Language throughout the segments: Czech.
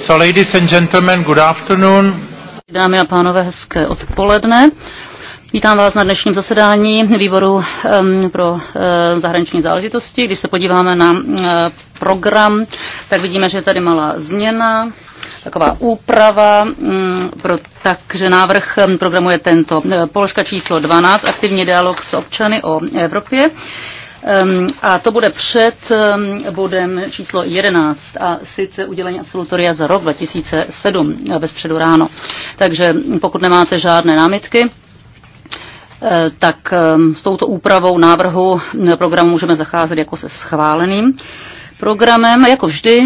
So ladies and gentlemen, good afternoon. Dámy a pánové, hezké odpoledne. Vítám vás na dnešním zasedání výboru um, pro um, zahraniční záležitosti. Když se podíváme na um, program, tak vidíme, že je tady malá změna taková úprava, mm, pro, takže návrh programu je tento. Eh, Položka číslo 12, aktivní dialog s občany o Evropě. Ehm, a to bude před ehm, bodem číslo 11 a sice udělení absolutoria za rok 2007 eh, ve středu ráno. Takže pokud nemáte žádné námitky, eh, tak ehm, s touto úpravou návrhu eh, programu můžeme zacházet jako se schváleným programem. Jako vždy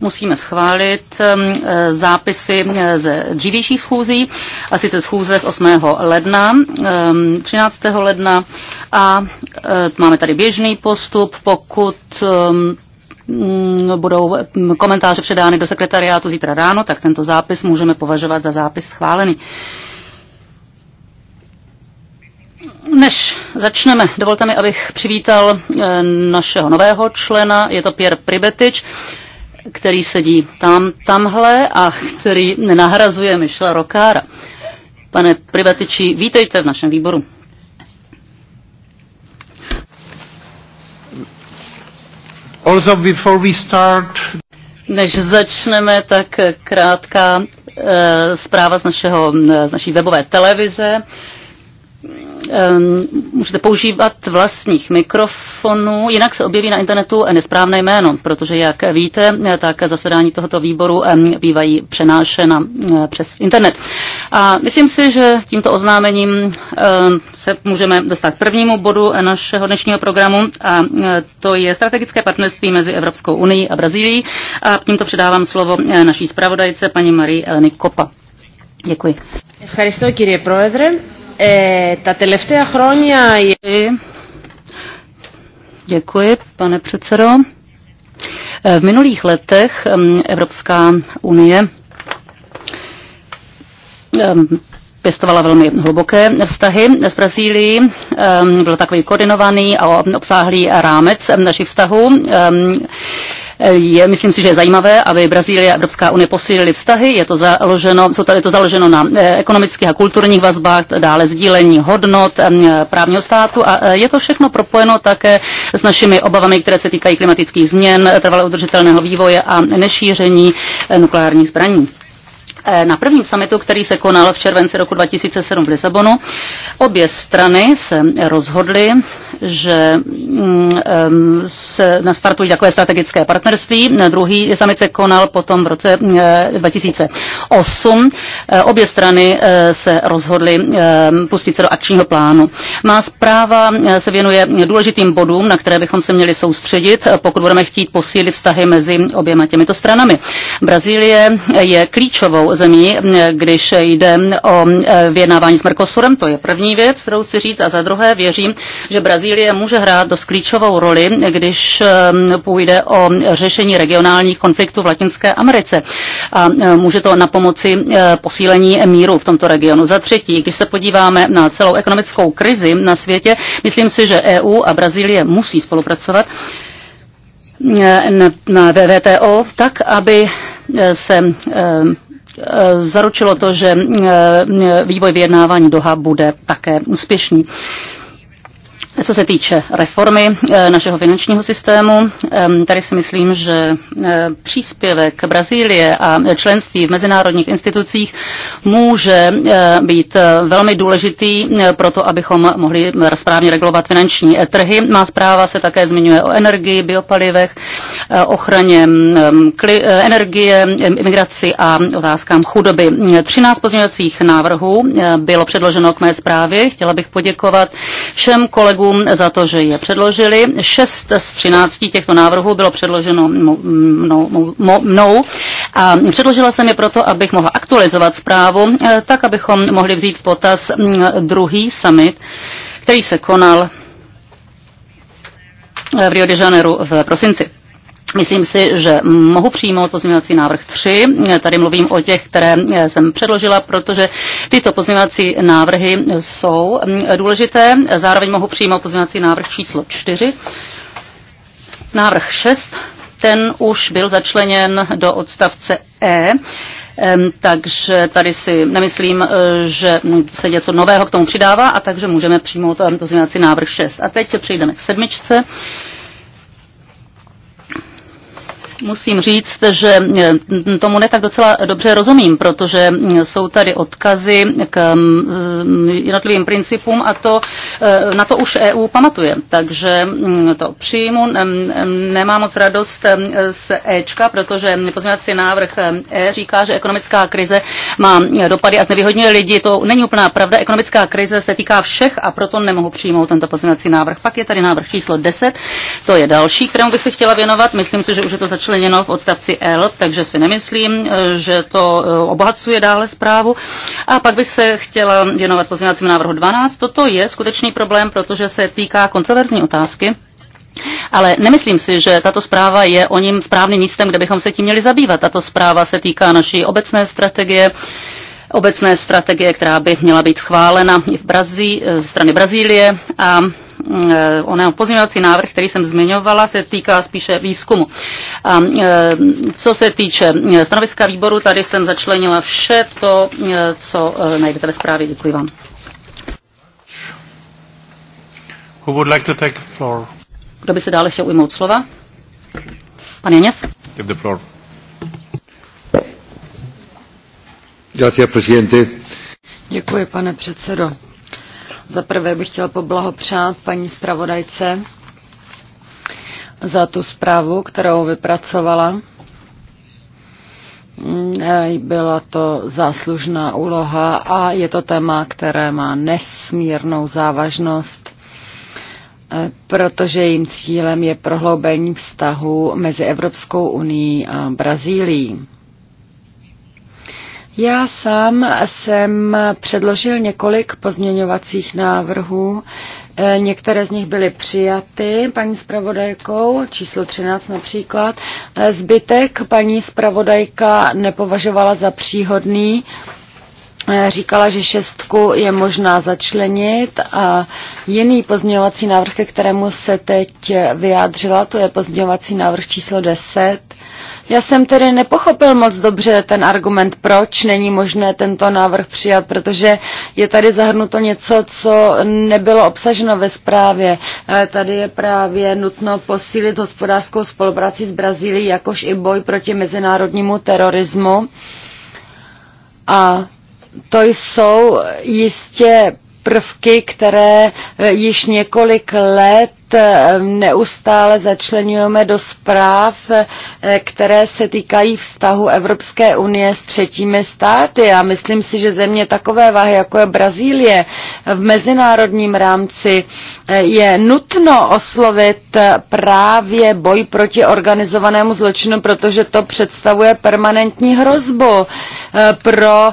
musíme schválit um, eh, zápisy eh, ze dřívějších schůzí, a sice schůze z 8. ledna, 13. Um, ledna a eh, máme tady běžný postup, pokud um, mm, budou mm, komentáře předány do sekretariátu zítra ráno, tak tento zápis můžeme považovat za zápis schválený. Než začneme, dovolte mi, abych přivítal našeho nového člena, je to Pierre Pribetič, který sedí tam, tamhle a který nenahrazuje Michela Rokára. Pane Privatiči, vítejte v našem výboru. Also before we start... Než začneme, tak krátká e, zpráva z, našeho, eh, z naší webové televize. E, Ehm, můžete používat vlastních mikrofonů, jinak se objeví na internetu nesprávné jméno, protože jak víte, tak zasedání tohoto výboru ehm, bývají přenášena eh, přes internet. A myslím si, že tímto oznámením ehm, se můžeme dostat k prvnímu bodu našeho dnešního programu a eh, to je strategické partnerství mezi Evropskou unii a Brazílií. A tímto předávám slovo eh, naší zpravodajce paní Marie Eleny Kopa. Děkuji. Děkuji. κύριε Πρόεδρε. Eh, ta τα τελευταία χρόνια... Děkuji, pane předsedo. Eh, v minulých letech Evropská unie pěstovala velmi hluboké vztahy s Brazílií. Byl takový koordinovaný a obsáhlý rámec našich vztahů. Je, myslím si, že je zajímavé, aby Brazílie a Evropská unie posílily vztahy. Je to založeno, co tady to založeno na eh, ekonomických a kulturních vazbách, dále sdílení hodnot eh, právního státu a eh, je to všechno propojeno také s našimi obavami, které se týkají klimatických změn, trvale udržitelného vývoje a nešíření nukleárních zbraní. Eh, na prvním summitu, který se konal v červenci roku 2007 v Lisabonu, obě strany se rozhodly, že mm, se nastartují takové strategické partnerství. Druhý summit se konal potom v roce 2008. Eh, eh, obě strany se rozhodly pustit se do akčního plánu. Má zpráva se věnuje důležitým bodům, na které bychom se měli soustředit, pokud budeme chtít posílit vztahy mezi oběma těmito stranami. Brazílie je klíčovou zemí, když jde o e, vyjednávání s Mercosurem. To je první věc, kterou chci říct. A za druhé věřím, že Brazílie může hrát dost klíčovou roli, když e, půjde o řešení regionálních konfliktů v Latinské Americe. A e, může to na pomoci posílení míru v tomto regionu. Za třetí, když se podíváme na celou ekonomickou krizi na světě, myslím si, že EU a Brazílie musí spolupracovat na VVTO tak, aby se Eh, zaručilo to, že eh, eh, vývoj vyjednávání Doha bude také úspěšný. Co se týče reformy eh, našeho finančního systému, tady si myslím, že eh, příspěvek Brazílie a členství v mezinárodních institucích může eh, být velmi důležitý pro to, abychom mohli správně regulovat finanční trhy. Má zpráva se také zmiňuje o energii, biopalivech, ochraně energie, imigraci a otázkám chudoby. 13 pozměňovacích návrhů bylo předloženo k mé zprávě. Chtěla bych poděkovat všem kolegům, kolegům za to, že je předložili. Šest z třinácti těchto návrhů bylo předloženo mnou a předložila jsem je proto, abych mohla aktualizovat zprávu, eh, tak abychom mohli vzít v potaz mm, druhý summit, který se konal eh, v Rio de Janeiro v prosinci. Myslím si, že mohu přijmout pozměňovací návrh 3. Tady mluvím o těch, které eh, jsem předložila, protože tyto pozměňovací návrhy jsou mm, důležité. Zároveň mohu přijmout pozměňovací návrh číslo 4. Návrh 6, ten už byl začleněn do odstavce E, takže tady si nemyslím, eh, že se něco nového k tomu přidává a takže můžeme přijmout eh, pozměňovací návrh 6. A teď přejdeme k sedmičce musím říct, že eh, tomu ne tak docela dobře rozumím, protože hm, jsou tady odkazy k hm, hm, jednotlivým principům a to eh, na to už EU pamatuje. Takže to přijmu. Nemám moc radost z Ečka, protože pozměňovací návrh E říká, že ekonomická krize má dopady a znevýhodňuje lidi. To není úplná pravda. Ekonomická krize se týká všech a proto nemohu přijmout tento pozměňovací návrh. Pak je tady návrh číslo 10, to je další, kterému bych se chtěla věnovat. Myslím si, že už je to začíná začleněno v odstavci L, takže si nemyslím, eh, že to eh, obohacuje dále zprávu. A pak bych se chtěla věnovat pozměňovacím návrhu 12. Toto je skutečný problém, protože se týká kontroverzní otázky. Ale nemyslím si, že tato zpráva je o ním správným místem, kde bychom se tím měli zabývat. Tato zpráva se týká naší obecné strategie, obecné strategie, která by měla být schválena i v Brazí, ze strany Brazílie a Eh, oného pozměňovací návrh, který jsem zmiňovala, se týká spíše výzkumu. A eh, co se týče eh, stanoviska výboru, tady jsem začlenila vše to, co najdete ve zprávě. Děkuji vám. Who would like to take floor? Kdo by se dále chtěl ujmout slova? Pan Janěs? Give the floor. Děkuji, pane předsedo. Za prvé bych chtěl poblahopřát paní zpravodajce za tu zprávu, kterou vypracovala. Byla to záslužná úloha a je to téma, které má nesmírnou závažnost, eh, protože jejím cílem je prohloubení vztahu mezi Evropskou unii a Brazílií. Já sám jsem předložil několik pozměňovacích návrhů. E, některé z nich byly přijaty paní zpravodajkou, číslo 13 například. E, zbytek paní zpravodajka nepovažovala za příhodný. E, říkala, že šestku je možná začlenit a jiný pozměňovací návrh, ke kterému se teď vyjádřila, to je pozměňovací návrh číslo 10, já jsem tedy nepochopil moc dobře ten argument, proč není možné tento návrh přijat, protože je tady zahrnuto něco, co nebylo obsaženo ve zprávě. Tady je právě nutno posílit hospodářskou spolupráci s Brazílií, jakož i boj proti mezinárodnímu terorismu. A to jsou jistě prvky, které již několik let neustále začlenujeme do zpráv, eh, které se týkají vztahu Evropské unie s třetími státy. A myslím si, že země takové váhy, jako je Brazílie, v mezinárodním rámci eh, je nutno oslovit eh, právě boj proti organizovanému zločinu, protože to představuje permanentní hrozbu pro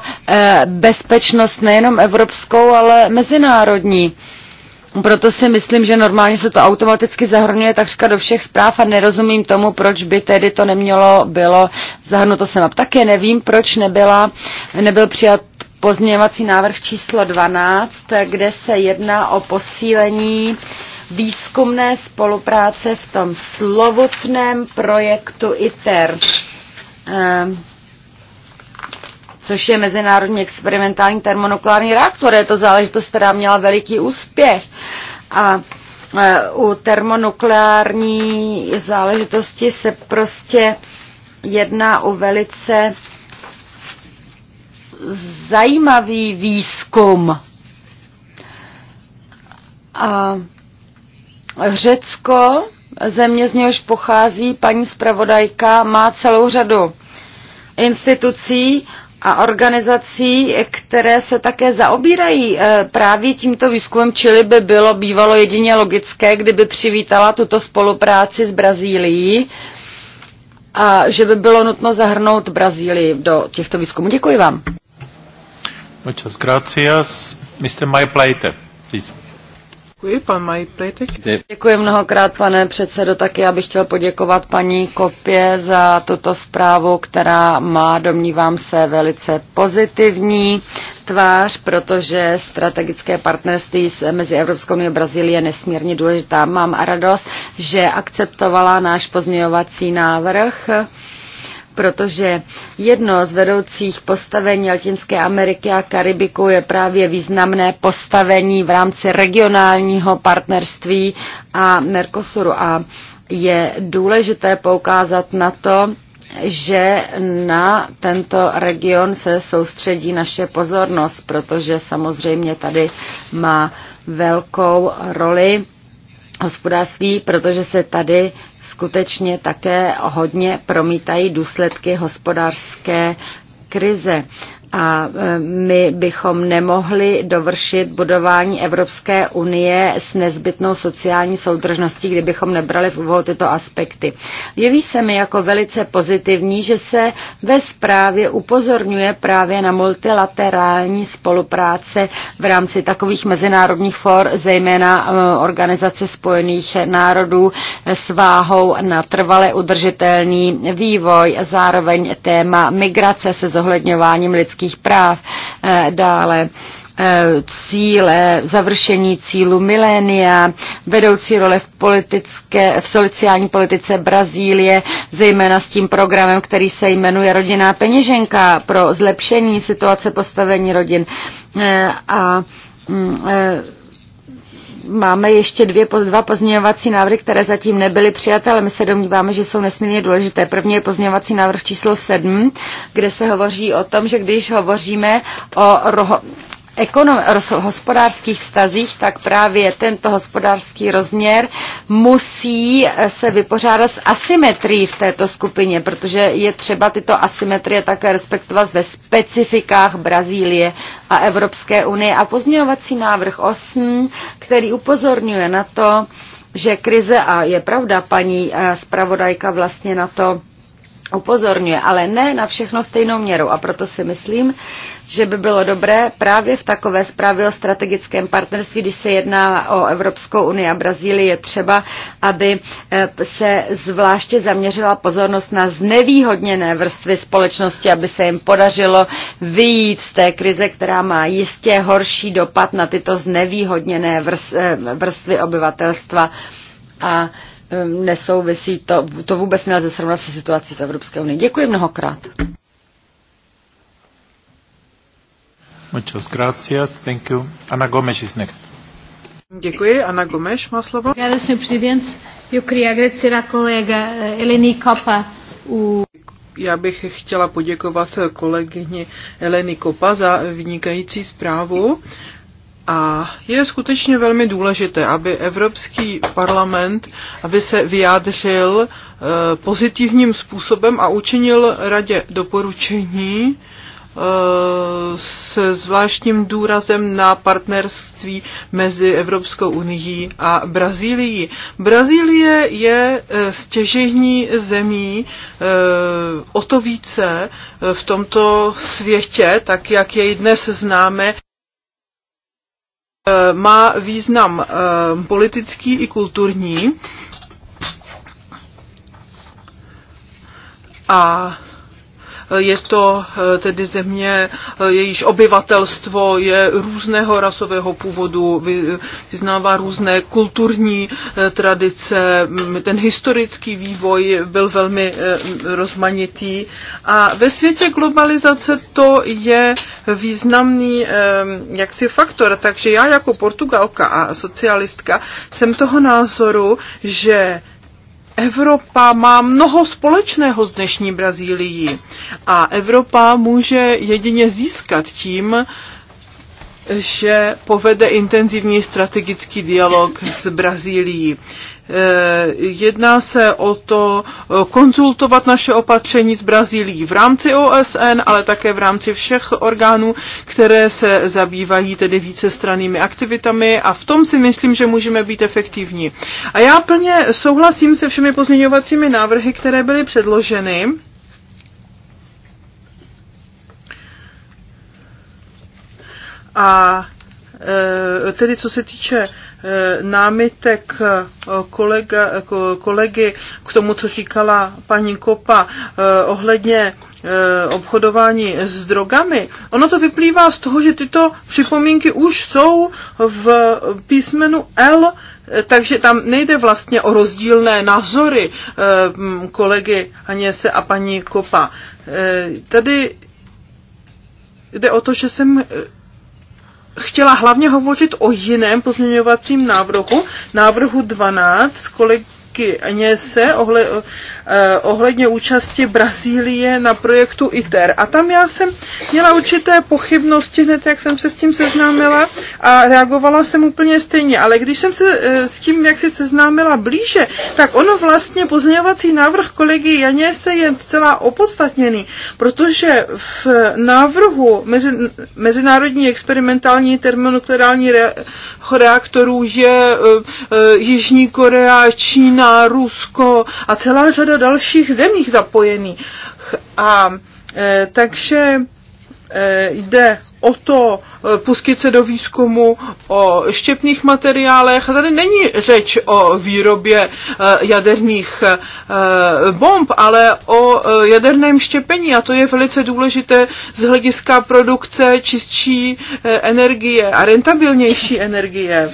bezpečnost nejenom evropskou, ale mezinárodní. Proto si myslím, že normálně se to automaticky zahrnuje takřka do všech zpráv a nerozumím tomu, proč by tedy to nemělo bylo zahrnuto sem. Také nevím, proč nebyla, nebyl přijat pozměňovací návrh číslo 12, kde se jedná o posílení výzkumné spolupráce v tom slovutném projektu ITER. Ehm což je Mezinárodní experimentální termonukleární reaktor. Je to záležitost, která měla veliký úspěch. A e, u termonukleární záležitosti se prostě jedná o velice zajímavý výzkum. A Řecko, země z něhož pochází paní zpravodajka, má celou řadu institucí, a organizací, které se také zaobírají eh, právě tímto výzkumem, čili by bylo bývalo jedině logické, kdyby přivítala tuto spolupráci s Brazílií a že by bylo nutno zahrnout Brazílii do těchto výzkumů. Děkuji vám. Muchas gracias. Mr. Mayplater, please. Děkuji, pan Majplejtek. Děkuji mnohokrát, pane předsedo. Taky já bych chtěl poděkovat paní Kopě za tuto zprávu, která má, domnívám se, velice pozitivní tvář, protože strategické partnerství mezi Evropskou unii a Brazílií je nesmírně důležitá. Mám radost, že akceptovala náš pozměňovací návrh protože jedno z vedoucích postavení Latinské Ameriky a Karibiku je právě významné postavení v rámci regionálního partnerství a Mercosuru. A je důležité poukázat na to, že na tento region se soustředí naše pozornost, protože samozřejmě tady má velkou roli hospodářství, protože se tady skutečně také hodně promítají důsledky hospodářské krize a e, my bychom nemohli dovršit budování Evropské unie s nezbytnou sociální soudržností, kdybychom nebrali v úvahu tyto aspekty. Jeví se mi jako velice pozitivní, že se ve zprávě upozorňuje právě na multilaterální spolupráce v rámci takových mezinárodních for, zejména e, Organizace spojených národů s váhou na trvale udržitelný vývoj, zároveň téma migrace se zohledňováním lidských lidských práv. Eh, dále eh, cíle, završení cílu milénia, vedoucí role v, politické, v sociální politice Brazílie, zejména s tím programem, který se jmenuje Rodinná peněženka pro zlepšení situace postavení rodin. Eh, a, a mm, máme ještě dvě, dva pozměňovací návrhy, které zatím nebyly přijaté, ale my se domníváme, že jsou nesmírně důležité. První je pozměňovací návrh číslo 7, kde se hovoří o tom, že když hovoříme o roho, ekonom, hospodářských vztazích, tak právě tento hospodářský rozměr musí eh, se vypořádat s asymetrií v této skupině, protože je třeba tyto asymetrie také respektovat ve specifikách Brazílie a Evropské unie. A pozměňovací návrh 8, který upozorňuje na to, že krize, a je pravda, paní eh, zpravodajka vlastně na to upozorňuje, ale ne na všechno stejnou měrou. A proto si myslím, že by bylo dobré právě v takové zprávě o strategickém partnerství, když se jedná o Evropskou unii a Brazílii, je třeba, aby eh, se zvláště zaměřila pozornost na znevýhodněné vrstvy společnosti, aby se jim podařilo vyjít z té krize, která má jistě horší dopad na tyto znevýhodněné eh, vrstvy obyvatelstva. A Ehm, nesouvisí, to, to vůbec nelze srovnat se situací v Evropské unii. Děkuji mnohokrát. Muchas gracias, thank you. Ana Gomes is next. Děkuji, Ana Gomes má slovo. Obrigada, senhor presidente. Eu queria agradecer à colega Eleni Kopa U. já bych chtěla poděkovat kolegyni Eleni Kopa za vynikající zprávu a je skutečně velmi důležité, aby Evropský parlament aby se vyjádřil eh, pozitivním způsobem a učinil radě doporučení eh, se zvláštním důrazem na partnerství mezi Evropskou unii a Brazílií. Brazílie je eh, stěžení zemí o to více v tomto světě, tak jak jej dnes známe. Eh, má význam eh, politický i kulturní. A je to eh, tedy země, eh, jejíž obyvatelstvo je různého rasového původu, vyznává různé kulturní eh, tradice, mm, ten historický vývoj byl velmi mm, rozmanitý a ve světě globalizace to je významný jaksi faktor, takže já jako Portugalka a socialistka jsem toho názoru, že Evropa má mnoho společného s dnešní Brazílií a Evropa může jedině získat tím, že povede intenzivní strategický dialog s Brazílií. Eh, jedná se o to eh, konzultovat naše opatření s Brazílií v rámci OSN, ale také v rámci všech orgánů, které se zabývají tedy vícestrannými aktivitami a v tom si myslím, že můžeme být efektivní. A já plně souhlasím se všemi pozměňovacími návrhy, které byly předloženy. A eh, tedy co se týče Eh, námitek eh, kolega, eh, kolegy k tomu, co říkala paní Kopa ohledně obchodování s drogami. Ono to vyplývá z toho, že tyto připomínky už jsou v písmenu L, takže tam nejde vlastně o rozdílné názory kolegy Aněse a paní Kopa. Tady jde o to, že jsem chtěla hlavně hovořit o jiném pozměňovacím návrhu, návrhu 12 kolegy se ohle, eh, ohledně účasti Brazílie na projektu ITER. A tam já jsem měla určité pochybnosti hned, jak jsem se s tím seznámila a reagovala jsem úplně stejně. Ale když jsem se eh, s tím, jak se seznámila blíže, tak ono vlastně pozměňovací návrh kolegy Janě se je zcela opodstatněný, protože v návrhu mezi, mezinárodní experimentální termonukleární re, reaktorů je e, Jižní Korea, Čína, Čína, Rusko a celá řada dalších zemích zapojených. A e, takže e, jde o to e, pustit se do výzkumu o štěpných materiálech. Tady není řeč o výrobě e, jaderných e, bomb, ale o jaderném štěpení a to je velice důležité z hlediska produkce čistší energie a rentabilnější energie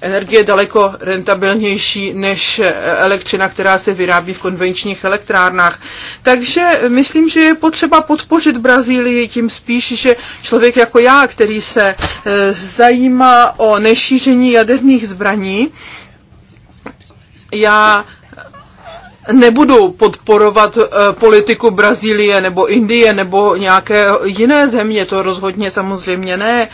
energie daleko rentabilnější než elektřina, která se vyrábí v konvenčních elektrárnách. Takže myslím, že je potřeba podpořit Brazílii tím spíš, že člověk jako já, který se eh, zajímá o nešíření jaderných zbraní, já nebudu podporovat eh, politiku Brazílie nebo Indie nebo nějaké jiné země, to rozhodně samozřejmě ne,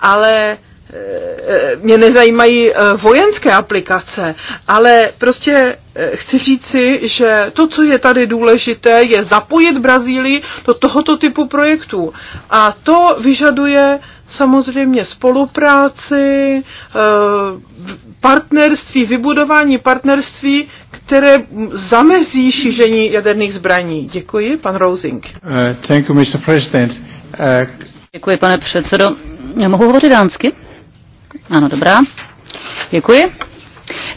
ale Eh, mě nezajímají eh, vojenské aplikace, ale prostě eh, chci říci, že to, co je tady důležité, je zapojit Brazílii do tohoto typu projektů. A to vyžaduje samozřejmě spolupráci, partnerství, vybudování partnerství, které zamezí šíření jaderných zbraní. Děkuji, pan Rosing. Uh, thank you, Mr. Uh... Děkuji, pane předsedo. Já mohu hovořit dánsky? Ano, dobrá. Děkuji.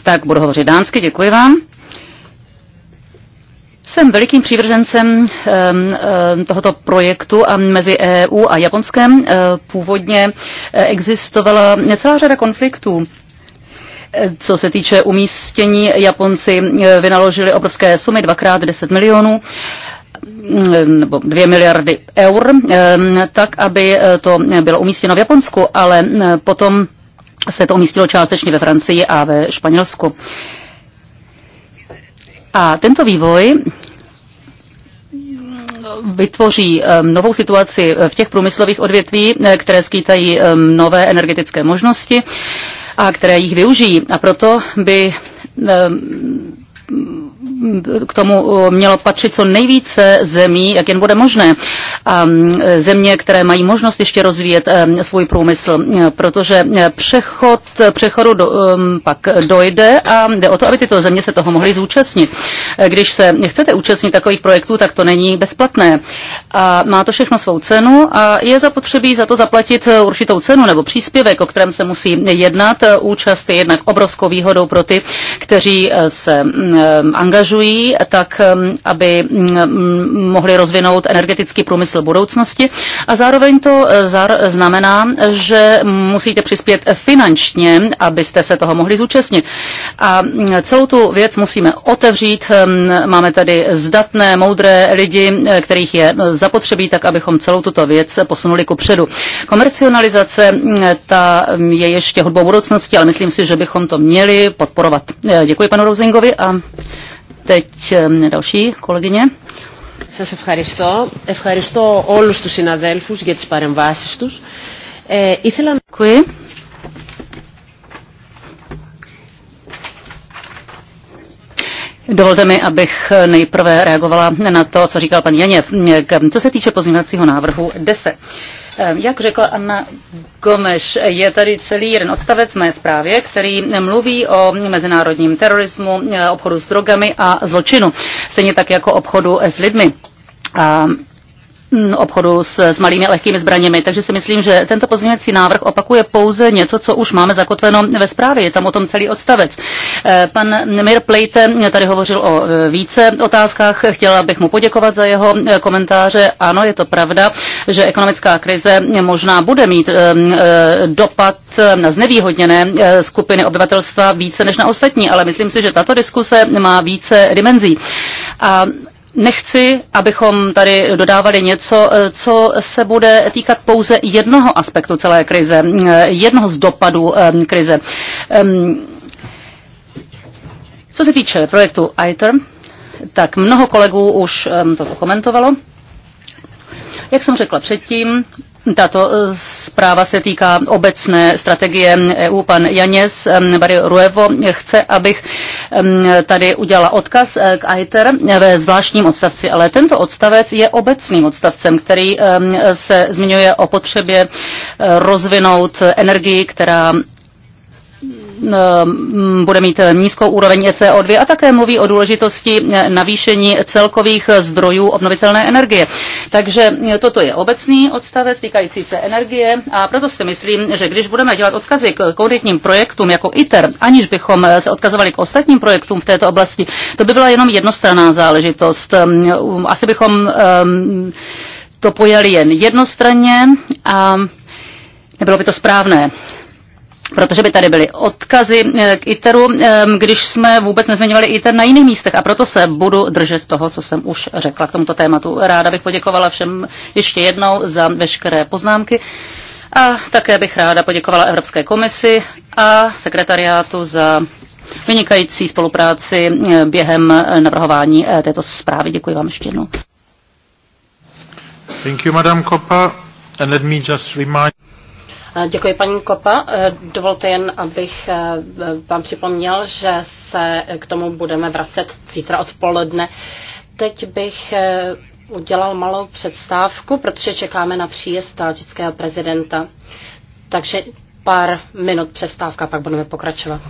Tak budu hovořit dánsky, děkuji vám. Jsem velikým přívržencem tohoto projektu a mezi EU a Japonskem. E, původně e, existovala celá řada konfliktů e, co se týče umístění, Japonci vynaložili obrovské sumy, dvakrát 10 milionů nebo 2 miliardy eur, tak aby to bylo umístěno v Japonsku, ale potom se to umístilo částečně ve Francii a ve Španělsku. A tento vývoj vytvoří um, novou situaci v těch průmyslových odvětví, eh, které skýtají um, nové energetické možnosti a které jich využijí. A proto by um, k tomu mělo patřit co nejvíce zemí, jak jen bude možné. A země, které mají možnost ještě rozvíjet e, svůj průmysl, e, protože e, přechod, přechodu do, pak dojde a jde o to, aby tyto země se toho mohly zúčastnit. Když se chcete účastnit takových projektů, tak to není bezplatné. A má to všechno svou cenu a je zapotřebí za to zaplatit určitou cenu nebo příspěvek, o kterém se musí jednat. Účast je jednak obrovskou výhodou pro ty, kteří se Um, angažují, tak um, aby mm, mm, mohli rozvinout energetický průmysl budoucnosti. A zároveň to eh, znamená, že musíte přispět finančně, abyste se toho mohli zúčastnit. A mm, celou tu věc musíme otevřít. Um, máme tady zdatné, moudré lidi, eh, kterých je eh, zapotřebí, tak abychom celou tuto věc posunuli ku předu. Komercionalizace ta je ještě hudbou budoucnosti, ale myslím si, že bychom to měli podporovat. Děkuji panu Rouzingovi a Teď um, další kolegyně. Σας ευχαριστώ. Ευχαριστώ όλους τους συναδέλφους για τις παρεμβάσεις τους. Ε, ήθελα να... Κουί. Dovolte mi, abych nejprve reagovala na to, co říkal pan Janěv. Co se týče pozměňovacího návrhu 10. Ehm, jak řekla Anna Gomeš, je tady celý jeden odstavec mé zprávě, který mluví o mezinárodním terorismu, eh, obchodu s drogami a zločinu, stejně tak jako obchodu s lidmi. A Hm, obchodu s, s malými a lehkými zbraněmi. Takže si myslím, že tento pozměňovací návrh opakuje pouze něco, co už máme zakotveno ve zprávě. Je tam o tom celý odstavec. Eh, pan Mir Plejte tady hovořil o eh, více otázkách. Chtěla bych mu poděkovat za jeho eh, komentáře. Ano, je to pravda, že ekonomická krize možná bude mít dopad na znevýhodněné skupiny obyvatelstva více než na ostatní, ale myslím si, že tato diskuse má více dimenzí. A Nechci, abychom tady dodávali něco, eh, co se bude týkat pouze jednoho aspektu celé krize, eh, jednoho z dopadů eh, krize. Ehm, co se týče projektu ITER, tak mnoho kolegů už ehm, to komentovalo. Jak jsem řekla předtím, tato eh, zpráva se týká obecné strategie EU. Pan Janěz Barry Ruevo chce, abych tady udělala odkaz eh, k ITER ve zvláštním odstavci, ale tento odstavec je obecným odstavcem, který se zmiňuje o potřebě eh, rozvinout energii, která Ehm, bude mít nízkou úroveň CO2 a také mluví o důležitosti e, navýšení celkových zdrojů obnovitelné energie. Takže e, toto je obecný odstavec týkající se energie a proto si myslím, že když budeme dělat odkazy k konkrétním projektům jako ITER, aniž bychom e, se odkazovali k ostatním projektům v této oblasti, to by byla jenom jednostranná záležitost. Ehm, asi bychom ehm, to pojali jen jednostranně a nebylo by to správné protože by tady byly odkazy eh, k ITERu, eh, když jsme vůbec nezmiňovali ITER na jiných místech. A proto se budu držet toho, co jsem už řekla k tomuto tématu. Ráda bych poděkovala všem ještě jednou za veškeré poznámky. A také bych ráda poděkovala Evropské komisi a sekretariátu za vynikající spolupráci eh, během navrhování této zprávy. Děkuji vám ještě jednou. Thank you, Madam Kopa. And let me just remind... Eh, děkuji, paní Kopa. Eh, dovolte jen, abych eh, vám připomněl, že se k tomu budeme vracet zítra odpoledne. Teď bych udělal malou předstávku, protože čekáme na příjezd tádžického prezidenta. Takže pár minut přestávka, pak budeme pokračovat.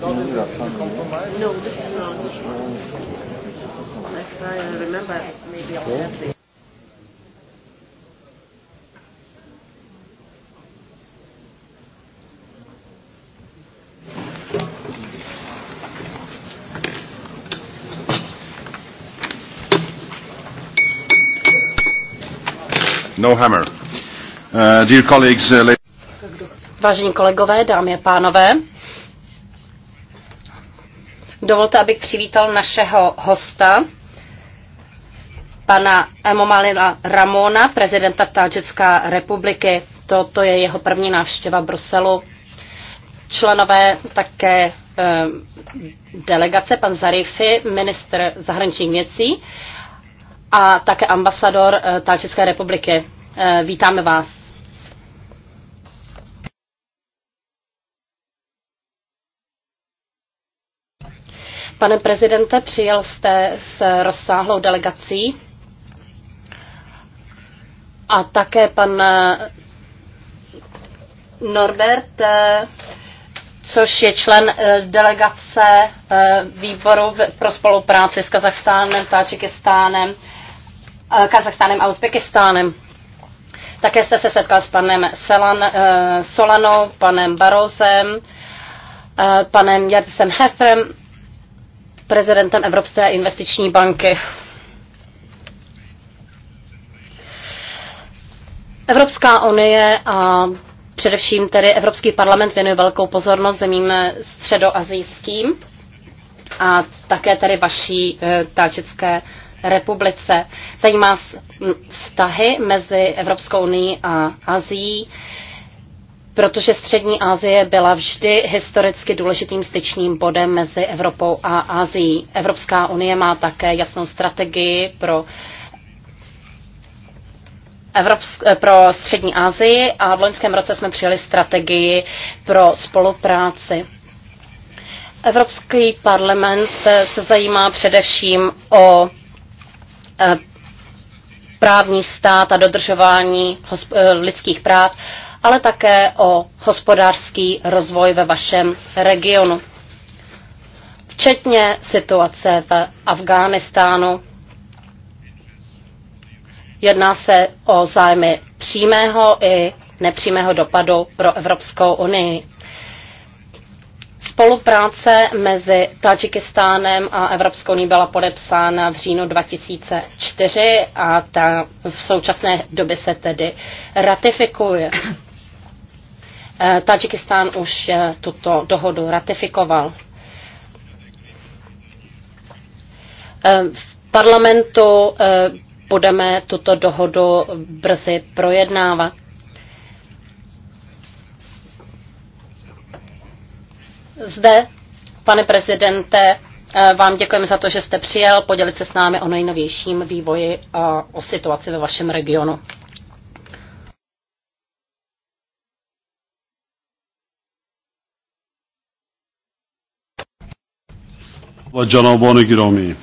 No, no, hammer. Uh, dear colleagues, uh, Vážení kolegové, dámy a pánové, Dovolte, abych přivítal našeho hosta, pana Emomalina Ramona, prezidenta Tadžické republiky. Toto je jeho první návštěva Bruselu. Členové také eh, delegace, pan Zarifi, minister zahraničních věcí a také ambasador eh, Tadžické republiky. Eh, vítáme vás. Pane prezidente, přijel jste s rozsáhlou delegací a také pan Norbert, eh, což je člen eh, delegace eh, výboru pro spolupráci s Kazachstánem, Tačikistánem, Kazachstánem a Uzbekistánem. Také jste se setkal s panem Selan, Solanou, panem Barozem, panem Jardisem Hefrem prezidentem Evropské investiční banky. Evropská unie a především tedy Evropský parlament věnuje velkou pozornost zemím středoazijským a také tedy vaší eh, táčecké republice. Zajímá vztahy mezi Evropskou unii a Azií protože Střední Asie byla vždy historicky důležitým styčným bodem mezi Evropou a Asií. Evropská unie má také jasnou strategii pro Evropsk- pro Střední Asii a v loňském roce jsme přijali strategii pro spolupráci. Evropský parlament se zajímá především o eh, právní stát a dodržování eh, lidských práv ale také o hospodářský rozvoj ve vašem regionu. Včetně situace v Afghánistánu. Jedná se o zájmy přímého i nepřímého dopadu pro Evropskou unii. Spolupráce mezi Tadžikistánem a Evropskou unii byla podepsána v říjnu 2004 a ta v současné době se tedy ratifikuje. Eh, Tadžikistán už eh, tuto dohodu ratifikoval. Eh, v parlamentu budeme tuto dohodu brzy projednávat. Zde, pane prezidente, vám děkujeme za to, že jste přijel podělit se s námi o nejnovějším vývoji a o situaci ve vašem regionu. و جنابان گرامی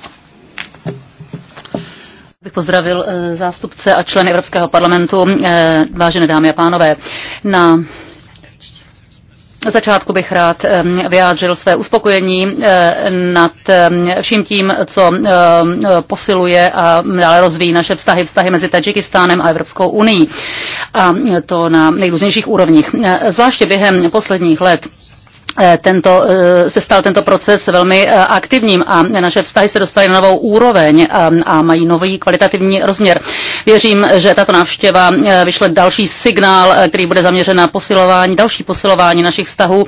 bych pozdravil eh, zástupce a členy Evropského parlamentu, eh, vážené dámy a pánové. Na začátku bych rád eh, vyjádřil své uspokojení nad vším tím, co posiluje a dále rozvíjí naše vztahy, vztahy mezi Tadžikistánem a Evropskou unii. A to na nejrůznějších úrovních. Zvláště během posledních let Eh, tento, eh, se stal tento proces velmi eh, aktivním a naše vztahy se dostaly na novou úroveň a, a mají nový kvalitativní rozměr. Věřím, že tato návštěva vyšle další signál, který bude zaměřen na posilování, další posilování našich vztahů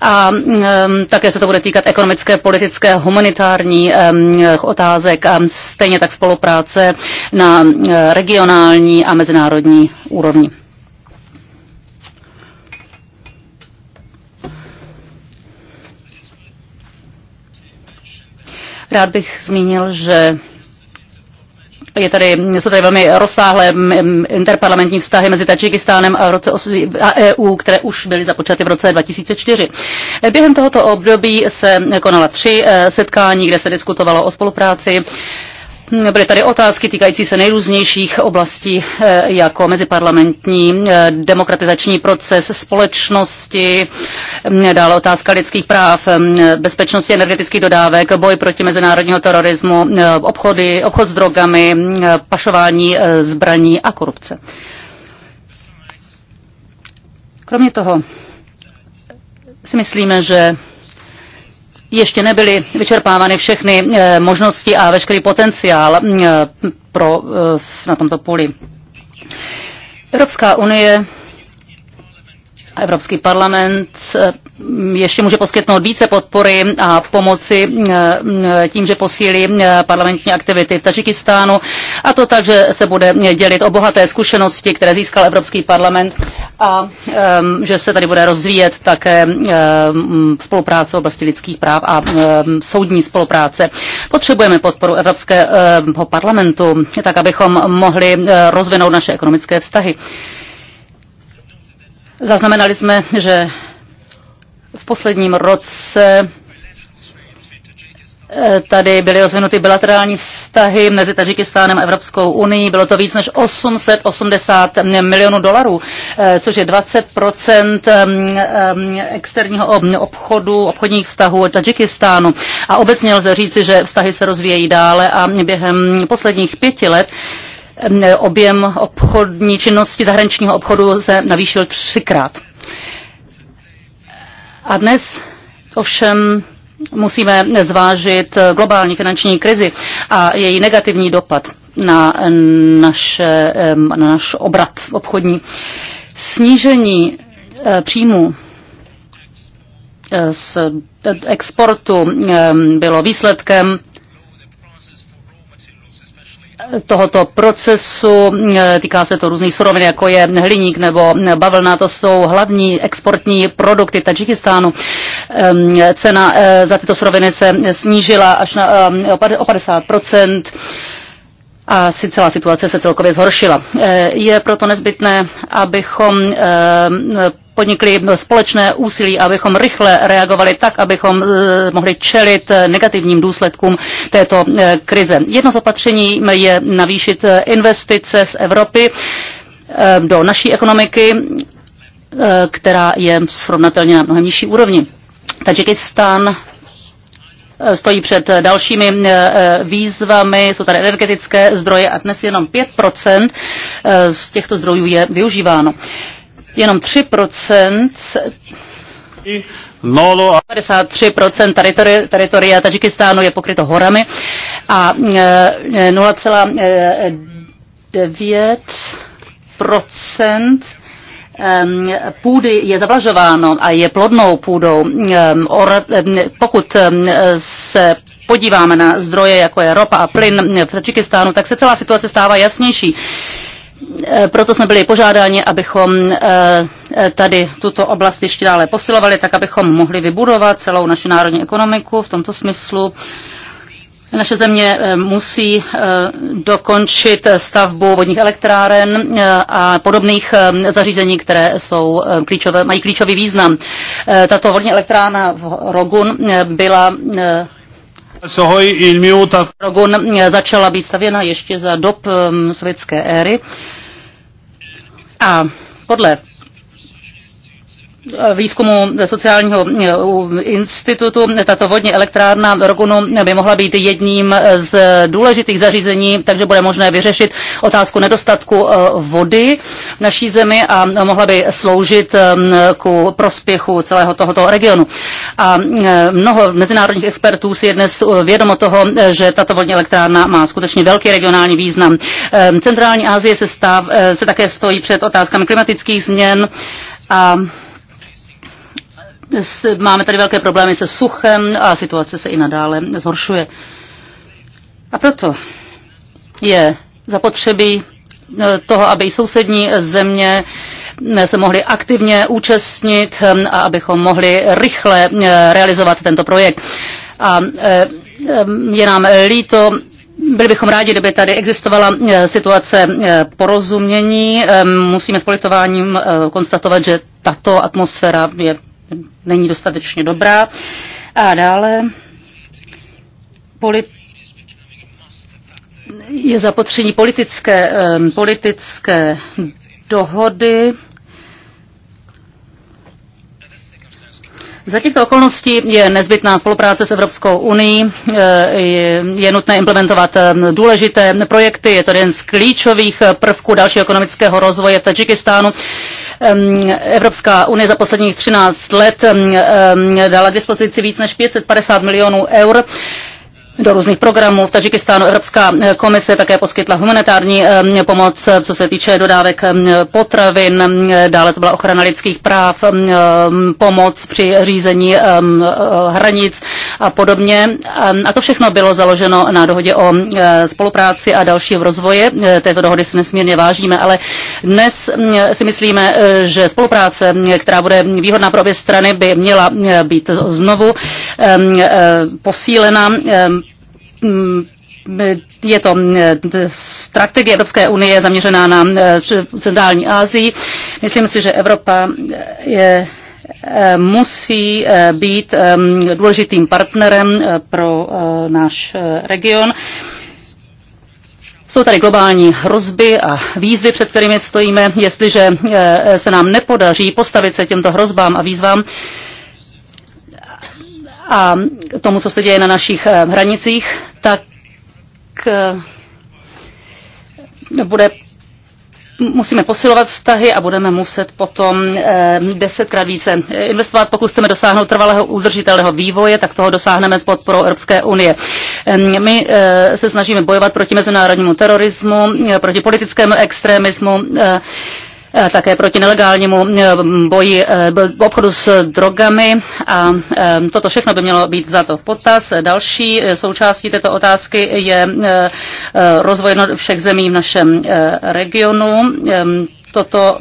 a mm, také se to bude týkat ekonomické, politické, humanitární otázek a stejně tak spolupráce na regionální a mezinárodní úrovni. Rád bych zmínil, že je tady, jsou tady velmi rozsáhlé mm, mm, interparlamentní vztahy mezi Tadžikistánem a, roce a EU, které už byly započaty v roce 2004. Během tohoto období se konala tři eh, setkání, kde se diskutovalo o spolupráci Hm, byly tady otázky týkající se nejrůznějších oblastí, eh, jako meziparlamentní eh, demokratizační proces společnosti, hm, dále otázka lidských práv, hm, bezpečnosti energetických dodávek, boj proti mezinárodního terorismu, obchody, obchod s drogami, pašování eh, zbraní a korupce. Kromě toho si myslíme, že ještě nebyly vyčerpávány všechny eh, možnosti a veškerý potenciál eh, pro, eh, na tomto poli. Evropská unie a Evropský parlament ještě může poskytnout více podpory a pomoci tím, že posílí parlamentní aktivity v Tažikistánu a to tak, že se bude dělit o bohaté zkušenosti, které získal Evropský parlament a že se tady bude rozvíjet také spolupráce v oblasti lidských práv a soudní spolupráce. Potřebujeme podporu Evropského parlamentu, tak abychom mohli rozvinout naše ekonomické vztahy. Zaznamenali jsme, že v posledním roce Eh, tady byly rozvinuty bilaterální vztahy mezi Tadžikistánem a Evropskou unii. Bylo to víc než 880 milionů dolarů, eh, což je 20 externího obchodu, obchodních vztahů Tadžikistánu. A obecně lze říci, že vztahy se rozvíjejí dále a během posledních pěti let objem obchodní činnosti zahraničního obchodu se navýšil třikrát. A dnes ovšem musíme zvážit globální finanční krizi a její negativní dopad na, naše, na náš obrat obchodní. Snížení eh, příjmu eh, z eh, exportu bylo výsledkem tohoto procesu. Týká se to různých surovin, jako je hliník nebo bavlna. To jsou hlavní exportní produkty Tadžikistánu. Cena eh, za tyto suroviny se snížila až na, eh, o 50 a si celá situace se celkově zhoršila. Eh, je proto nezbytné, abychom podnikli společné úsilí, abychom rychle reagovali tak, abychom eh, mohli čelit eh, negativním důsledkům této eh, krize. Jedno z opatření je navýšit investice z Evropy do naší ekonomiky, která je srovnatelně na mnohem nižší úrovni. Tadžikistán stojí před dalšími výzvami, jsou tady energetické zdroje a dnes jenom 5% z těchto zdrojů je využíváno jenom 3% 53% teritoria, teritoria Tadžikistánu je pokryto horami a 0,9% e, e, e, půdy je zavlažováno a je plodnou půdou. Pokud se podíváme na zdroje, jako je ropa a plyn v Tadžikistánu, tak se celá situace stává jasnější. Eh, proto jsme byli požádáni, abychom eh, eh, tady tuto oblast ještě dále posilovali, tak abychom mohli vybudovat celou naši národní ekonomiku v tomto smyslu. Naše země musí dokončit stavbu vodních elektráren a podobných zařízení, které jsou klíčové, mají klíčový význam. Tato vodní elektrárna v Rogun byla Rogun začala být stavěna ještě za dob sovětské éry a podle výzkumu sociálního eh, institutu. Tato vodní elektrárna Rogunu by mohla být jedním z důležitých zařízení, takže bude možné vyřešit otázku nedostatku eh, vody v naší zemi a mohla by sloužit eh, ku prospěchu celého tohoto regionu. A mnoho mezinárodních expertů si je dnes vědomo toho, že tato vodní elektrárna má skutečně velký regionální význam. Centrální Asie se, stav, se také stojí před otázkami klimatických změn a Máme tady velké problémy se suchem a situace se i nadále zhoršuje. A proto je zapotřebí e, toho, aby i sousední země e, se mohli aktivně účastnit e, a abychom mohli rychle realizovat tento projekt. A je nám líto, byli bychom rádi, kdyby tady existovala situace porozumění. Musíme s politováním konstatovat, že tato atmosféra je není dostatečně dobrá. A dále polit je zapotření politické, politické dohody. Za těchto okolností je nezbytná spolupráce s Evropskou unii, e, je nutné implementovat důležité projekty, je to jeden z klíčových prvků dalšího ekonomického rozvoje v Tadžikistánu. Evropská unie za posledních 13 let dala k dispozici víc než 550 milionů eur do různých programů. V Tadžikistánu Evropská eh, komise také poskytla humanitární eh, pomoc, eh, co se týče dodávek potravin, dále to byla ochrana lidských práv, pomoc při řízení hranic a podobně. A to všechno bylo založeno na dohodě o spolupráci a dalším rozvoji. Této dohody si nesmírně vážíme, ale dnes si myslíme, že spolupráce, která bude výhodná pro obě strany, by měla být znovu posílena Mm, je to eh, strategie Evropské unie zaměřená na eh, centrální Asii. Myslím si, že Evropa eh, je, musí být důležitým partnerem pro náš region. Jsou tady globální hrozby a výzvy, před kterými stojíme. Jestliže se nám nepodaří postavit se těmto hrozbám a výzvám, a tomu, co se děje na našich hranicích, tak eh, bude musíme posilovat vztahy a budeme muset potom eh, desetkrát více investovat. Pokud chceme dosáhnout trvalého udržitelného vývoje, tak toho dosáhneme s podporou Evropské unie. My eh, se snažíme bojovat proti mezinárodnímu terorismu, proti politickému extremismu Eh, také proti nelegálnímu eh, boji eh, obchodu s drogami a toto všechno by mělo být to v potaz. Další součástí této otázky je rozvoj všech zemí v našem regionu ehm, toto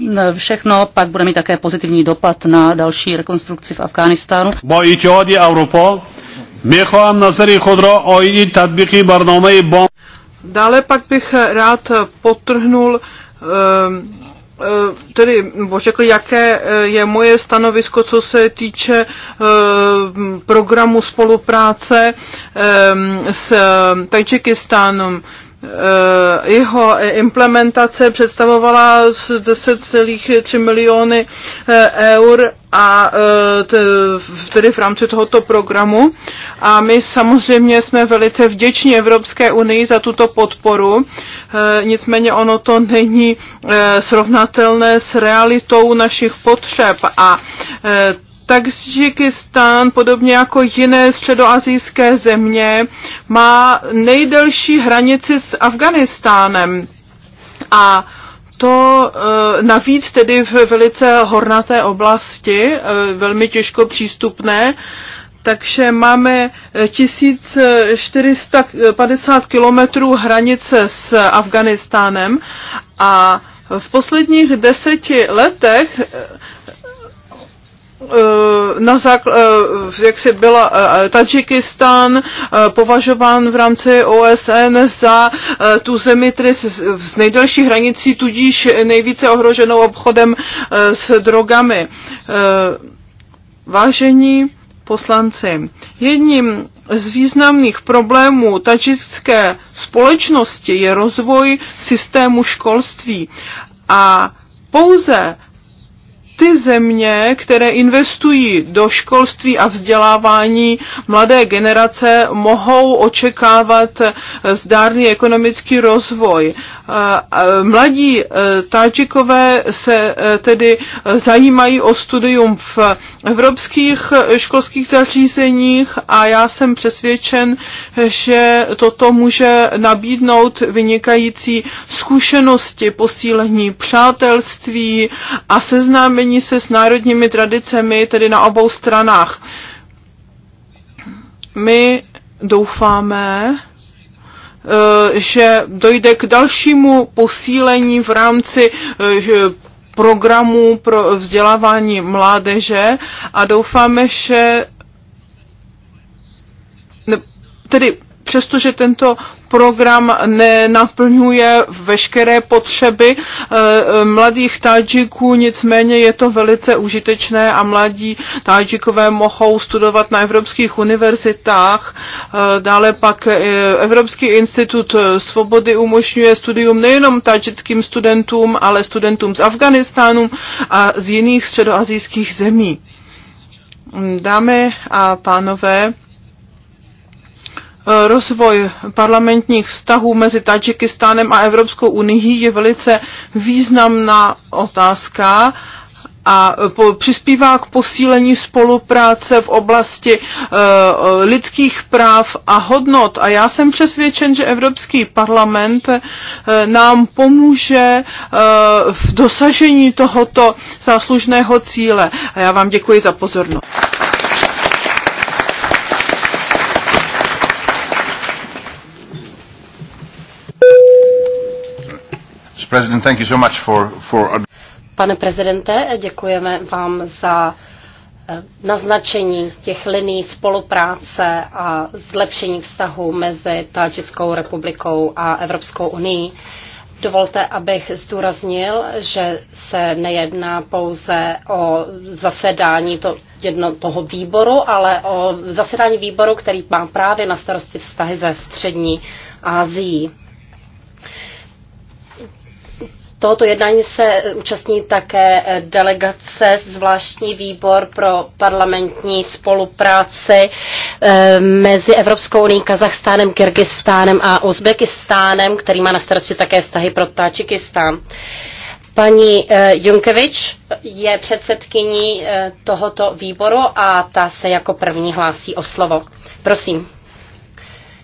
mm, všechno pak bude mít také pozitivní dopad na další rekonstrukci v Afghánistánu. Dále pak bych rád potrhnul Ehm, eh, tedy řekl, jaké eh, je moje stanovisko, co se týče eh, programu spolupráce ehm, s Tajčikistánem. Eh, jeho implementace představovala 10,3 miliony eh, eur a eh, tedy v rámci tohoto programu. A my samozřejmě jsme velice vděční Evropské unii za tuto podporu, nicméně ono to není srovnatelné s realitou našich potřeb a Tadžikistán, podobně jako jiné středoazijské země, má nejdelší hranici s Afganistánem. A to eh, navíc tedy v velice hornaté oblasti, eh, velmi těžko přístupné, takže máme 1450 eh, kilometrů hranice s Afganistánem a v posledních deseti letech Eh, na zákl, eh, jak si byla eh, Tadžikistán považován v rámci OSN za tu zemi s nejdelší hranicí, tudíž nejvíce ohroženou obchodem s drogami. Vážení poslanci, jedním z významných problémů tačické společnosti je rozvoj systému školství a pouze ty země, které investují do školství a vzdělávání mladé generace, mohou očekávat zdárný ekonomický rozvoj. Mladí e, Tadžikové se e, tedy zajímají o studium v evropských školských zařízeních a já jsem přesvědčen, že toto může nabídnout vynikající zkušenosti, posílení přátelství a seznámení se s národními tradicemi, tedy na obou stranách. My doufáme, Eh, že dojde k dalšímu posílení v rámci eh, programu pro vzdělávání mládeže a doufáme, že tedy přestože tento program nenaplňuje veškeré potřeby eh, mladých Tadžiků, nicméně je to velice užitečné a mladí Tadžikové mohou studovat na evropských univerzitách. Eh, dále pak eh, Evropský institut svobody umožňuje studium nejenom tajickým studentům, ale studentům z Afganistánu a z jiných středoazijských zemí. Dámy a pánové, Eh, rozvoj parlamentních vztahů mezi Tadžikistánem a Evropskou unii je velice významná otázka a po, přispívá k posílení spolupráce v oblasti uh, lidských práv a hodnot. A já jsem přesvědčen, že Evropský parlament uh, nám pomůže uh, v dosažení tohoto záslužného cíle. A já vám děkuji za pozornost. Mr. President, thank you so much for, for... Pane prezidente, děkujeme vám za eh, naznačení těch liní spolupráce a zlepšení vztahu mezi Tadžickou republikou a Evropskou unii. Dovolte, abych zdůraznil, že se nejedná pouze o zasedání to, jedno, toho výboru, ale o zasedání výboru, který má právě na starosti vztahy ze střední Asii. Tohoto jednání se účastní také eh, delegace, zvláštní výbor pro parlamentní spolupráci eh, mezi Evropskou unii, Kazachstánem, Kyrgyzstánem a Uzbekistánem, který má na starosti také vztahy pro Tačikistán. Paní eh, Junkevič je předsedkyní tohoto výboru a ta se jako první hlásí o slovo. Prosím.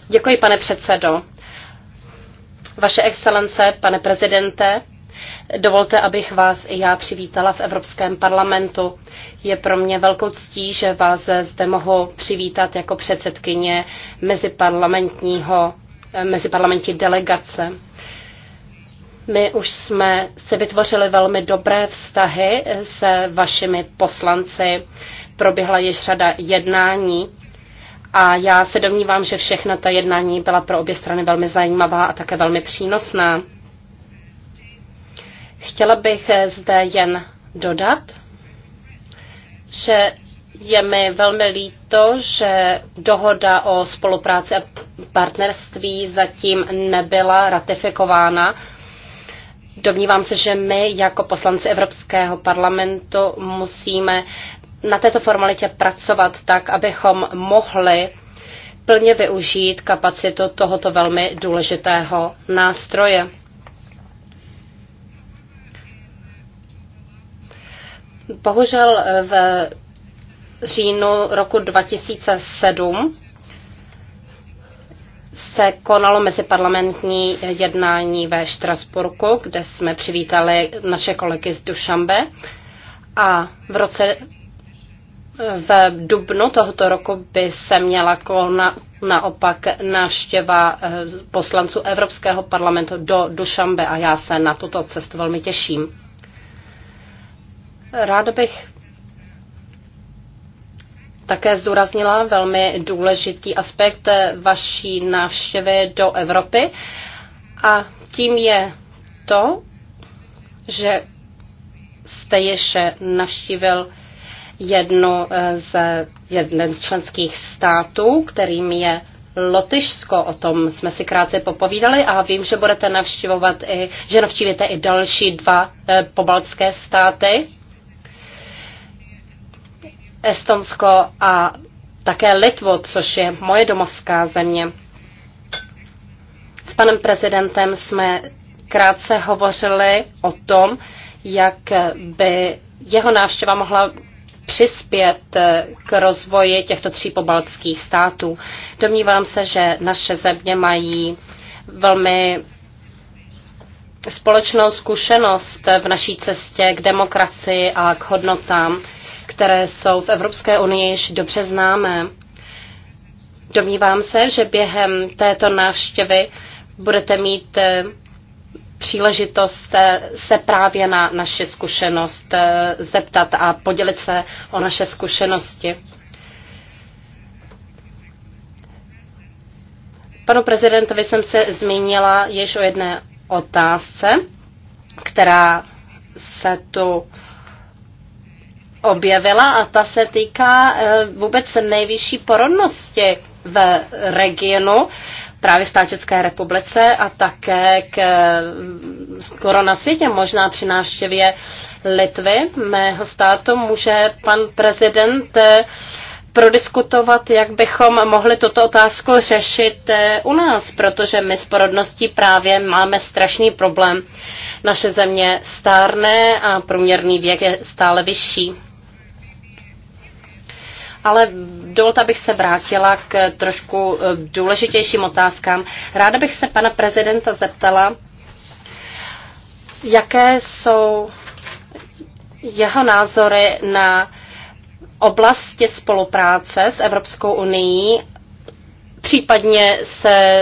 Děkuji, pane předsedo. Vaše excelence, pane prezidente, Dovolte, abych vás i já přivítala v Evropském parlamentu. Je pro mě velkou ctí, že vás zde mohu přivítat jako předsedkyně meziparlamentního, eh, meziparlamentní delegace. My už jsme si vytvořili velmi dobré vztahy se vašimi poslanci. Proběhla již řada jednání a já se domnívám, že všechna ta jednání byla pro obě strany velmi zajímavá a také velmi přínosná. Chtěla bych eh, zde jen dodat, že je mi velmi líto, že dohoda o spolupráci a partnerství zatím nebyla ratifikována. Domnívám se, že my jako poslanci Evropského parlamentu musíme na této formalitě pracovat tak, abychom mohli plně využít kapacitu tohoto velmi důležitého nástroje. Bohužel eh, v říjnu roku 2007 se konalo meziparlamentní jednání ve Štrasburku, kde jsme přivítali naše kolegy z Dušambe. A v roce v dubnu tohoto roku by se měla kona, naopak návštěva eh, poslanců Evropského parlamentu do Dušambe a já se na tuto cestu velmi těším. Rád bych také zdůraznila velmi důležitý aspekt vaší návštěvy do Evropy a tím je to, že jste ještě navštívil jednu z, jeden z členských států, kterým je Lotyšsko, o tom jsme si krátce popovídali a vím, že budete navštěvovat i, že navštívíte i další dva e, pobaltské státy. Estonsko a také Litvu, což je moje domovská země. S panem prezidentem jsme krátce hovořili o tom, jak by jeho návštěva mohla přispět k rozvoji těchto tří pobaltských států. Domnívám se, že naše země mají velmi společnou zkušenost v naší cestě k demokracii a k hodnotám které jsou v Evropské unii již dobře známé. Domnívám se, že během této návštěvy budete mít eh, příležitost eh, se právě na naši zkušenost eh, zeptat a podělit se o naše zkušenosti. Panu prezidentovi jsem se zmínila již o jedné otázce, která se tu objevila a ta se týká eh, vůbec nejvyšší porodnosti v regionu, právě v Tádžecké republice a také k, eh, skoro na světě, možná při návštěvě Litvy, mého státu, může pan prezident eh, prodiskutovat, jak bychom mohli tuto otázku řešit u nás, protože my s porodností právě máme strašný problém. Naše země stárne a průměrný věk je stále vyšší ale dovolte, abych se vrátila k trošku eh, důležitějším otázkám. Ráda bych se pana prezidenta zeptala, jaké jsou jeho názory na oblasti spolupráce s Evropskou unii, případně se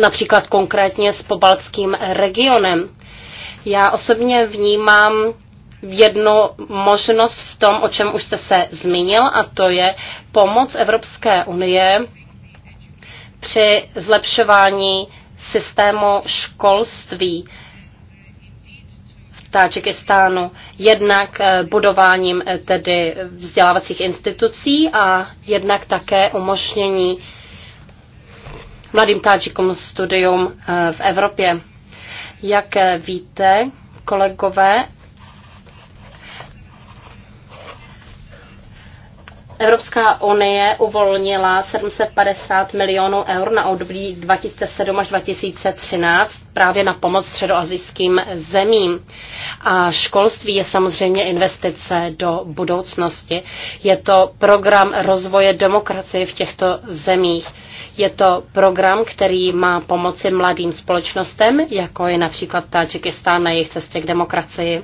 například konkrétně s pobaltským regionem. Já osobně vnímám jednu možnost v tom, o čem už jste se zmínil, a to je pomoc Evropské unie při zlepšování systému školství v Tadžikistánu. Jednak eh, budováním eh, tedy vzdělávacích institucí a jednak také umožnění mladým Tadžikům studium eh, v Evropě. Jak víte, kolegové, Evropská unie uvolnila 750 milionů eur na období 2007 až 2013 právě na pomoc středoazijským zemím. A školství je samozřejmě investice do budoucnosti. Je to program rozvoje demokracie v těchto zemích. Je to program, který má pomoci mladým společnostem, jako je například Tadžikistán na jejich cestě k demokracii.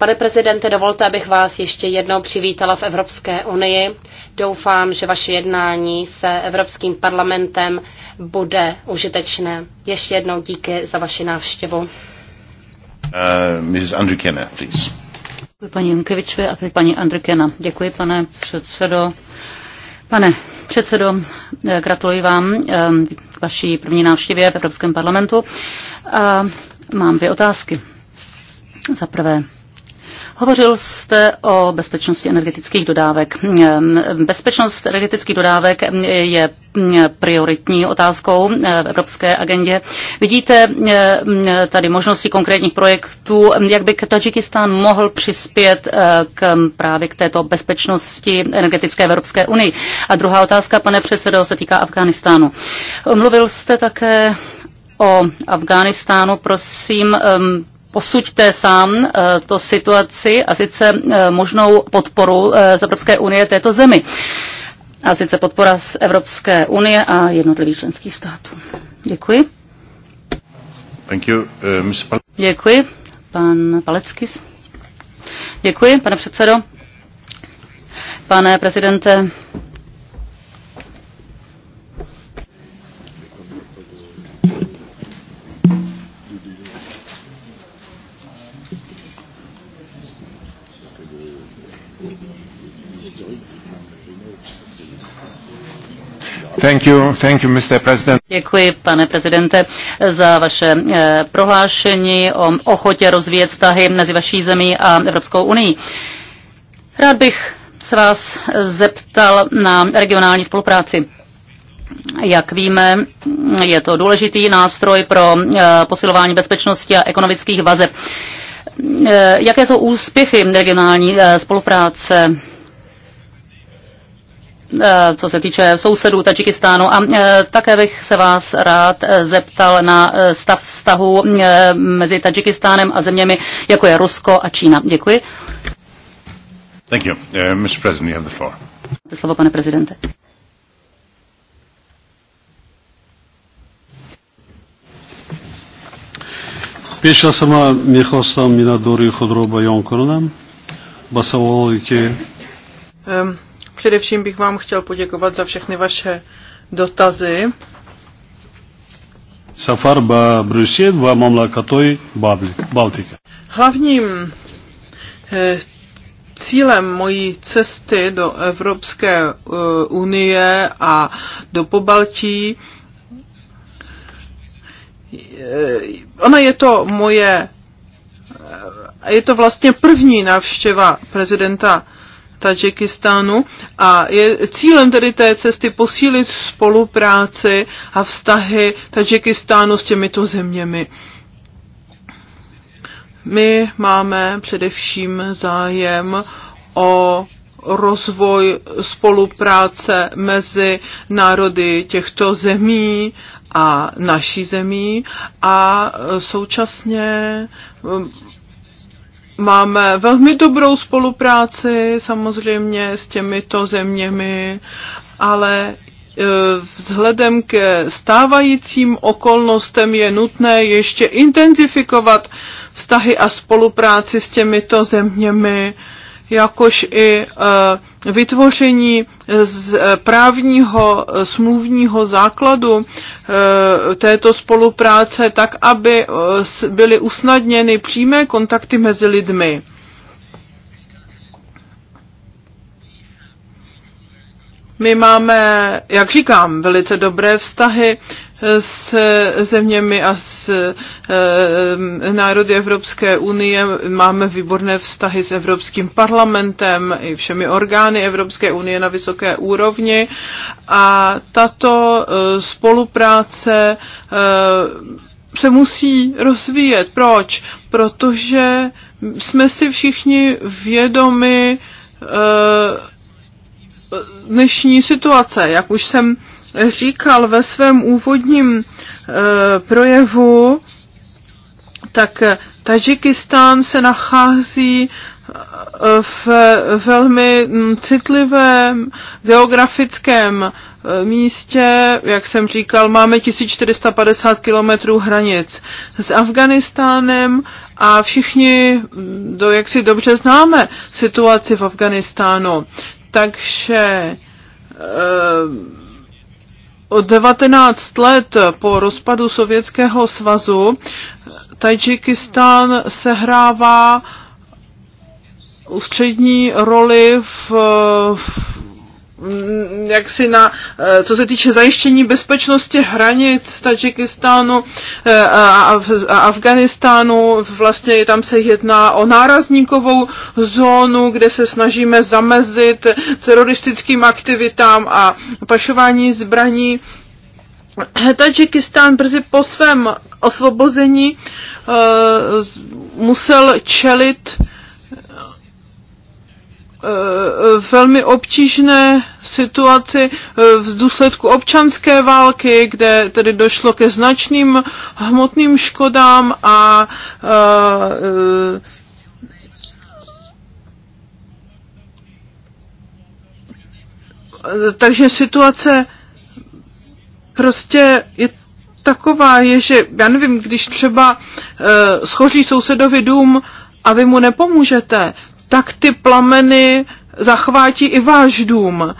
Pane prezidente, dovolte, abych vás ještě jednou přivítala v Evropské unii. Doufám, že vaše jednání se Evropským parlamentem bude užitečné. Ještě jednou díky za vaši návštěvu. Uh, Mrs. Andrikena, please. paní Junkevičovi a paní Andrikena. Děkuji, pane předsedo. Pane předsedo, eh, gratuluji vám eh, k vaší první návštěvě v Evropském parlamentu. A mám dvě otázky. Za prvé, Hovořil jste o bezpečnosti energetických dodávek. Ehm, bezpečnost energetických dodávek ehm, je ehm, prioritní otázkou v evropské agendě. Vidíte tady možnosti konkrétních projektů, jak by Tadžikistán mohl přispět eh, k právě k této bezpečnosti energetické v Evropské unii. A druhá otázka, pane předsedo, se týká Afghánistánu. Mluvil jste také o Afghánistánu, prosím, posuďte sám eh, to situaci a sice eh, možnou podporu eh, z Evropské unie této zemi. A sice podpora z Evropské unie a jednotlivých členských států. Děkuji. Thank you, uh, Pal- Děkuji. Pan Palecký. Děkuji, pane předsedo. Pane prezidente, Thank you, thank you, Mr. President. Děkuji, pane prezidente, za vaše eh, prohlášení o ochotě rozvíjet vztahy mezi vaší zemí a Evropskou unii. Rád bych se vás zeptal na regionální spolupráci. Jak víme, je to důležitý nástroj pro eh, posilování bezpečnosti a ekonomických vazeb. Eh, jaké jsou úspěchy regionální spolupráce? Eh, co se týče sousedů Tadžikistánu. A eh, také bych se vás rád eh, zeptal na stav vztahu mezi Tadžikistánem a zeměmi, jako je Rusko a Čína. Děkuji. Thank you. Uh, Mr. President, you have the floor. Slovo, pane prezidente. пеш sama ҳама мехостам минатдории худро баён кунам Především bych vám chtěl poděkovat za všechny vaše dotazy. Safar ba Brüssel va mamlakatoj Baltika. Hlavním eh, cílem mojí cesty do Evropské eh, unie a do Pobaltí eh, ona je to moje je to vlastně první návštěva prezidenta Tadžikistánu a je cílem tedy té cesty posílit spolupráci a vztahy Tadžikistánu s těmito zeměmi. My máme především zájem o rozvoj spolupráce mezi národy těchto zemí a naší zemí a současně Máme velmi dobrou spolupráci samozřejmě s těmito zeměmi, ale e, vzhledem k stávajícím okolnostem je nutné ještě intenzifikovat vztahy a spolupráci s těmito zeměmi jakož i e, vytvoření z e, právního e, smluvního základu této spolupráce tak, aby byly usnadněny přímé kontakty mezi lidmi. My máme, jak říkám, velice dobré vztahy s zeměmi a s eh, eh, národy Evropské unie. Máme výborné vztahy s Evropským parlamentem i všemi orgány Evropské unie na vysoké úrovni a tato eh, spolupráce se musí rozvíjet. Proč? Protože jsme si všichni vědomi dnešní situace. Jak už jsem říkal ve svém úvodním eh, projevu, tak Tadžikistán se nachází eh, v velmi hm, citlivém geografickém eh, místě, jak jsem říkal, máme 1450 kilometrů hranic s Afganistánem a všichni, hm, do, jak si dobře známe, situaci v Afganistánu. Takže e 19 let po rozpadu Sovětského svazu Tajikistán sehrává ústřední roli v, v Mm, jak si na, eh, co se týče zajištění bezpečnosti hranic Tadžikistánu eh, a, a Afganistánu, vlastně tam se jedná o nárazníkovou zónu, kde se snažíme zamezit teroristickým aktivitám a pašování zbraní. Tadžikistán brzy po svém osvobození uh, musel čelit uh, Eh, velmi obtížné situaci eh, v důsledku občanské války, kde tedy došlo ke značným hmotným škodám a eh, takže situace prostě je taková, je, že já nevím, když třeba schoří sousedovi dům a vy mu nepomůžete, tak ty plameny zachvátí i váš dům.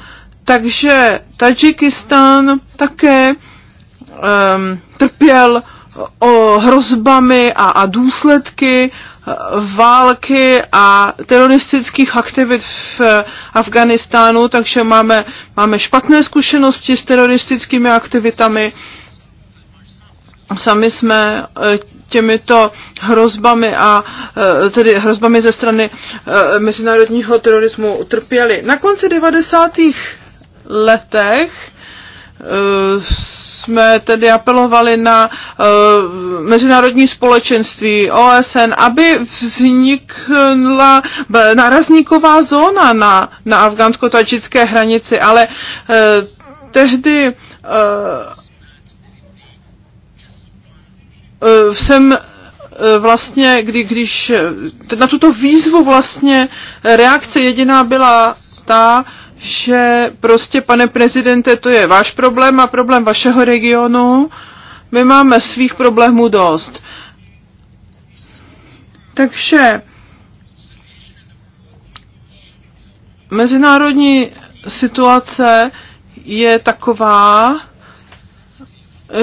Takže Tadžikistán také um, trpěl o hrozbami a, a důsledky eh, války a teroristických aktivit v eh, Afganistánu, takže máme, máme špatné zkušenosti s teroristickými aktivitami sami jsme e, těmito hrozbami a e, tedy hrozbami ze strany e, mezinárodního terorismu utrpěli. Na konci 90. letech jsme tedy apelovali na mezinárodní společenství OSN, aby vznikla narazníková zóna na, na afgánsko tačické hranici, ale tehdy Eh, jsem eh, vlastně, kdy, když eh, na tuto výzvu vlastně reakce jediná byla ta, že prostě, pane prezidente, to je váš problém a problém vašeho regionu. My máme svých problémů dost. Takže mezinárodní situace je taková,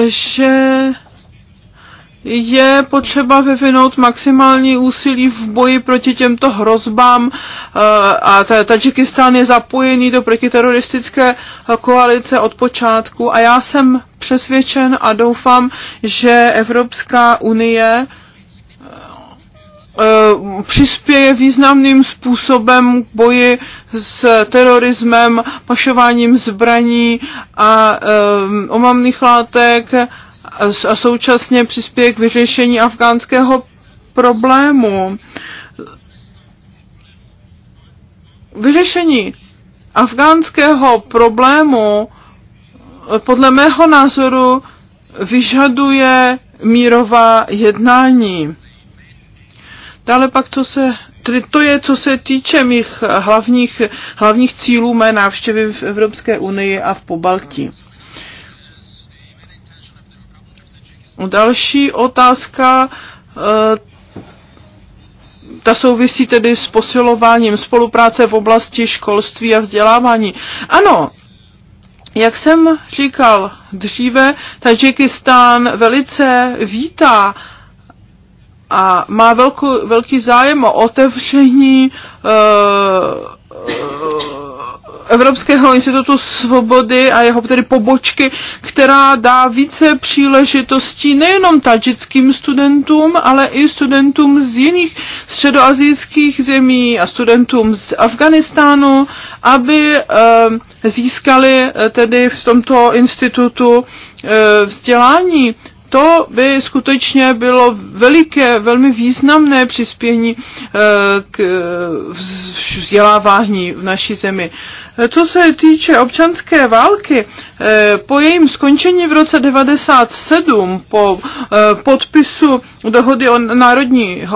že je potřeba vyvinout maximální úsilí v boji proti těmto hrozbám eh, a Tadžikistán je zapojený do protiteroristické eh, koalice od počátku a já jsem přesvědčen a doufám, že Evropská unie eh, přispěje významným způsobem k boji s terorismem, pašováním zbraní a omamných látek a současně přispěje k vyřešení afgánského problému. Vyřešení afgánského problému eh, podle mého názoru vyžaduje mírová jednání. Dále pak, co se, tedy to je, co se týče mých hlavních, hlavních cílů mé návštěvy v Evropské unii a v Pobaltí. Další otázka, eh, ta souvisí tedy s posilováním spolupráce v oblasti školství a vzdělávání. Ano, jak jsem říkal dříve, Tadžikistán velice vítá a má velkou, velký zájem o otevření uh, Evropského institutu svobody a jeho tedy pobočky, která dá více příležitostí nejenom tadžickým studentům, ale i studentům z jiných středoazijských zemí a studentům z Afganistánu, aby eh, získali eh, tedy v tomto institutu eh, vzdělání. To by skutečně bylo veliké, velmi významné přispění eh, k eh, vzdělávání v naší zemi. Eh, co se týče občanské války, po jejím skončení v roce 1997, po podpisu dohody o národní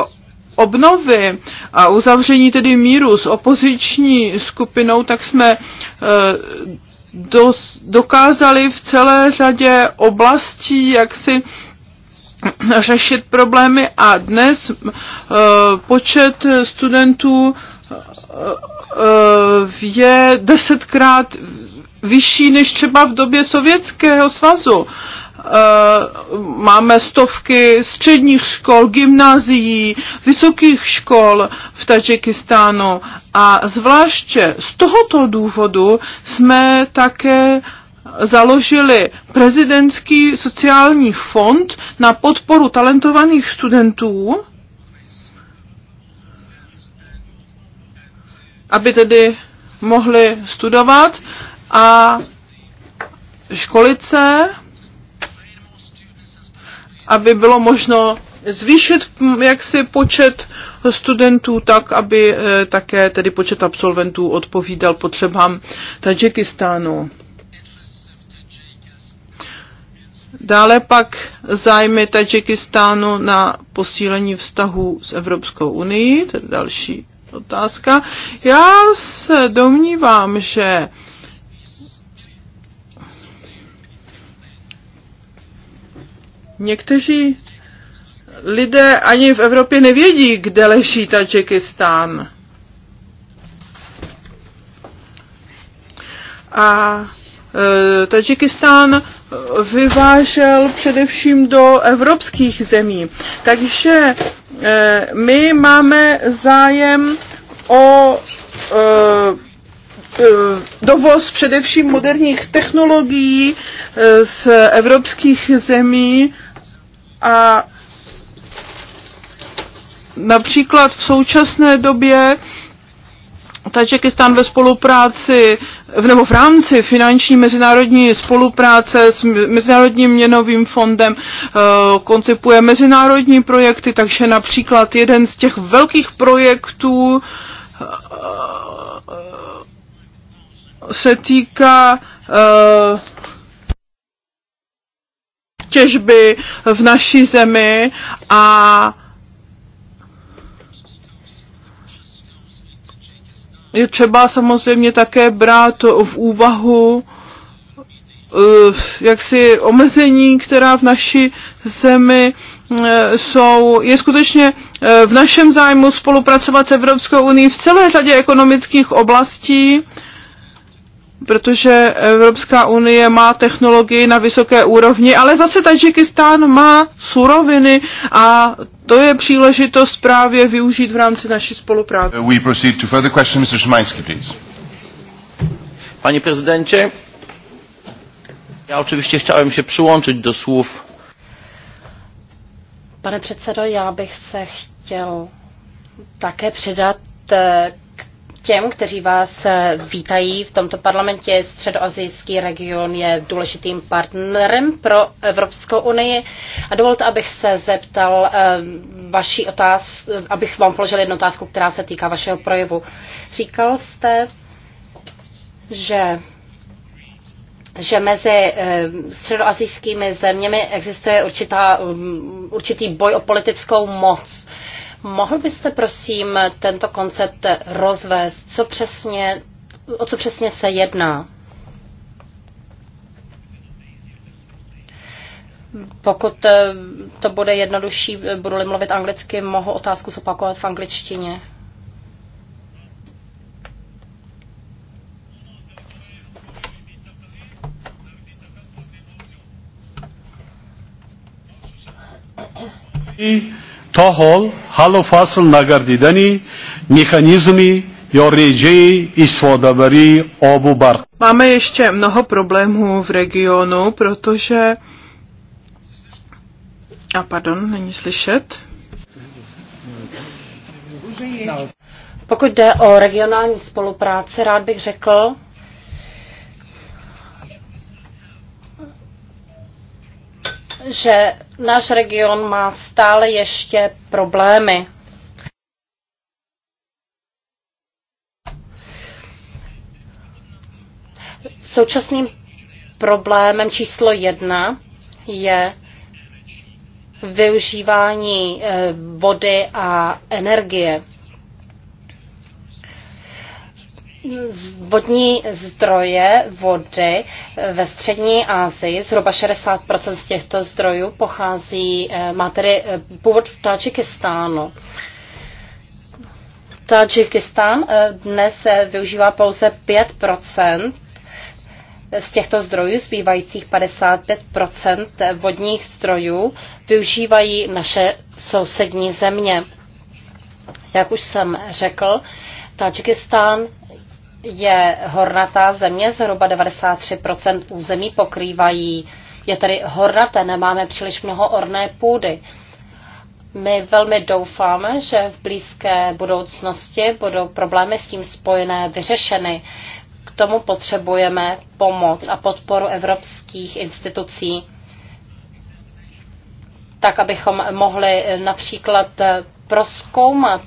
obnovy a uzavření tedy míru s opoziční skupinou, tak jsme dos, dokázali v celé řadě oblastí jak si eh, řešit problémy a dnes uh, počet studentů uh, je desetkrát vyšší než třeba v době Sovětského svazu. Uh, Eh, máme stovky středních škol, gymnázií, vysokých škol v Tadžikistánu a zvláště z tohoto důvodu jsme také založili prezidentský sociální fond na podporu talentovaných studentů, aby tedy mohli studovat a školit se aby bylo možno zvýšit mm, jaksi počet studentů tak, aby eh, také tedy počet absolventů odpovídal potřebám Tadžikistánu. Dále pak zájmy Tadžikistánu na posílení vztahů s Evropskou unii, to je další otázka. Já se domnívám, že Někteří lidé ani v Evropě nevědí, kde leží Tadžikistán. A e, Tadžikistán vyvážel především do evropských zemí. Takže e, my máme zájem o e, e dovoz především moderních technologií e, z evropských zemí a například v současné době Tadžikistán ve spolupráci nebo v rámci finanční mezinárodní spolupráce s Mezinárodním měnovým fondem eh, koncipuje mezinárodní projekty, takže například jeden z těch velkých projektů eh, se týká eh, těžby v naší zemi a je třeba samozřejmě také brát v úvahu eh, jaksi omezení, která v naší zemi eh, jsou, je skutečně eh, v našem zájmu spolupracovat s Evropskou unii v celé řadě ekonomických oblastí protože Evropská unie má technologii na vysoké úrovni, ale zase Tadžikistán má suroviny a to je příležitost právě využít v rámci naší spolupráce. We proceed to further question, Mr. please. Panie prezydencie, já oczywiście chciałem się przyłączyć do słów. Pane předsedo, já bych se chtěl také přidat eh, těm, kteří vás eh, vítají v tomto parlamentě. Středoazijský region je důležitým partnerem pro Evropskou unii. A dovolte, abych se zeptal eh, vaší otázku, abych vám položil jednu otázku, která se týká vašeho projevu. Říkal jste, že že mezi eh, středoazijskými zeměmi existuje určitá, mm, určitý boj o politickou moc. Mohl byste prosím tento koncept rozvést? Co přesně, o co přesně se jedná? Pokud eh, to bude jednodušší, budu-li mluvit anglicky, mohu otázku zopakovat v angličtině. Mm-hmm tahol hal fasl nagardidani mechanizmy Máme ještě mnoho problémů v regionu, protože... A pardon, není slyšet. Pokud jde o regionální spolupráci, rád bych řekl, že náš region má stále ještě problémy. Současným problémem číslo jedna je využívání eh, vody a energie vodní zdroje vody ve střední Asii, zhruba 60% z těchto zdrojů pochází, eh, má tedy eh, původ v Tadžikistánu. Tadžikistán eh, dnes využívá pouze 5% z těchto zdrojů, zbývajících 55% vodních zdrojů, využívají naše sousední země. Jak už jsem řekl, Tadžikistán je hornatá země, zhruba 93% území pokrývají, je tedy hornaté, nemáme příliš mnoho orné půdy. My velmi doufáme, že v blízké budoucnosti budou problémy s tím spojené vyřešeny. K tomu potřebujeme pomoc a podporu evropských institucí, tak abychom mohli například proskoumat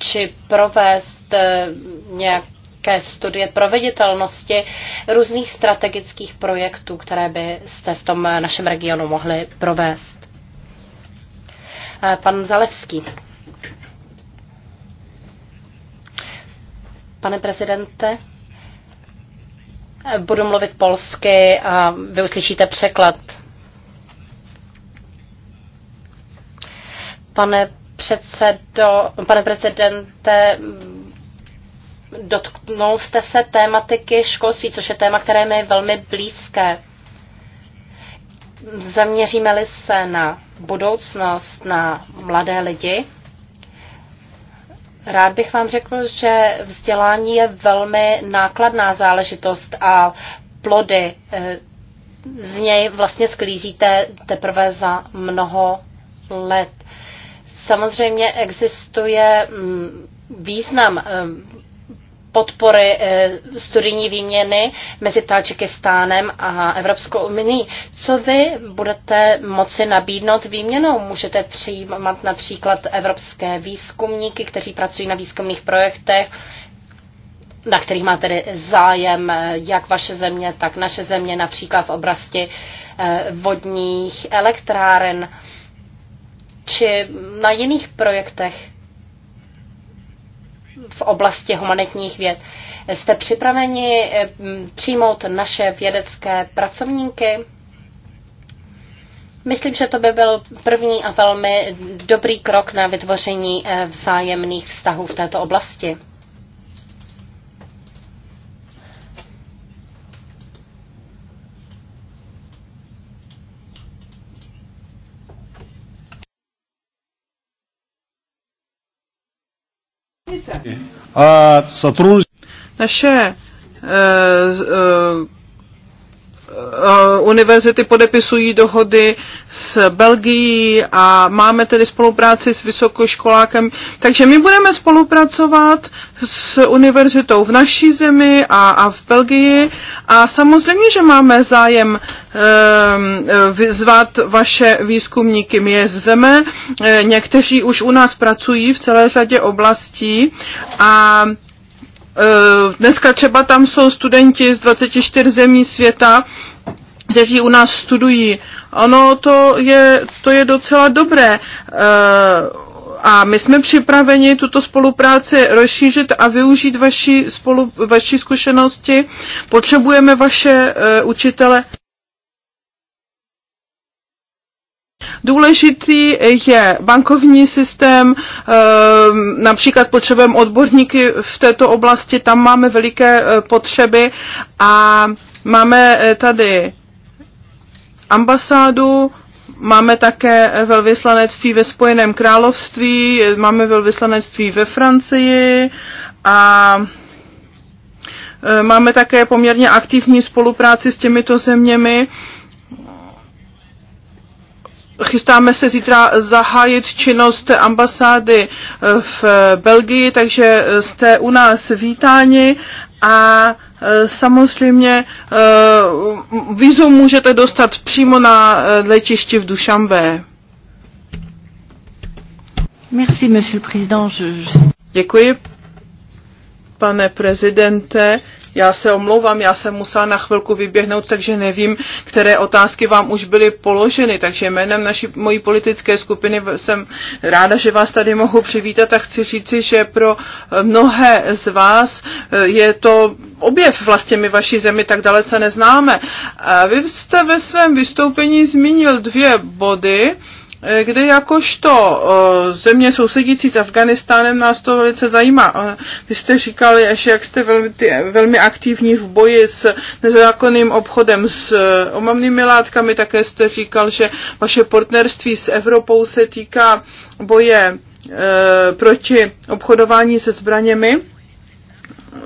či provést eh, nějaké studie proveditelnosti různých strategických projektů, které byste v tom našem regionu mohli provést. Eh, pan Zalevský. Pane prezidente, eh, budu mluvit polsky a vy uslyšíte překlad. Pane předsedo, pane prezidente, dotknul jste se tématiky školství, což je téma, které mi je velmi blízké. Zaměříme-li se na budoucnost, na mladé lidi, Rád bych vám řekl, že vzdělání je velmi nákladná záležitost a plody eh, z něj vlastně sklízíte teprve za mnoho let. Samozřejmě existuje mm, význam mm, podpory eh, studijní výměny mezi Tadžikistánem a Evropskou unii. Co vy budete moci nabídnout výměnou? Můžete přijímat například evropské výzkumníky, kteří pracují na výzkumných projektech, na kterých má tedy zájem eh, jak vaše země, tak naše země, například v oblasti eh, vodních elektráren či na jiných projektech v oblasti humanitních věd. Jste připraveni eh, přijmout naše vědecké pracovníky? Myslím, že to by byl první a velmi dobrý krok na vytvoření eh, vzájemných vztahů v této oblasti. Naše eh, eh, Eh, univerzity podepisují dohody s Belgií a máme tedy spolupráci s vysokoškolákem. Takže my budeme spolupracovat s univerzitou v naší zemi a, a v Belgii a samozřejmě, že máme zájem ehm, eh, vyzvat vaše výzkumníky. My je zveme, eh, někteří už u nás pracují v celé řadě oblastí a Eh, dneska třeba tam jsou studenti z 24 zemí světa, kteří u nás studují. Ono to je, to je docela dobré. Eh, a my jsme připraveni tuto spolupráci rozšířit a využít vaši, spolu, vaši zkušenosti. Potřebujeme vaše eh, učitele. Důležitý je bankovní systém, eh, například potřebujeme odborníky v této oblasti, tam máme veliké eh, potřeby a máme eh, tady ambasádu, máme také velvyslanectví ve Spojeném království, máme velvyslanectví ve Francii a máme také poměrně aktivní spolupráci s těmito zeměmi Chystáme se zítra zahájit činnost ambasády eh, v eh, Belgii, takže eh, jste u nás vítáni a samozřejmě vízum můžete dostat přímo na letišti v Dušambé. Merci, monsieur le président. Je... Děkuji, pane prezidente. Já se omlouvám, já jsem musela na chvilku vyběhnout, takže nevím, které otázky vám už byly položeny. Takže jménem naší, mojí politické skupiny jsem ráda, že vás tady mohu přivítat a chci říci, že pro eh, mnohé z vás eh, je to objev vlastně my vaší zemi tak dalece neznáme. A vy jste ve svém vystoupení zmínil dvě body, kde jakožto země sousedící s Afganistánem nás to velice zajímá. Vy jste říkali, že jak jste velmi, velmi aktivní v boji s nezákonným obchodem s e, omamnými látkami, také jste říkal, že vaše partnerství s Evropou se týká boje e, proti obchodování se zbraněmi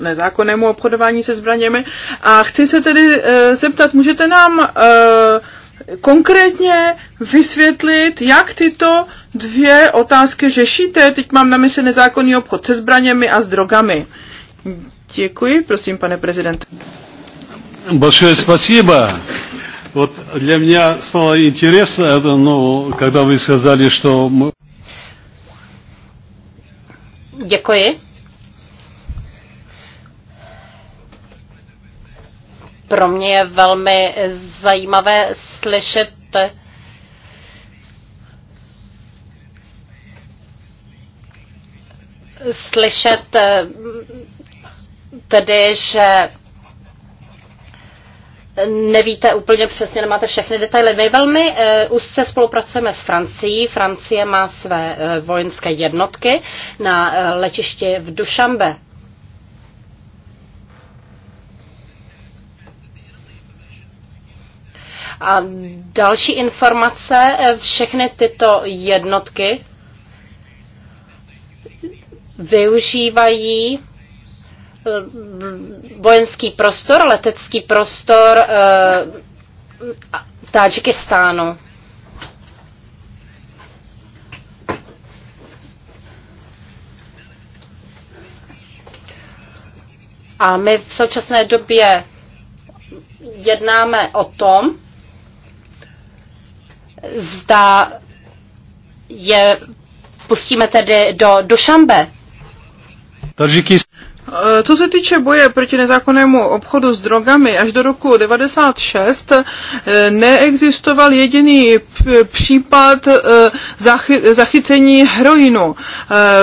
nezákonnému obchodování se zbraněmi. A chci se tedy e, zeptat, můžete nám e, konkrétně vysvětlit, jak tyto dvě otázky řešíte. Teď mám na mysli nezákonný obchod se zbraněmi a s drogami. Děkuji, prosím, pane prezident. Большое спасибо. Вот для меня стало интересно, это, ну, когда вы сказали, что мы... Děkuji. Pro mě je velmi zajímavé slyšet slyšet tedy, že nevíte úplně přesně, nemáte všechny detaily. My velmi uh, úzce spolupracujeme s Francií. Francie má své uh, vojenské jednotky na uh, letišti v Dušambe. A další informace, eh, všechny tyto jednotky využívají eh, vojenský prostor, letecký prostor eh, Tadžikistánu. A my v současné době jednáme o tom, zda je pustíme tedy do Dušambe. Eh, co se týče boje proti nezákonnému obchodu s drogami, až do roku 96 eh, neexistoval jediný případ eh, zachy- zachycení heroinu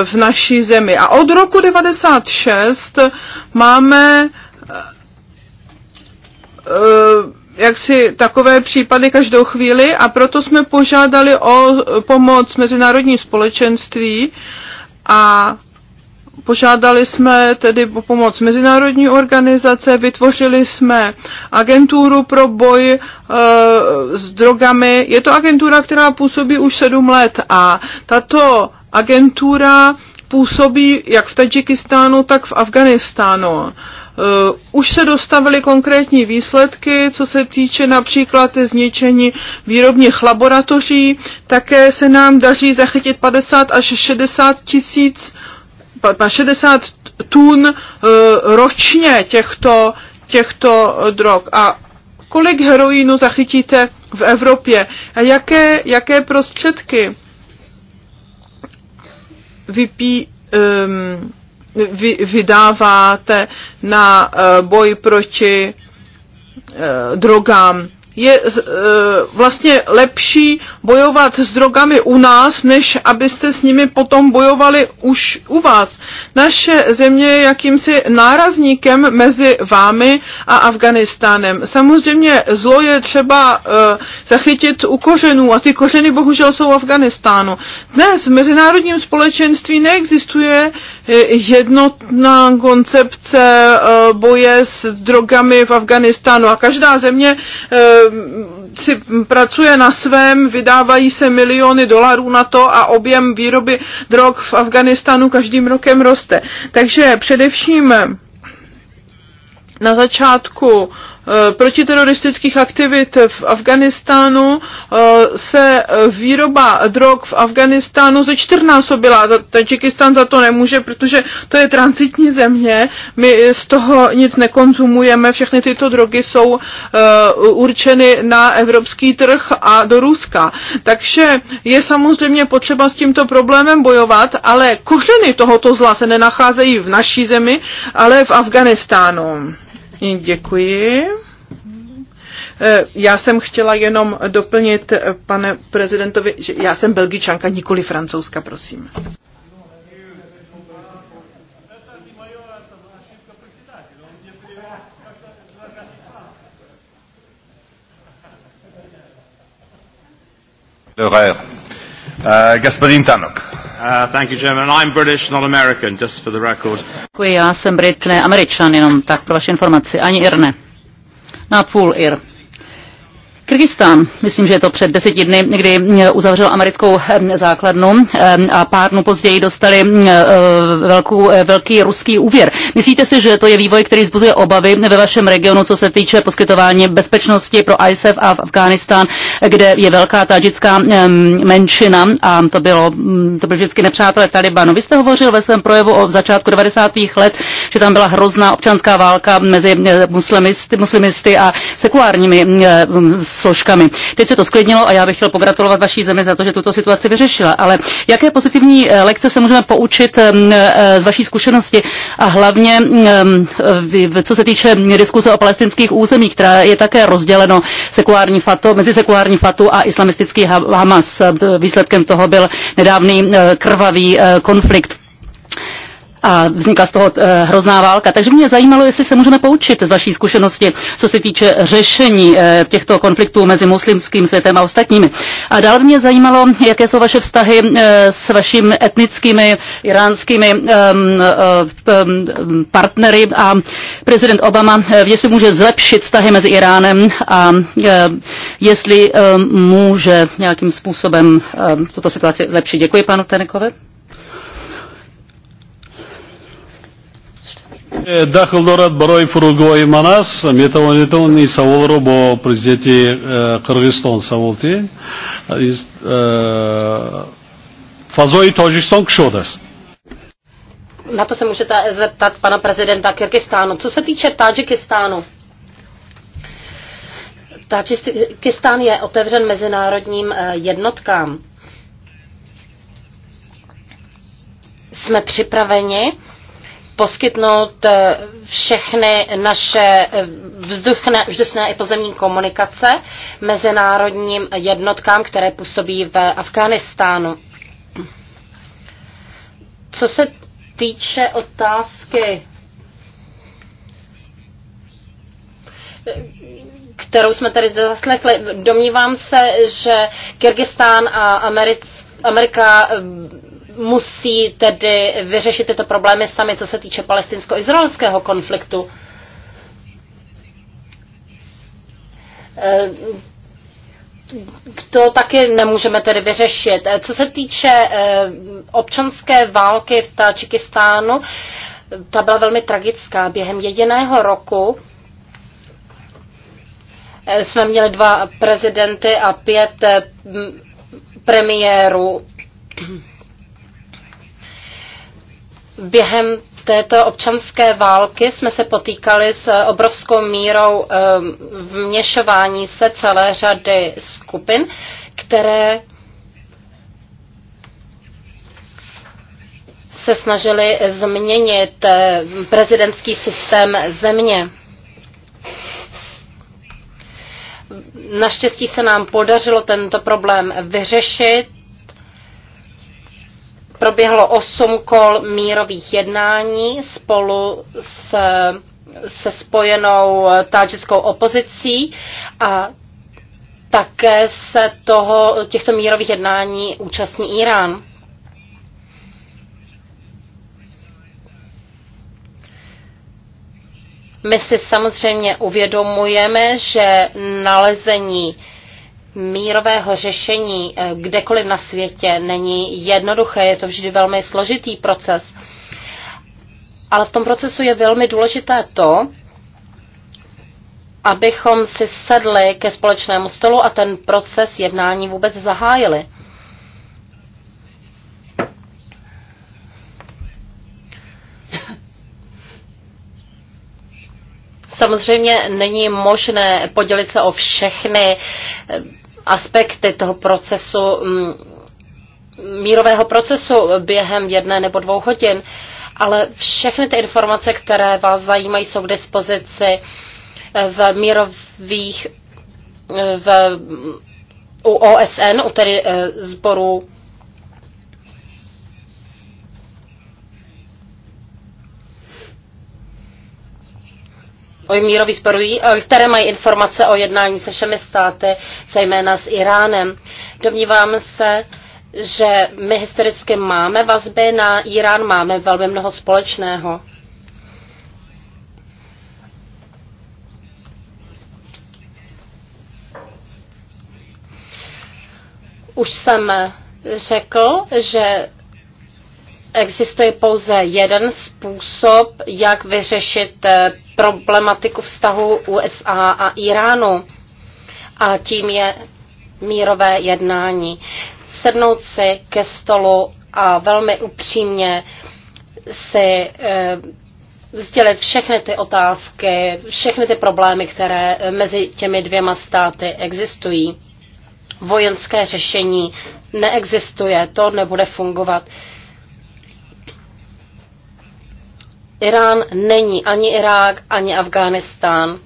v naší zemi. A od roku 96 máme jaksi takové případy každou chvíli a proto jsme požádali o pomoc mezinárodní společenství a Požádali jsme tedy o pomoc mezinárodní organizace, vytvořili jsme agenturu pro boj e, s drogami. Je to agentura, která působí už sedm let a tato agentura působí jak v Tadžikistánu, tak v Afganistánu. E, Eh, už se dostavily konkrétní výsledky, co se týče například zničení výrobních laboratoří. Také se nám daří zachytit 50 až 60 tisíc, 60 tun eh, ročně těchto, těchto drog. A kolik heroinu zachytíte v Evropě a jaké, jaké prostředky vypí, um, vy, vydáváte na eh, boj proti eh, drogám. Je eh, vlastně lepší bojovat s drogami u nás, než abyste s nimi potom bojovali už u vás. Naše země je jakýmsi nárazníkem mezi vámi a Afganistánem. Samozřejmě zlo je třeba zachytit u kořenů a ty kořeny bohužel jsou v Afganistánu. Dnes v mezinárodním společenství neexistuje E, jednotná koncepce e, boje s drogami v Afganistánu a každá země e, si pracuje na svém, vydávají se miliony dolarů na to a objem výroby drog v Afganistánu každým rokem roste. Takže především na začátku Eh, protiteroristických aktivit v Afganistánu eh, se eh, výroba drog v Afganistánu ze čtyřnásobila. Tadžikistán za to nemůže, protože to je transitní země. My z toho nic nekonzumujeme. Všechny tyto drogy jsou určeny na evropský trh a do Ruska. Takže je samozřejmě potřeba s tímto problémem bojovat, ale kořeny tohoto zla se nenacházejí v naší zemi, ale v Afganistánu. Děkuji. E, já jsem chtěla jenom doplnit e, pane prezidentovi, že já jsem belgičanka, nikoli francouzka, prosím. Uh, Euh, Tanok. Uh, thank you, Chairman. I'm British, not American, just for the record. Děkuji, já jsem Brit, ne Američan, jenom tak pro vaši informaci. Ani Ir ne. Na půl Ir. Kyrgyzstán, myslím, že je to před deseti dny, kdy eh, uzavřel americkou eh, základnu eh, a pár dnů později dostali velkou, velký ruský úvěr. Myslíte si, že to je vývoj, který zbuzuje obavy ve vašem regionu, co se týče poskytování bezpečnosti pro ISF a v Afghánistán, kde je velká tadžická menšina a to bylo, mm, to byl vždycky nepřátelé Talibanu. Vy jste hovořil ve svém projevu o začátku 90. let, že tam byla hrozná občanská válka mezi muslimisty, muslimisty a sekulárními složkami. Teď se to sklidnilo a já bych chtěl pogratulovat vaší zemi za to, že tuto situaci vyřešila. Ale jaké pozitivní eh, lekce se můžeme poučit eh, z vaší zkušenosti a hlavně co se týče diskuse o palestinských územích, která je také rozděleno sekulární fatu, mezi sekulární fatu a islamistický Hamas. Výsledkem toho byl nedávný eh, krvavý konflikt a vznikla z toho eh, hrozná válka. Takže mě zajímalo, jestli se můžeme poučit z vaší zkušenosti, co se týče řešení eh, těchto konfliktů mezi muslimským světem a ostatními. A dále mě zajímalo, jaké jsou vaše vztahy eh, s vašimi etnickými iránskými ehm, ehm, ehm, partnery a prezident Obama, jestli může zlepšit vztahy mezi Iránem a jestli může nějakým způsobem tuto situaci zlepšit. Děkuji panu Tenekovi. داخل دارد برای فروگوی من است میتوانید اون سوال رو با پرزیدنت قرغیزستان سوالتی فضای تاجیکستان کشود است Na to se můžete zeptat pana prezidenta Kyrgyzstánu. Co se týče Tadžikistánu, Tadžikistán je otevřen mezinárodním eh, jednotkám. Jsme připraveni poskytnout eh, všechny naše eh, vzduchné, vzdušné i pozemní komunikace mezinárodním jednotkám, které působí v Afghánistánu. Co se týče otázky, kterou jsme tady zde zaslechli, domnívám se, že Kyrgyzstán a Americká Amerika eh, musí tedy vyřešit tyto problémy sami, co se týče palestinsko-izraelského konfliktu. Eh, to taky nemůžeme tedy vyřešit. Eh, co se týče eh, občanské války v Tačikistánu, ta byla velmi tragická. Během jediného roku jsme měli dva prezidenty a pět premiérů. Během této občanské války jsme se potýkali s eh, obrovskou mírou ehm, vměšování se celé řady skupin, které se snažili změnit eh, prezidentský systém země. Naštěstí se nám podařilo tento problém vyřešit proběhlo osm kol mírových jednání spolu s, se spojenou tádžickou opozicí a také se toho, těchto mírových jednání účastní Irán. My si samozřejmě uvědomujeme, že nalezení mírového řešení eh, kdekoliv na světě není jednoduché, je to vždy velmi složitý proces. Ale v tom procesu je velmi důležité to, abychom si sedli ke společnému stolu a ten proces jednání vůbec zahájili. Samozřejmě není možné podělit se o všechny eh, aspekty toho procesu, mm, mírového procesu během jedné nebo dvou hodin, ale všechny ty informace, které vás zajímají, jsou k dispozici v mírových v, u OSN, u tedy eh, sboru o mírový sporu. Eh, které mají informace o jednání se všemi státy, zejména s Iránem. Domnívám se, že my historicky máme vazby na Irán, máme velmi mnoho společného. Už jsem řekl, že Existuje pouze jeden způsob, jak vyřešit eh, problematiku vztahu USA a Iránu. A tím je mírové jednání. Sednout si ke stolu a velmi upřímně si vzdělit eh, všechny ty otázky, všechny ty problémy, které eh, mezi těmi dvěma státy existují. Vojenské řešení neexistuje, to nebude fungovat. Irán není ani Irák, ani Afghánistán.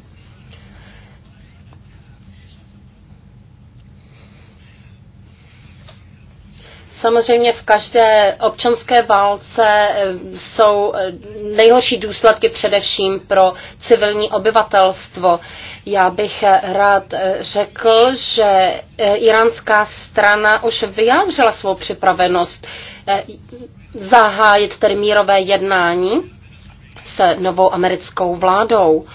Samozřejmě v každé občanské válce eh, jsou eh, nejhorší důsledky především pro civilní obyvatelstvo. Já bych eh, rád řekl, že iránská strana už vyjádřila svou připravenost zahájit tedy mírové jednání s novou americkou vládou.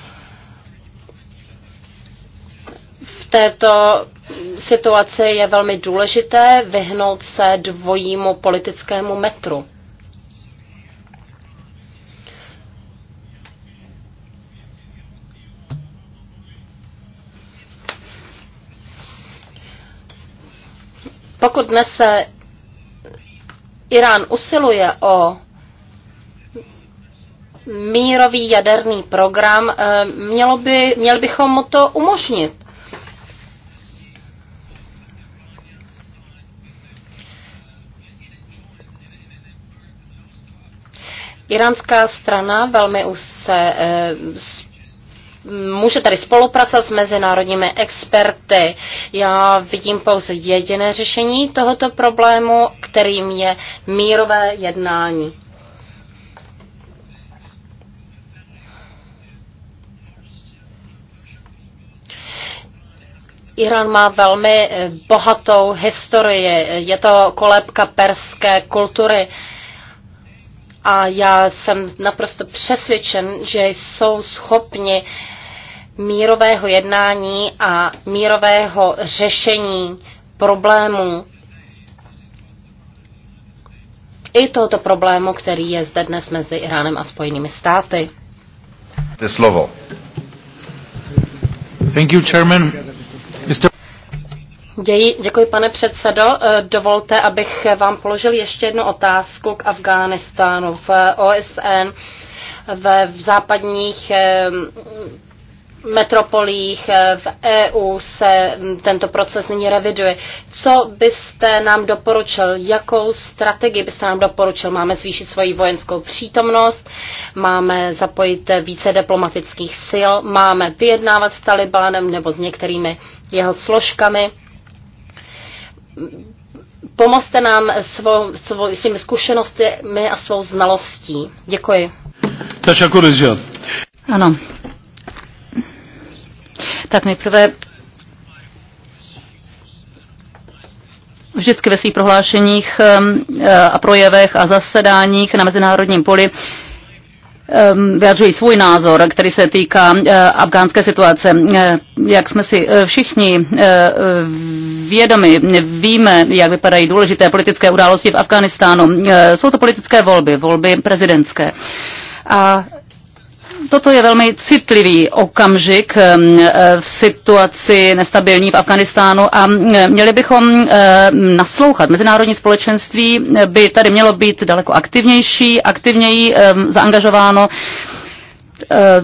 V této situaci je velmi důležité vyhnout se dvojímu politickému metru. Pokud dnes se Irán usiluje o mírový jaderný program, eh, mělo by, měl bychom mu to umožnit. Iránská strana velmi úzce eh, může tady spolupracovat s mezinárodními experty. Já vidím pouze jediné řešení tohoto problému, kterým je mírové jednání. Irán má velmi eh, bohatou historii, je to kolébka perské kultury. A já jsem naprosto přesvědčen, že jsou schopni mírového jednání a mírového řešení problémů. I tohoto problému, který je zde dnes mezi Iránem a Spojenými státy. Slovo. Thank you, Chairman. Ději, děkuji, pane předsedo. Eh, dovolte, abych vám položil ještě jednu otázku k Afghánistánu. V eh, OSN v, v západních eh, metropolích v EU se hm, tento proces nyní reviduje. Co byste nám doporučil? Jakou strategii byste nám doporučil? Máme zvýšit svoji vojenskou přítomnost, máme zapojit více diplomatických sil, máme vyjednávat s Talibanem nebo s některými jeho složkami pomozte nám svou, svou, svými zkušenostmi a svou znalostí. Děkuji. Ano. Tak nejprve vždycky ve svých prohlášeních ehm, a projevech a zasedáních na mezinárodním poli Ehm, vyjadřují svůj názor, který se týká eh, afgánské situace. Eh, jak jsme si eh, všichni vědomi, víme, jak vypadají důležité politické události v Afghánistánu. Jsou to politické volby, volby prezidentské. A Toto je velmi citlivý okamžik e, v situaci nestabilní v Afganistánu a měli bychom e, naslouchat. Mezinárodní společenství by tady mělo být daleko aktivnější, aktivněji zaangažováno e,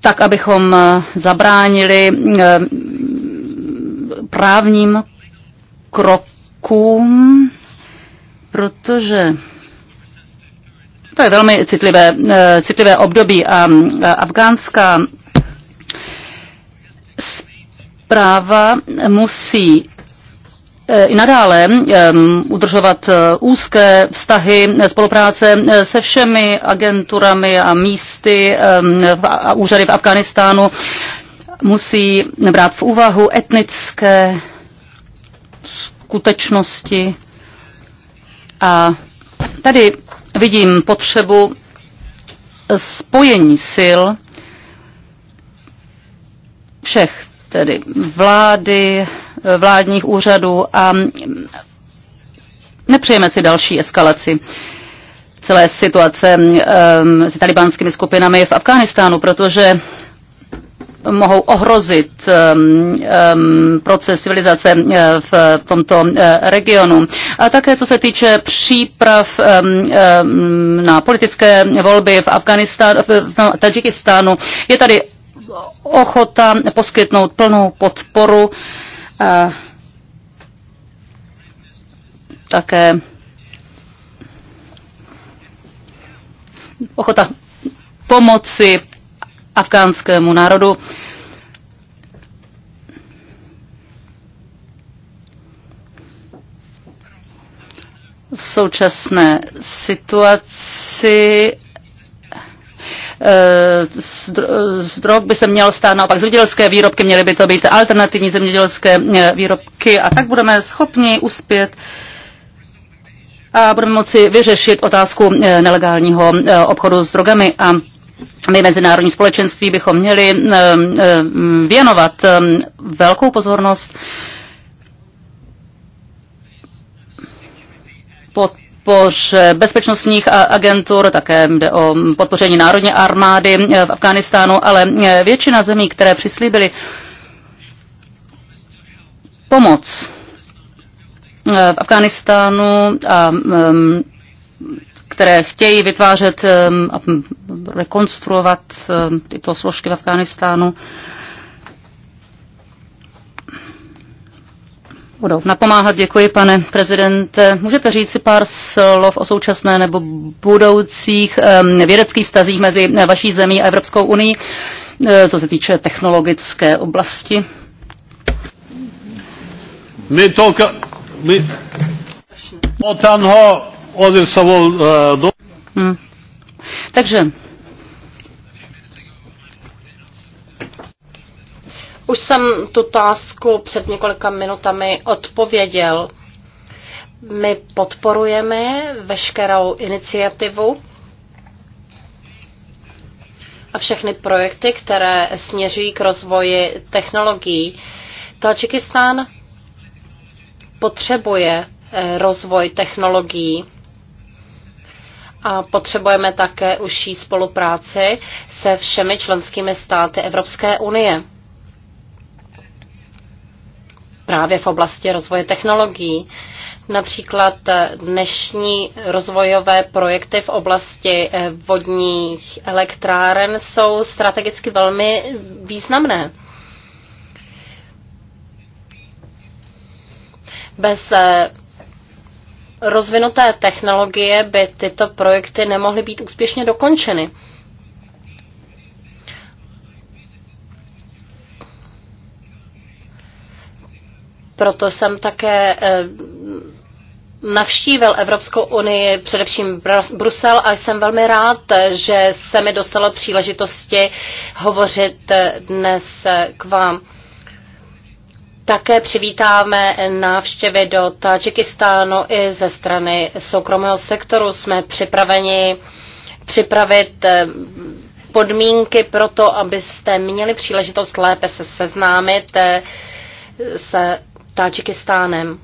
tak, abychom zabránili právním krokům, protože to je velmi citlivé, eh, citlivé období a mm, eh, afgánská zpráva musí eh, i nadále udržovat úzké vztahy spolupráce se všemi agenturami a místy a úřady v Afganistánu. Musí brát v úvahu etnické skutečnosti a tady vidím potřebu spojení sil všech, tedy vlády, vládních úřadů a nepřejeme si další eskalaci celé situace eh, s talibánskými skupinami v Afghánistánu, protože mohou ohrozit um, um, proces civilizace uh, v tomto uh, regionu. A také co se týče příprav um, na politické volby v Afganistánu, v Tadžikistánu, je tady ochota poskytnout plnou podporu uh, také ochota pomoci afgánskému národu. V současné situaci eh, z drog by se měl stát naopak zemědělské výrobky, měly by to být alternativní zemědělské eh, výrobky a tak budeme schopni uspět a budeme moci vyřešit otázku eh, nelegálního obchodu s drogami a my mezinárodní společenství bychom měli eh, eh, věnovat eh, velkou pozornost pod bezpečnostních agentur, také jde o podpoření národní armády v Afghánistánu, ale většina zemí, které přislíbily pomoc v Afghánistánu a které chtějí vytvářet um, a rekonstruovat um, tyto složky v Afghánistánu. budou napomáhat. Děkuji, pane prezidente. Můžete říct si pár slov o současné nebo budoucích um, vědeckých stazích mezi vaší zemí a Evropskou unii, uh, co se týče technologické oblasti? My to... My... Savol e, Hmm. Takže Už jsem tu otázku před několika minutami odpověděl. My podporujeme veškerou iniciativu a všechny projekty, které směřují k rozvoji technologií. Tačikistán potřebuje e, rozvoj technologií a potřebujeme také užší spolupráci se všemi členskými státy Evropské unie. Právě v oblasti rozvoje technologií. Například dnešní rozvojové projekty v oblasti eh, vodních elektráren jsou strategicky velmi významné. Bez eh, rozvinuté technologie by tyto projekty nemohly být úspěšně dokončeny. Proto jsem také eh, navštívil Evropskou unii, především Brusel, a jsem velmi rád, že se mi dostalo příležitosti hovořit eh, dnes eh, k vám. Také přivítáme návštěvy do Tadžikistánu i ze strany soukromého sektoru. Jsme připraveni připravit eh, podmínky pro to, abyste měli příležitost lépe se seznámit eh, s Tadžikistánem.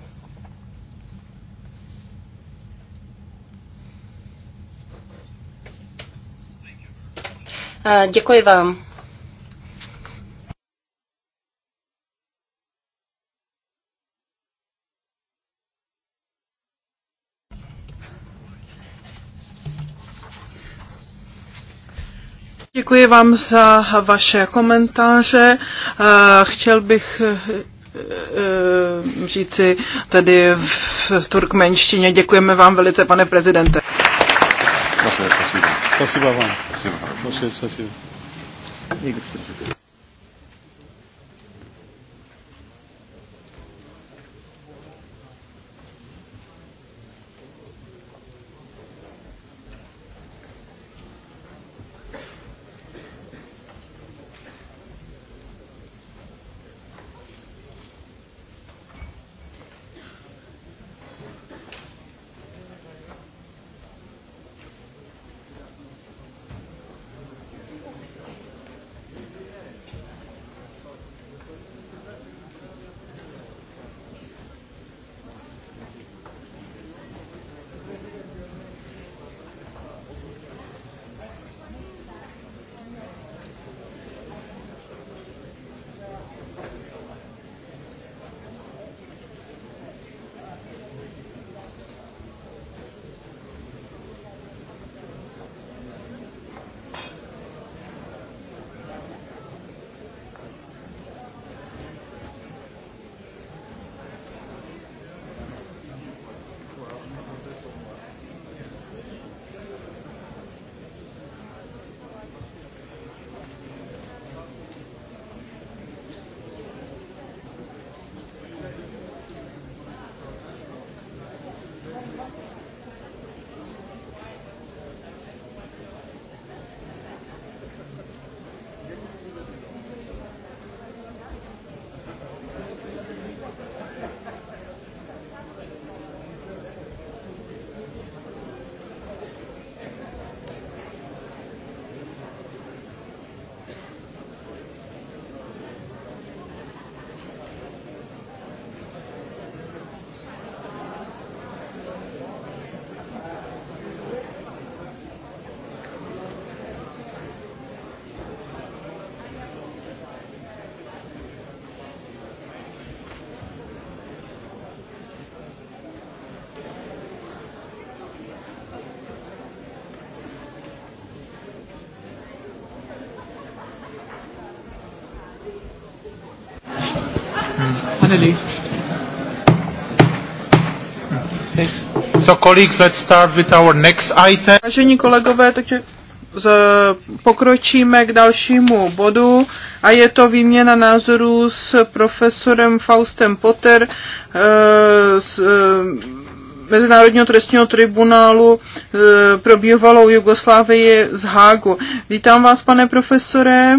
Eh, děkuji vám. Děkuji vám za vaše komentáře. Eh, chtěl bych eh, eh, říci tedy v turkmenštině. Děkujeme vám velice, pane prezidente. Děkuji vám. finally. So colleagues, let's start with our next item. Vážení kolegové, takže z, eh, pokročíme k dalšímu bodu a je to výměna názorů s profesorem Faustem Potter z eh, eh, Mezinárodního trestního tribunálu pro bývalou Jugoslávii z Hágu. Vítám vás, pane profesore.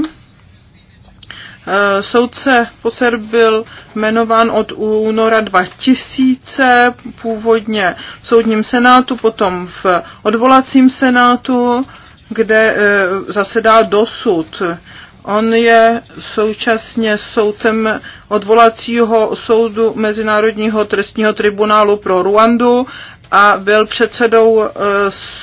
Eh, soudce Poser byl jmenován od února 2000, původně v soudním senátu, potom v odvolacím senátu, kde eh, zasedá dosud. On je současně soudcem odvolacího soudu Mezinárodního trestního tribunálu pro Ruandu a byl předsedou eh,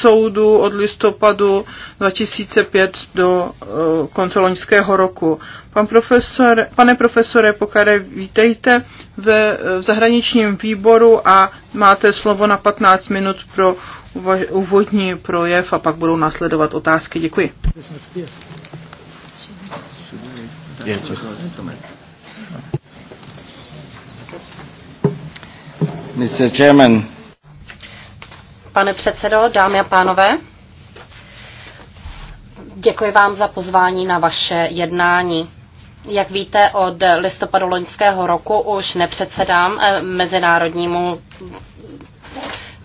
soudu od listopadu 2005 do eh, konce loňského roku. Pan profesor, pane profesore Pokare, vítejte ve, v zahraničním výboru a máte slovo na 15 minut pro úvodní projev a pak budou následovat otázky. Děkuji. Mr. Chairman, pane předsedo, dámy a pánové. Děkuji vám za pozvání na vaše jednání. Jak víte, od listopadu loňského roku už nepředsedám eh, Mezinárodnímu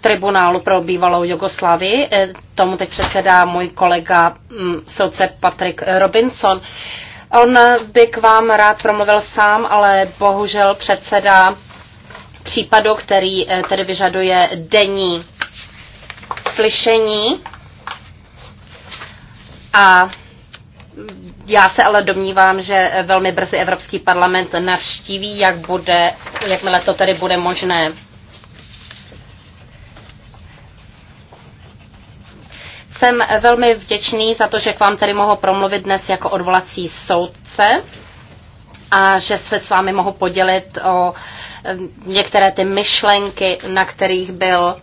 tribunálu pro bývalou Jugoslávii. Eh, tomu teď předsedá můj kolega mm, soudce Patrick Robinson. On by k vám rád promluvil sám, ale bohužel předsedá případu, který eh, tedy vyžaduje denní slyšení. A já se ale domnívám, že velmi brzy Evropský parlament navštíví, jak bude, jakmile to tady bude možné. Jsem velmi vděčný za to, že k vám tady mohu promluvit dnes jako odvolací soudce a že se s vámi mohu podělit o eh, některé ty myšlenky, na kterých byl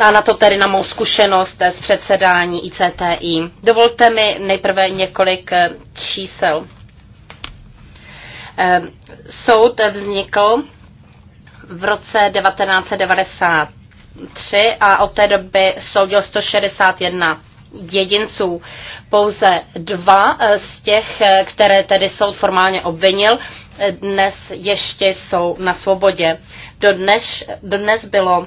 má na to tedy na mou zkušenost z předsedání ICTI. Dovolte mi nejprve několik eh, čísel. Eh, soud vznikl v roce 1993 a od té doby soudil 161 jedinců. Pouze dva eh, z těch, které tedy soud formálně obvinil, dnes ještě jsou na svobodě. Dodnes, dodnes bylo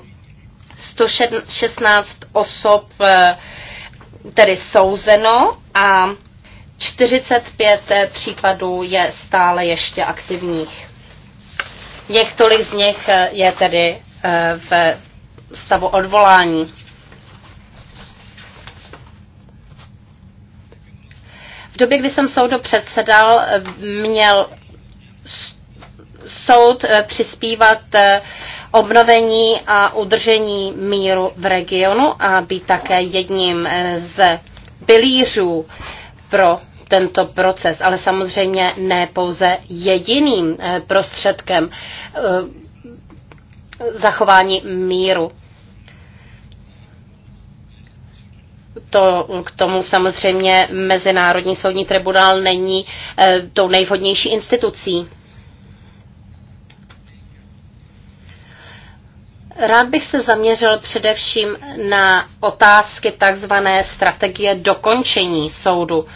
116 osob eh, tedy souzeno a 45 eh, případů je stále ještě aktivních. Několik z nich eh, je tedy v stavu odvolání. V době, kdy jsem soudu předsedal, měl soud přispívat obnovení a udržení míru v regionu a být také jedním eh, z pilířů pro tento proces, ale samozřejmě ne pouze jediným eh, prostředkem eh, zachování míru. To, k tomu samozřejmě Mezinárodní soudní tribunál není e, tou nejvhodnější institucí. Rád bych se zaměřil především na otázky takzvané strategie dokončení soudu.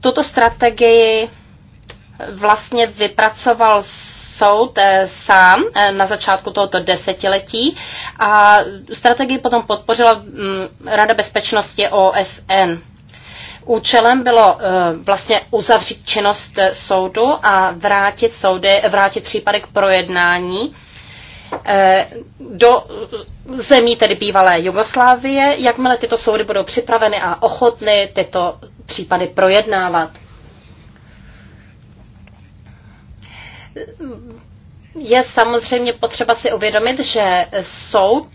Tuto strategii vlastně vypracoval soud eh, sám eh, na začátku tohoto desetiletí a strategii potom podpořila mm, Rada bezpečnosti OSN účelem bylo eh, vlastně uzavřít činnost eh, soudu a vrátit soudy, vrátit případy k projednání eh, do zemí tedy bývalé Jugoslávie, jakmile tyto soudy budou připraveny a ochotny tyto případy projednávat. Je samozřejmě potřeba si uvědomit, že soud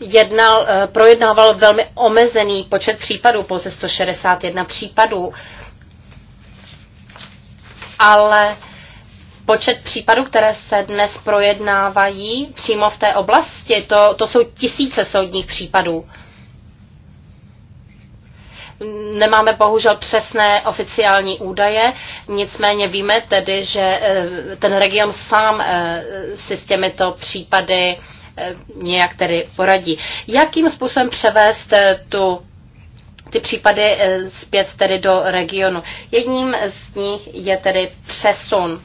jednal, eh, projednával velmi omezený počet případů, pouze 161 případů. Ale počet případů, které se dnes projednávají přímo v té oblasti, to, to jsou tisíce soudních případů. Nemáme bohužel přesné oficiální údaje, nicméně víme tedy, že eh, ten region sám eh, si s těmito případy nějak tedy poradí. Jakým způsobem převést eh, tu ty případy eh, zpět tedy do regionu. Jedním z nich je tedy přesun.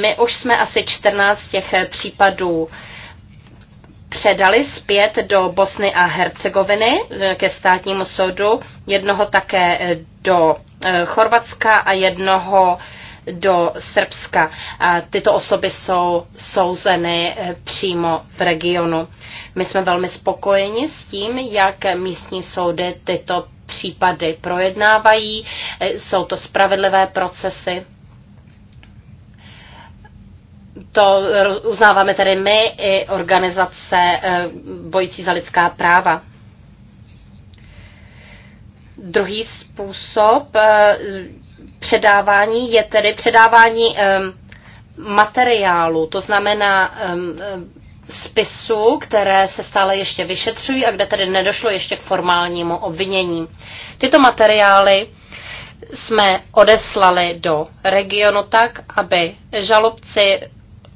My už jsme asi 14 těch eh, případů předali zpět do Bosny a Hercegoviny ke státnímu soudu, jednoho také do Chorvatska a jednoho do Srbska. Tyto osoby jsou souzeny eh, přímo v regionu. My jsme velmi spokojeni s tím, jak místní soudy tyto případy projednávají. Eh, jsou to spravedlivé procesy. To uznáváme tedy my i organizace eh, bojící za lidská práva. Druhý způsob předávání je tedy předávání materiálu, to znamená spisů, které se stále ještě vyšetřují a kde tedy nedošlo ještě k formálnímu obvinění. Tyto materiály jsme odeslali do regionu tak, aby žalobci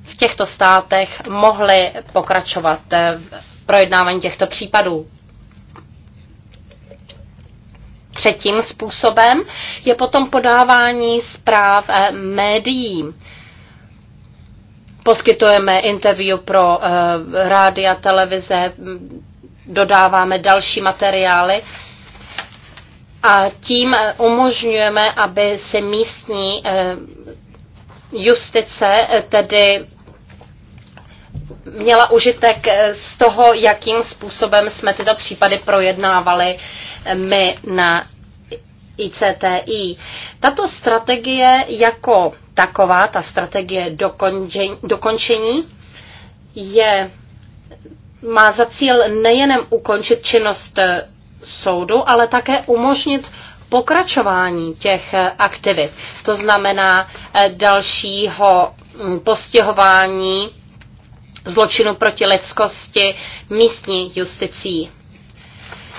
v těchto státech mohli pokračovat eh, v projednávání těchto případů. Třetím způsobem je potom podávání zpráv eh, médiím. Poskytujeme interview pro uh, eh, rádia, televize, dodáváme další materiály a tím eh, umožňujeme, aby se místní justice tedy měla užitek eh, z toho, jakým způsobem jsme tyto případy projednávali eh, my na ICTI. Tato strategie jako taková, ta strategie dokončení, dokončení je, má za cíl nejenem ukončit činnost eh, soudu, ale také umožnit pokračování těch aktivit. To znamená dalšího mm, postihování zločinu proti lidskosti místní justicí.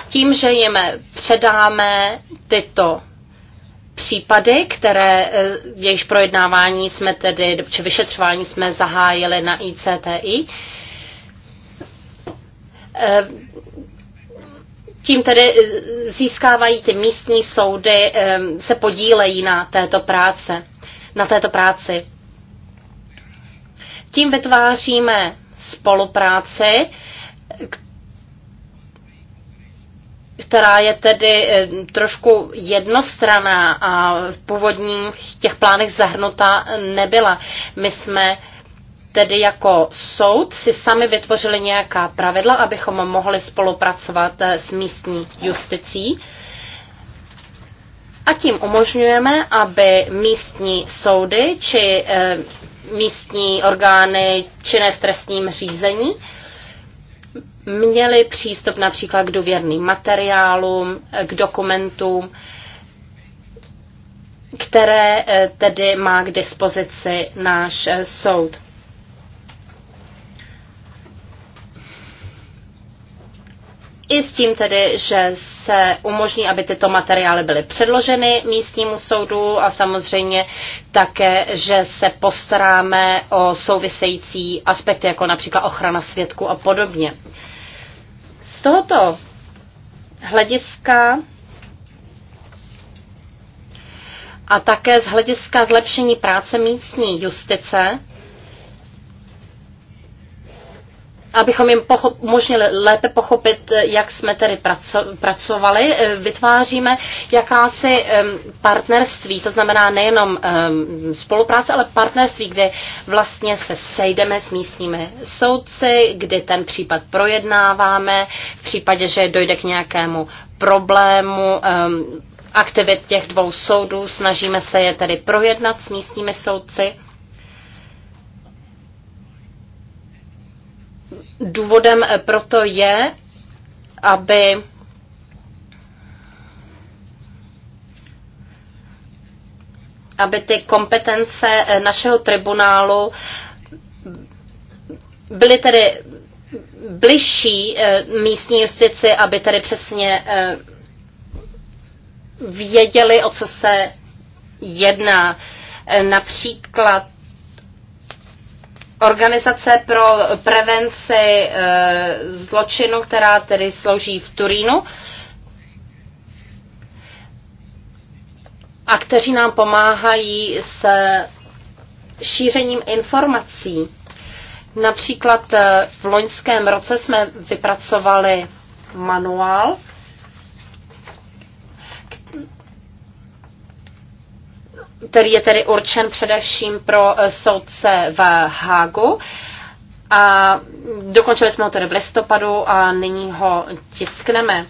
Tím, že jim předáme tyto případy, které, eh, jejichž projednávání jsme tedy, či vyšetřování jsme zahájili na ICTI, eh, tím tedy eh, získávají ty místní soudy, se podílejí na této práce, na této práci. Tím vytváříme spolupráci, která je tedy eh, trošku jednostraná a v původních těch plánech zahrnuta nebyla. My jsme tedy jako soud si sami vytvořili nějaká pravidla, abychom mohli spolupracovat eh, s místní justicí. A tím umožňujeme, aby místní soudy či eh, místní orgány činné v trestním řízení měli přístup například k důvěrným materiálům, k dokumentům, které eh, tedy má k dispozici náš eh, soud. I s tím tedy, že se umožní, aby tyto materiály byly předloženy místnímu soudu a samozřejmě také, že se postaráme o související aspekty, jako například ochrana svědků a podobně. Z tohoto hlediska a také z hlediska zlepšení práce místní justice abychom jim pocho- umožnili lépe pochopit, jak jsme tedy pracovali, eh, vytváříme jakási partnerství, to znamená nejenom spolupráce, ale partnerství, kde vlastně se sejdeme s místními soudci, kdy ten případ projednáváme, v případě, že dojde k nějakému problému, aktivit těch dvou soudů, snažíme se je tedy projednat s místními soudci Důvodem eh, proto je, aby aby ty kompetence eh, našeho tribunálu byly tedy bližší eh, místní justici, aby tedy přesně věděli, o co se jedná. Například organizace pro prevenci eh, zločinu, která tedy slouží v Turínu a kteří nám pomáhají s šířením informací. Například eh, v loňském roce jsme vypracovali manuál, který je tedy určen především pro eh, soudce v Hágu. A dokončili jsme ho tedy v listopadu a nyní ho tiskneme.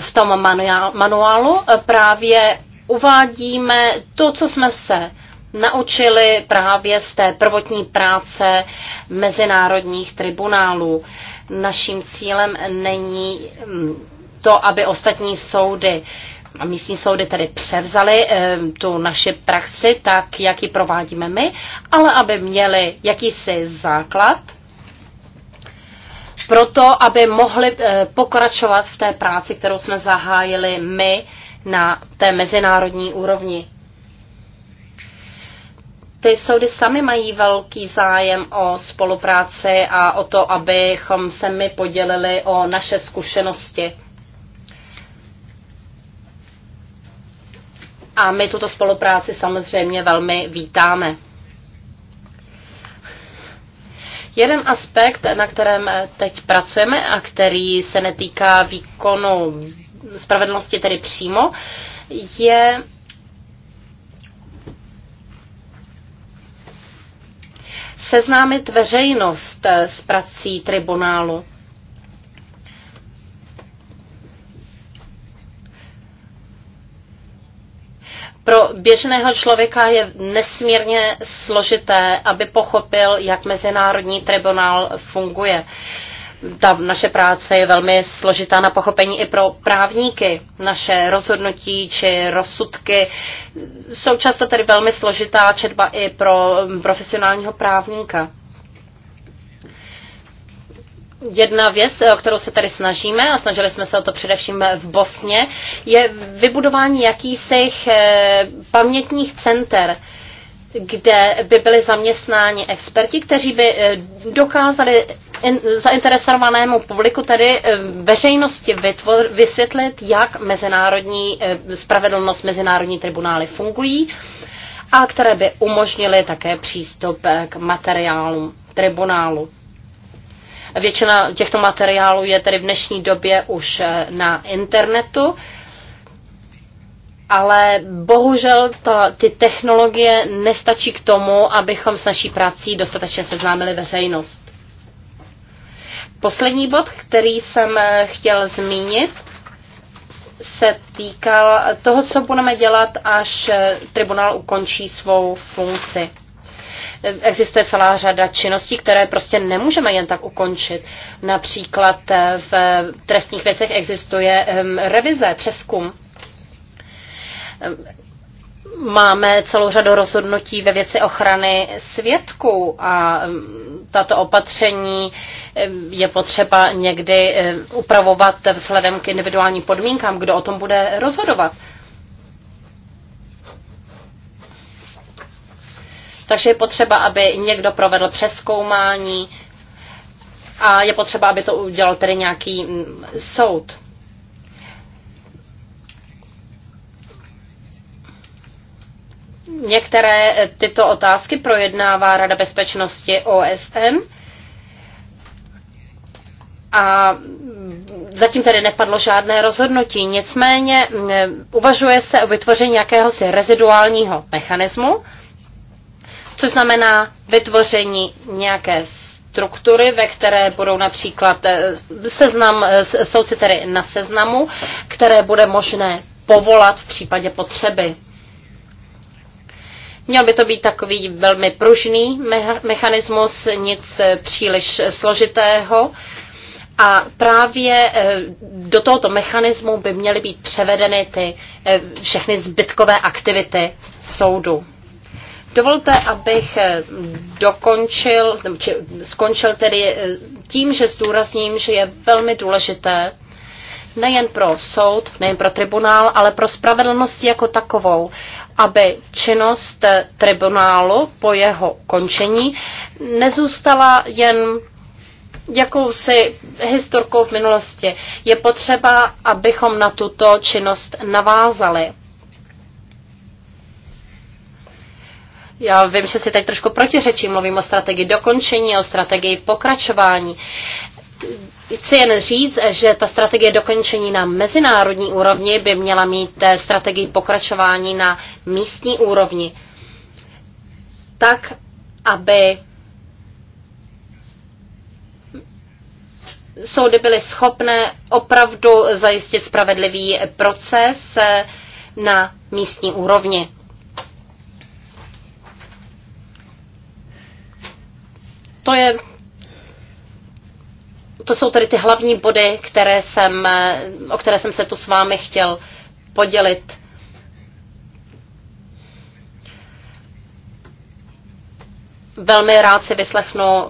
V tom manuálu eh, právě uvádíme to, co jsme se naučili právě z té prvotní práce mezinárodních tribunálů. Naším cílem není mm, to, aby ostatní soudy a místní soudy tedy převzaly eh, tu naši praxi, tak jak ji provádíme my, ale aby měli jakýsi základ pro to, aby mohli eh, pokračovat v té práci, kterou jsme zahájili my na té mezinárodní úrovni. Ty soudy sami mají velký zájem o spolupráci a o to, abychom se my podělili o naše zkušenosti. a my tuto spolupráci samozřejmě velmi vítáme. Jeden aspekt, na kterém teď pracujeme a který se netýká výkonu spravedlnosti tedy přímo, je seznámit veřejnost s prací tribunálu. pro běžného člověka je nesmírně složité, aby pochopil, jak Mezinárodní tribunál funguje. Ta naše práce je velmi složitá na pochopení i pro právníky. Naše rozhodnutí či rozsudky jsou často tedy velmi složitá četba i pro profesionálního právníka. Jedna věc, o kterou se tady snažíme, a snažili jsme se o to především v Bosně, je vybudování jakýsich eh, pamětních center, kde by byly zaměstnáni experti, kteří by eh, dokázali zainteresovanému publiku, tedy eh, veřejnosti, vytvor, vysvětlit, jak mezinárodní spravedlnost, mezinárodní tribunály fungují a které by umožnily také přístup k materiálům tribunálu. Většina těchto materiálů je tedy v dnešní době už eh, na internetu ale bohužel ta, ty technologie nestačí k tomu, abychom s naší prací dostatečně seznámili veřejnost. Poslední bod, který jsem eh, chtěl zmínit, se týkal toho, co budeme dělat, až eh, tribunál ukončí svou funkci existuje celá řada činností, které prostě nemůžeme jen tak ukončit. Například eh, v eh, trestních věcech existuje ehm, revize, přeskum. Ehm, máme celou řadu rozhodnutí ve věci ochrany svědků a ehm, tato opatření je potřeba někdy upravovat vzhledem k individuálním podmínkám, kdo o tom bude rozhodovat. Takže je potřeba, aby někdo provedl přeskoumání a je potřeba, aby to udělal tedy nějaký mm, soud. Některé eh, tyto otázky projednává Rada bezpečnosti OSN a zatím tedy nepadlo žádné rozhodnutí. Nicméně mm, eh, uvažuje se o vytvoření jakéhosi reziduálního mechanismu, což znamená vytvoření nějaké struktury, ve které budou například eh, seznam, eh, soudci tedy na seznamu, které bude možné povolat v případě potřeby. Měl by to být takový velmi pružný mechanismus, nic eh, příliš složitého. A právě do tohoto mechanismu by měly být převedeny ty všechny zbytkové aktivity soudu. Dovolte, abych eh, dokončil, či skončil tedy eh, tím, že zdůrazním, že je velmi důležité nejen pro soud, nejen pro tribunál, ale pro spravedlnost jako takovou, aby činnost eh, tribunálu po jeho končení nezůstala jen jakousi historkou v minulosti. Je potřeba, abychom na tuto činnost navázali. já vím, že si teď trošku protiřečí, mluvím o strategii dokončení, o strategii pokračování. Chci jen říct, že ta strategie dokončení na mezinárodní úrovni by měla mít eh, strategii pokračování na místní úrovni. Tak, aby soudy byly schopné opravdu zajistit spravedlivý proces eh, na místní úrovni. To je to jsou tedy ty hlavní body, které jsem, o které jsem se tu s vámi chtěl podělit. Velmi rád si vyslechnu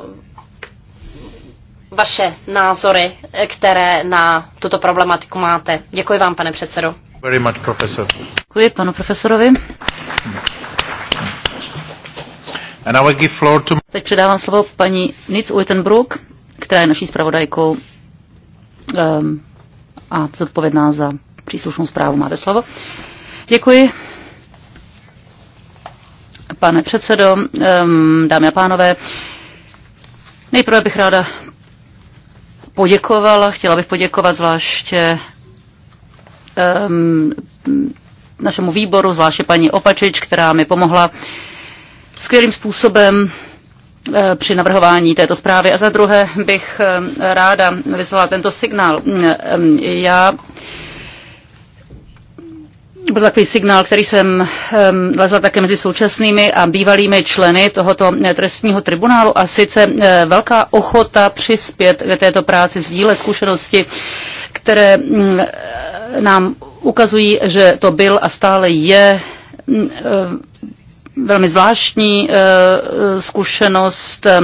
vaše názory, které na tuto problematiku máte. Děkuji vám, pane předsedo. Very much, profesor. Děkuji panu profesorovi. To... Teď předávám slovo paní Nitz Uitenbrook, která je naší zpravodajkou um, a zodpovědná za příslušnou zprávu. Máte slovo. Děkuji. Pane předsedo, um, dámy a pánové, nejprve bych ráda poděkovala, chtěla bych poděkovat zvláště um, našemu výboru, zvláště paní Opačič, která mi pomohla uh, skvělým způsobem eh, při navrhování této zprávy. A za druhé bych eh, ráda vyslala tento signál. Eh, já byl takový signál, který jsem lezla také mezi současnými a bývalými členy tohoto trestního tribunálu a sice velká ochota přispět k této práci, sdílet zkušenosti, které mm, nám ukazují, že to byl a stále je mm, velmi zvláštní eh, zkušenost eh,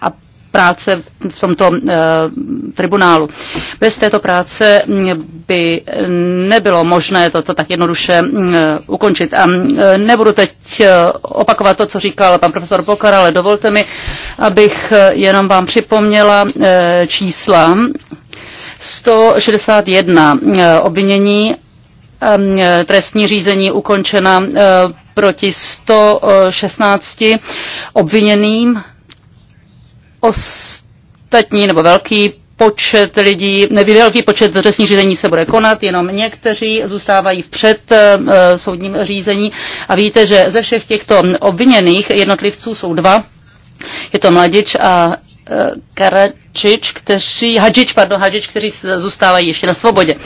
a práce v tomto eh, tribunálu. Bez této práce mm, by nebylo možné toto tak jednoduše mm, ukončit. A nebudu teď opakovat to, co říkal pan profesor Pokar, ale dovolte mi, abych jenom vám připomněla čísla 161 obvinění E, trestní řízení ukončena e, proti 116 e, obviněným. Ostatní nebo velký počet lidí, ne, velký počet trestní řízení se bude konat, jenom někteří zůstávají v před soudním řízení. A víte, že ze všech těchto obviněných jednotlivců jsou dva. Je to Mladič a e, Karačič, kteří, Hadžič, pardon, Hadžič, kteří zůstávají ještě na svobodě. Uh,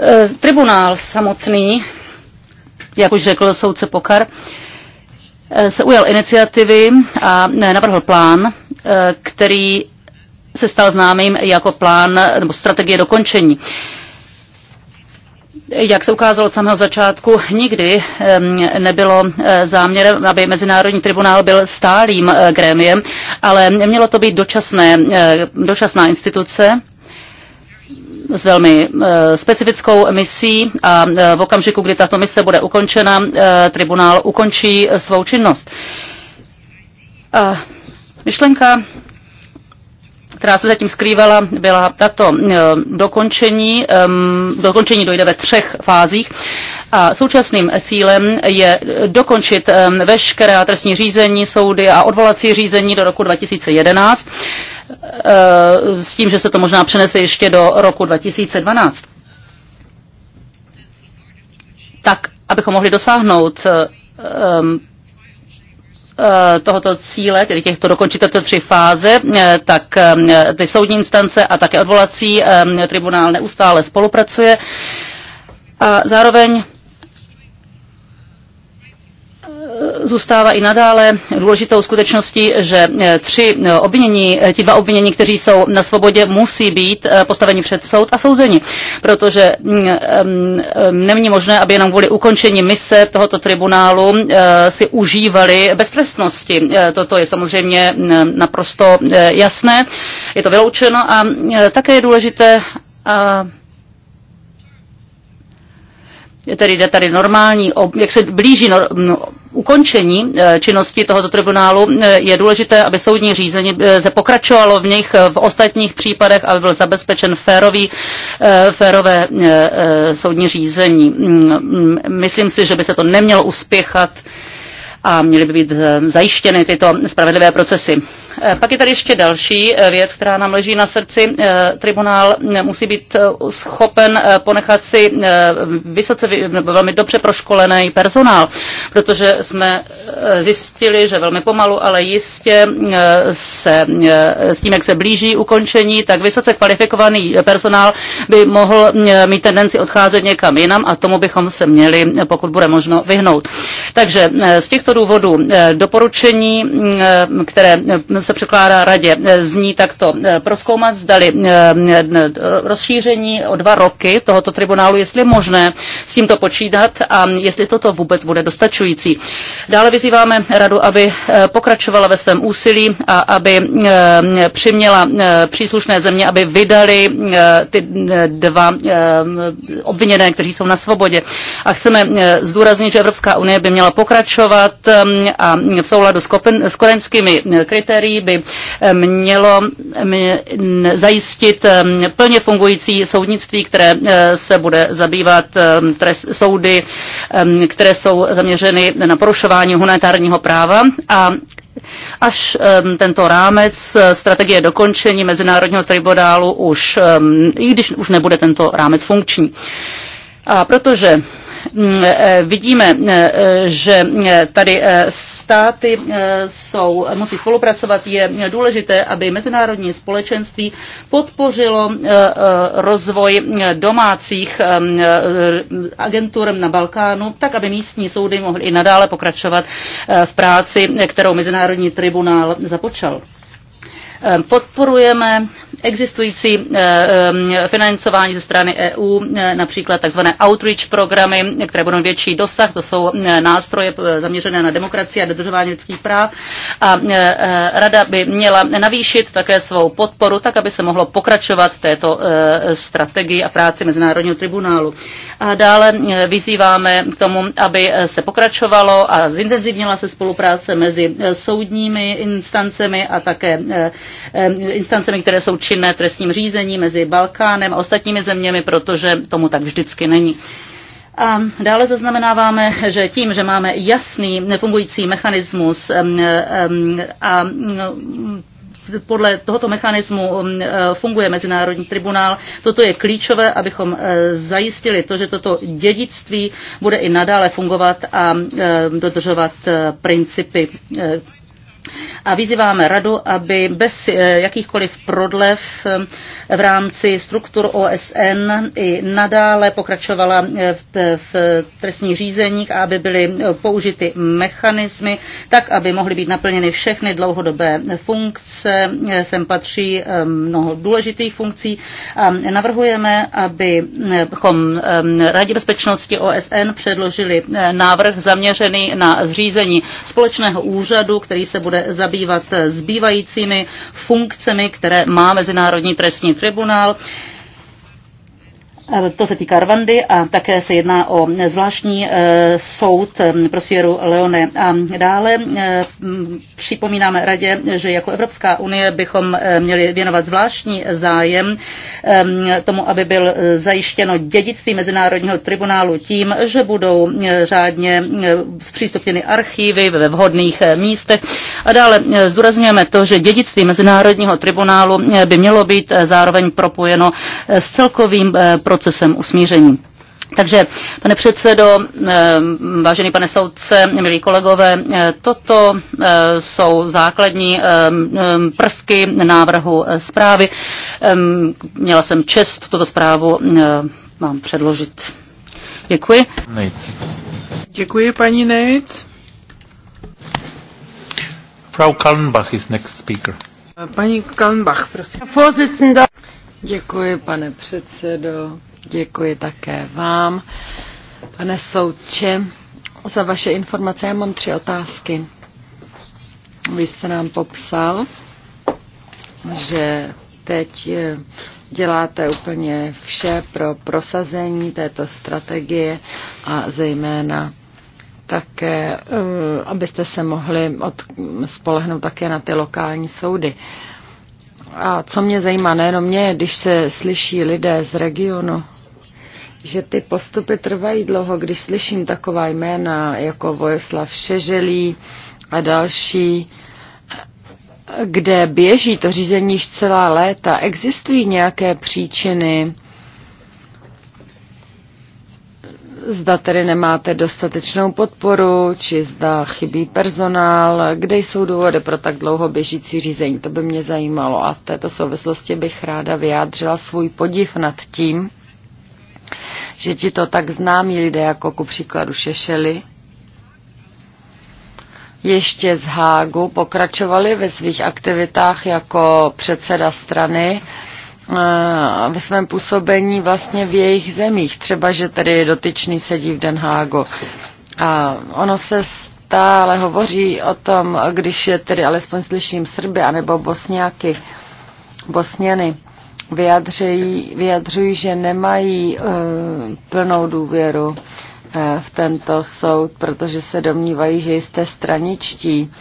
Eh, tribunál samotný, jak už řekl soudce Pokar, eh, se ujal iniciativy a eh, navrhl plán, který se stal známým jako plán nebo strategie dokončení. Jak se ukázalo od samého začátku, nikdy ehm, nebylo záměrem, aby Mezinárodní tribunál byl stálým grémiem, ale mělo to být dočasné, dočasná instituce, s velmi eh, specifickou misí a eh, v okamžiku, kdy tato mise bude ukončena, eh, tribunál ukončí svou činnost. A myšlenka která se zatím skrývala, byla tato dokončení. Dokončení dojde ve třech fázích. A současným cílem je dokončit veškeré trestní řízení, soudy a odvolací řízení do roku 2011 Eh, s tím, že se to možná přenese ještě do roku 2012. Tak, abychom mohli dosáhnout eh, eh, tohoto cíle, tedy těchto dokončit tyto tři fáze, tak ty soudní instance a také odvolací tribunál neustále spolupracuje. A zároveň zůstává i nadále důležitou skutečností, že eh, tři eh, obvinění, eh, ti dva obvinění, kteří jsou na svobodě, musí být postaveni před soud a souzeni, protože mm, není možné, aby jenom kvůli ukončení mise tohoto tribunálu si užívali beztrestnosti. Toto je samozřejmě mm, naprosto jasné, je to vyloučeno a také je důležité, a tedy jde tady normální, jak se blíží no, ukončení eh, činnosti tohoto tribunálu eh, je důležité, aby soudní řízení eh, se pokračovalo v nich v ostatních případech, aby byl zabezpečen férový, férové soudní řízení. Mm, mm, myslím si, že by se to nemělo uspěchat a měly by být eh, zajištěny tyto spravedlivé procesy. Eh, pak je tady ještě další eh, věc, která nám leží na srdci. Tribunál musí být schopen ponechat si vysoce, velmi dobře proškolený personál, protože jsme zjistili, že velmi pomalu, ale jistě se s tím, jak se blíží ukončení, tak vysoce kvalifikovaný personál by mohl mít tendenci odcházet někam jinam a tomu bychom se měli, pokud bude možno, vyhnout. Takže z těchto těchto důvodů eh, doporučení, mm, eh, které eh, se překládá radě, zní takto proskoumat, zdali rozšíření o dva roky tohoto tribunálu, jestli je možné s tímto počítat a jestli toto vůbec bude dostačující. Dále vyzýváme radu, aby pokračovala ve svém úsilí a aby přiměla příslušné země, aby vydali ty dva obviněné, kteří jsou na svobodě. A chceme zdůraznit, že Evropská unie by měla pokračovat Um, a v souladu s korenskými eh, kritérií by eh, mělo zajistit eh, plně fungující soudnictví, které se bude zabývat trest, soudy, které jsou zaměřeny na porušování humanitárního práva a Až tento rámec strategie dokončení Mezinárodního tribunálu už, i když už nebude tento rámec funkční. A protože Mm, eh, eh, vidíme, eh, že tady státy jsou, musí spolupracovat, je důležité, aby mezinárodní společenství podpořilo rozvoj domácích agentur na Balkánu, tak aby místní soudy mohly i nadále pokračovat v práci, kterou Mezinárodní tribunál započal. Ehm, podporujeme existující eh, ehm, financování ze strany EU, eh, například tzv. outreach programy, které budou větší dosah, to jsou eh, nástroje zaměřené na demokracii a dodržování lidských práv. A rada by měla navýšit také svou podporu, tak aby se mohlo pokračovat této strategii a práci Mezinárodního tribunálu. A dále vyzýváme k tomu, aby se pokračovalo a zintenzivnila se spolupráce mezi soudními instancemi a také Eh, instancemi, které jsou činné trestním řízení mezi Balkánem a ostatními zeměmi, protože tomu tak vždycky není. A dále zaznamenáváme, že tím, že máme jasný nefungující mechanismus eh, eh, a podle tohoto mechanismu funguje Mezinárodní tribunál. Toto je klíčové, abychom zajistili to, že toto dědictví bude i nadále fungovat a dodržovat principy, a vyzýváme radu, aby bez eh, jakýchkoliv prodlev eh, v rámci struktur OSN i nadále pokračovala eh, v, v trestních řízeních a aby byly použity mechanismy, tak aby mohly být naplněny všechny dlouhodobé funkce. Sem patří mnoho důležitých funkcí a navrhujeme, abychom Radě bezpečnosti OSN předložili návrh zaměřený na zřízení společného úřadu, který se bude zabývat zabývat eh, zbývajícími funkcemi, které má Mezinárodní trestní tribunál. Eh, to se týká Rwandy a také se jedná o zvláštní eh, soud eh, pro Sierra Leone. A dále mm, připomínáme radě, že jako Evropská unie bychom měli věnovat zvláštní zájem tomu, aby byl zajištěno dědictví Mezinárodního tribunálu tím, že budou řádně zpřístupněny archívy ve vhodných místech. A dále zdůrazňujeme to, že dědictví Mezinárodního tribunálu by mělo být zároveň propojeno s celkovým procesem procesem usmíření. Takže, pane předsedo, eh, vážený pane soudce, milí kolegové, eh, toto eh, jsou základní prvky návrhu zprávy. Měla jsem čest tuto zprávu vám předložit. Děkuji. Nejc. Děkuji, paní Nejc. Frau Kallenbach is next speaker. Paní Kallenbach, prosím. Děkuji, pane předsedo. Děkuji také vám, pane Souče, za vaše informace. Já mám tři otázky. Vy jste nám popsal, že teď eh, děláte úplně vše pro prosazení této strategie a zejména také, eh, abyste se mohli od, spolehnout také na ty lokální soudy. A co mě zajímá, nejenom mě, když se slyší lidé z regionu, že ty postupy trvají dlouho. Když slyším taková jména jako Vojeslav Šeželí a další, kde běží to řízení již celá léta, existují nějaké příčiny, zda tedy nemáte dostatečnou podporu, či zda chybí personál, kde jsou důvody pro tak dlouho běžící řízení. To by mě zajímalo a v této souvislosti bych ráda vyjádřila svůj podiv nad tím, že ti to tak známí lidé, jako ku příkladu Šešeli, ještě z Hágu pokračovali ve svých aktivitách jako předseda strany eh, ve svém působení vlastně v jejich zemích. Třeba, že tady dotyčný sedí v Den Hágu. A ono se stále hovoří o tom, když je tedy alespoň slyším Srby anebo Bosňáky, Bosněny, vyjadřují, vyjadřují že nemají e, plnou důvěru e, v tento soud, protože se domnívají, že jste straničtí.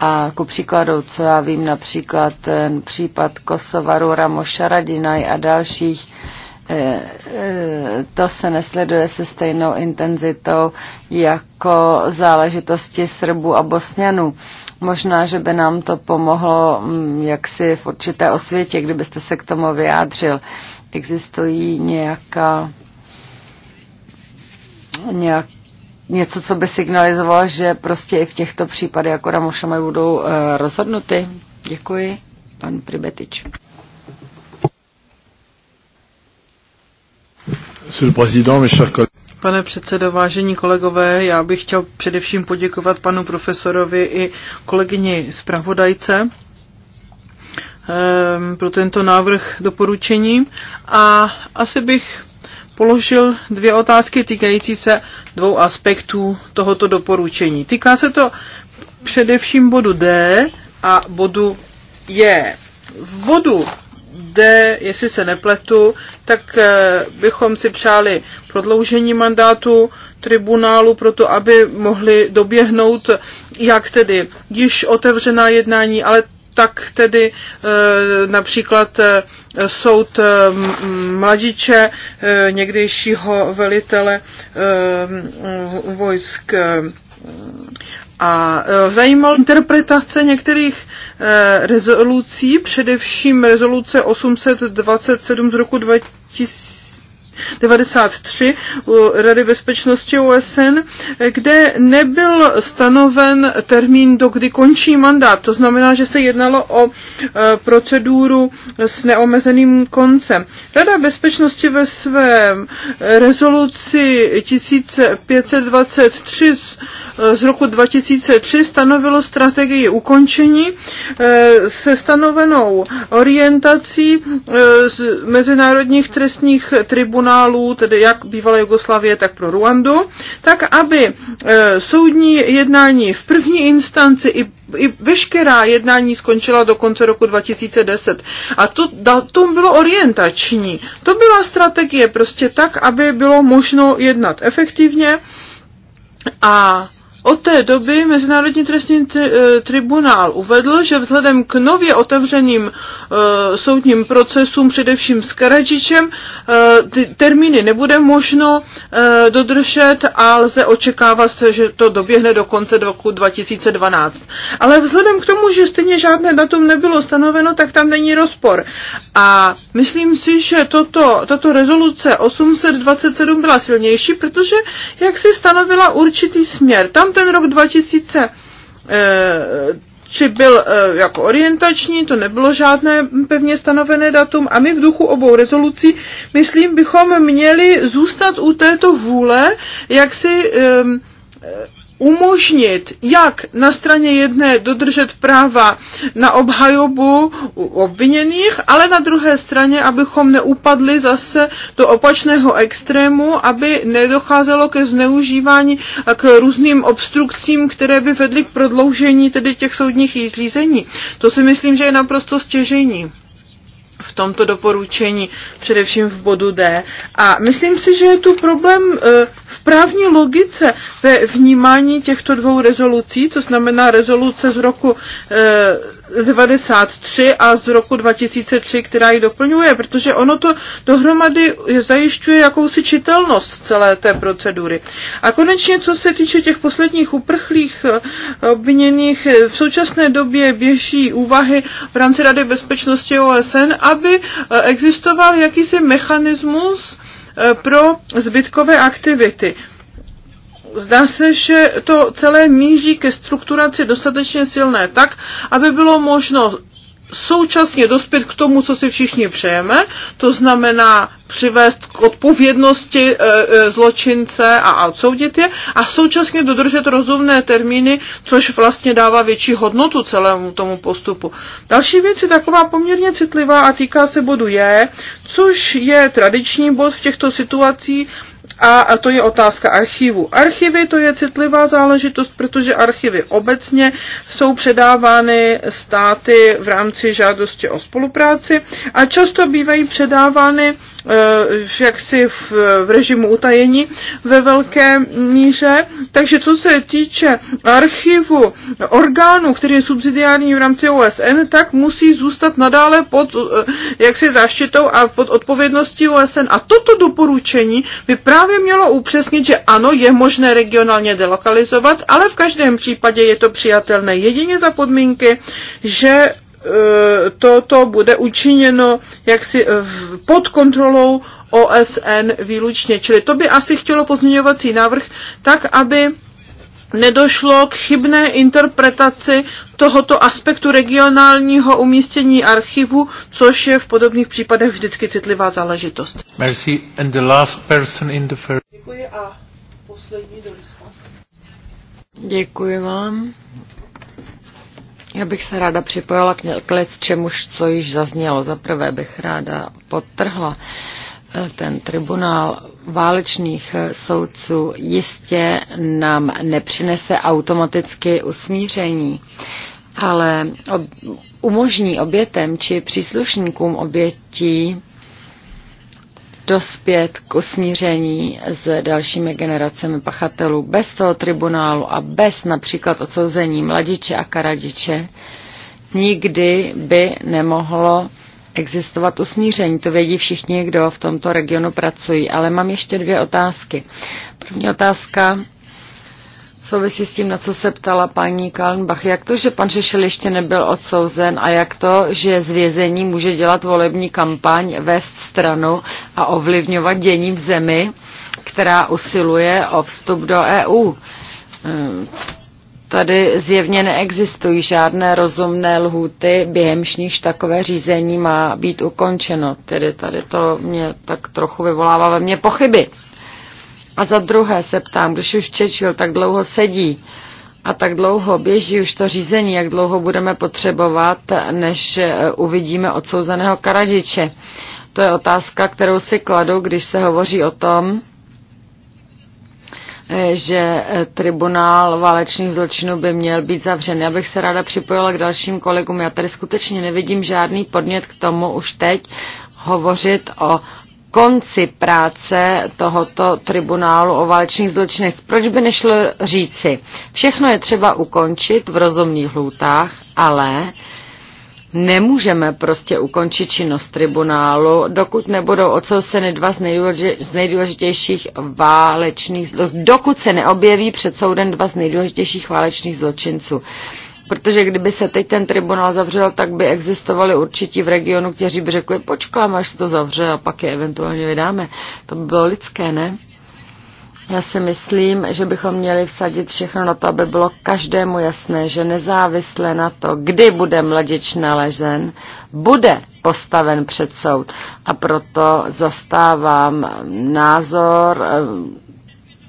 A ku příkladu, co já vím, například ten případ Kosovaru, Ramoša Radinaj a dalších, eh, to se nesleduje se stejnou intenzitou jako záležitosti Srbů a Bosňanů. Možná, že by nám to pomohlo mm, jaksi v určité osvětě, kdybyste se k tomu vyjádřil. Existují nějaká, nějak, něco, co by signalizovalo, že prostě i v těchto případech jako Ramošama budou uh, rozhodnuty? Děkuji. Pan Pribetič. Monsieur le Président, mes chers collègues. Pane předsedo, vážení kolegové, já bych chtěl především poděkovat panu profesorovi i kolegyni zpravodajce ehm, pro tento návrh doporučení a asi bych položil dvě otázky týkající se dvou aspektů tohoto doporučení. Týká se to především bodu D a bodu J. E. V bodu zde, jestli se nepletu, tak eh, bychom si přáli prodloužení mandátu tribunálu proto, aby mohli doběhnout jak tedy již otevřená jednání, ale tak tedy eh, například eh, soud mladiče, někdejšího velitele vojsk a e, zajímal interpretace některých e, rezolucí, především rezoluce 827 z roku 2000 93 u Rady bezpečnosti OSN, kde nebyl stanoven termín, do kdy končí mandát. To znamená, že se jednalo o e, proceduru s neomezeným koncem. Rada bezpečnosti ve svém rezoluci 1523 e, z roku 2003 stanovilo strategii ukončení e, se stanovenou orientací mezinárodních trestních tribunálů tribunálů, tedy jak bývalé Jugoslavie, tak pro Ruandu, tak aby e, soudní jednání v první instanci i, i veškerá jednání skončila do konce roku 2010. A to datum bylo orientační. To byla strategie prostě tak, aby bylo možno jednat efektivně a od té doby Mezinárodní trestní tri, eh, tribunál uvedl, že vzhledem k nově otevřeným e, soudním procesům, především s Karadžičem, e, ty termíny nebude možno e, dodržet a lze očekávat, že to doběhne do konce roku 2012. Ale vzhledem k tomu, že stejně žádné datum nebylo stanoveno, tak tam není rozpor. A myslím si, že toto, tato rezoluce 827 byla silnější, protože jak si stanovila určitý směr. Tam ten rok 2000 eh, či byl eh, jako orientační, to nebylo žádné pevně stanovené datum a my v duchu obou rezolucí, myslím, bychom měli zůstat u této vůle, jak si eh, umožnit jak na straně jedné dodržet práva na obhajobu obviněných, ale na druhé straně, abychom neupadli zase do opačného extrému, aby nedocházelo ke zneužívání a k různým obstrukcím, které by vedly k prodloužení tedy těch soudních řízení. To si myslím, že je naprosto stěžení v tomto doporučení, především v bodu D. A myslím si, že je tu problém eh, v právní logice ve vnímání těchto dvou rezolucí, to znamená rezoluce z roku eh, 93 a z roku 2003, která ji doplňuje, protože ono to dohromady zajišťuje jakousi čitelnost celé té procedury. A konečně, co se týče těch posledních uprchlých eh, obviněných, eh, v současné době běží úvahy v rámci Rady bezpečnosti OSN, aby eh, existoval jakýsi mechanismus pro zbytkové aktivity zdá se, že to celé míří ke strukturaci dostatečně silné tak, aby bylo možno současně dospět k tomu, co si všichni přejeme, to znamená přivést k odpovědnosti e, zločince a odsoudit je a současně dodržet rozumné termíny, což vlastně dává větší hodnotu celému tomu postupu. Další věc je taková poměrně citlivá a týká se bodu je, což je tradiční bod v těchto situacích a to je otázka archivu. Archivy to je citlivá záležitost, protože archivy obecně jsou předávány státy v rámci žádosti o spolupráci a často bývají předávány Eh, jaksi v, v režimu utajení ve velké míře. Takže co se týče archivu orgánů, který je subsidiární v rámci OSN, tak musí zůstat nadále pod eh, jaksi záštitou a pod odpovědností OSN. A toto doporučení by právě mělo upřesnit, že ano, je možné regionálně delokalizovat, ale v každém případě je to přijatelné jedině za podmínky, že Eh, toto bude učiněno jaksi eh, pod kontrolou OSN výlučně. Čili to by asi chtělo pozměňovací návrh tak, aby nedošlo k chybné interpretaci tohoto aspektu regionálního umístění archivu, což je v podobných případech vždycky citlivá záležitost. Merci. And the last person in the first... Děkuji a poslední do Děkuji vám. Já bych se ráda připojila k něklec čemuž, co již zaznělo. Za prvé bych ráda potrhla eh, ten tribunál válečných eh, soudců jistě nám nepřinese automaticky usmíření, ale umožní obětem či příslušníkům obětí dospět k usmíření s dalšími generacemi pachatelů bez toho tribunálu a bez například odsouzení mladiče a karadiče, nikdy by nemohlo existovat usmíření. To vědí všichni, kdo v tomto regionu pracují. Ale mám ještě dvě otázky. První otázka souvisí s tím, na co se ptala paní Kalnbach. Jak to, že pan Šešel ještě nebyl odsouzen a jak to, že z vězení může dělat volební kampaň, vést stranu a ovlivňovat dění v zemi, která usiluje o vstup do EU? Eh, tady zjevně neexistují žádné rozumné lhuty, během nichž takové řízení má být ukončeno. Tedy tady to mě tak trochu vyvolává ve mně pochyby. A za druhé se ptám, když už Čečil tak dlouho sedí a tak dlouho běží už to řízení, jak dlouho budeme potřebovat, než eh, uvidíme odsouzeného Karadžiče. To je otázka, kterou si kladu, když se hovoří o tom, eh, že eh, tribunál válečných zločinů by měl být zavřen. Já bych se ráda připojila k dalším kolegům. Já tady skutečně nevidím žádný podnět k tomu už teď hovořit o konci práce tohoto tribunálu o válečných zločinech. Proč by nešlo říci? Všechno je třeba ukončit v rozumných lhůtách, ale nemůžeme prostě ukončit činnost tribunálu, dokud nebudou odsouzeny dva z nejdůležitějších válečných, dokud se neobjeví před soudem dva z nejdůležitějších válečných zločinců. Protože kdyby se teď ten tribunál zavřel, tak by existovali určití v regionu, kteří by řekli, počkáme, až se to zavře a pak je eventuálně vydáme. To by bylo lidské, ne? Já si myslím, že bychom měli vsadit všechno na to, aby bylo každému jasné, že nezávisle na to, kdy bude mladič nalezen, bude postaven před soud. A proto zastávám názor, eh,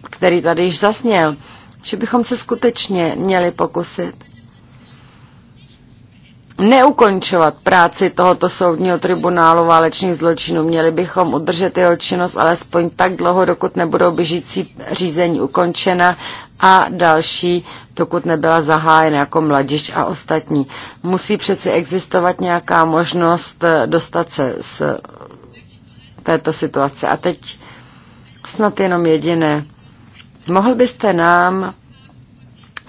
který tady již zasněl, že bychom se skutečně měli pokusit neukončovat práci tohoto soudního tribunálu válečných zločinů. Měli bychom udržet jeho činnost alespoň tak dlouho, dokud nebudou běžící řízení ukončena a další, dokud nebyla zahájena jako mladič a ostatní. Musí přeci existovat nějaká možnost eh, dostat se z této situace. A teď snad jenom jediné. Mohl byste nám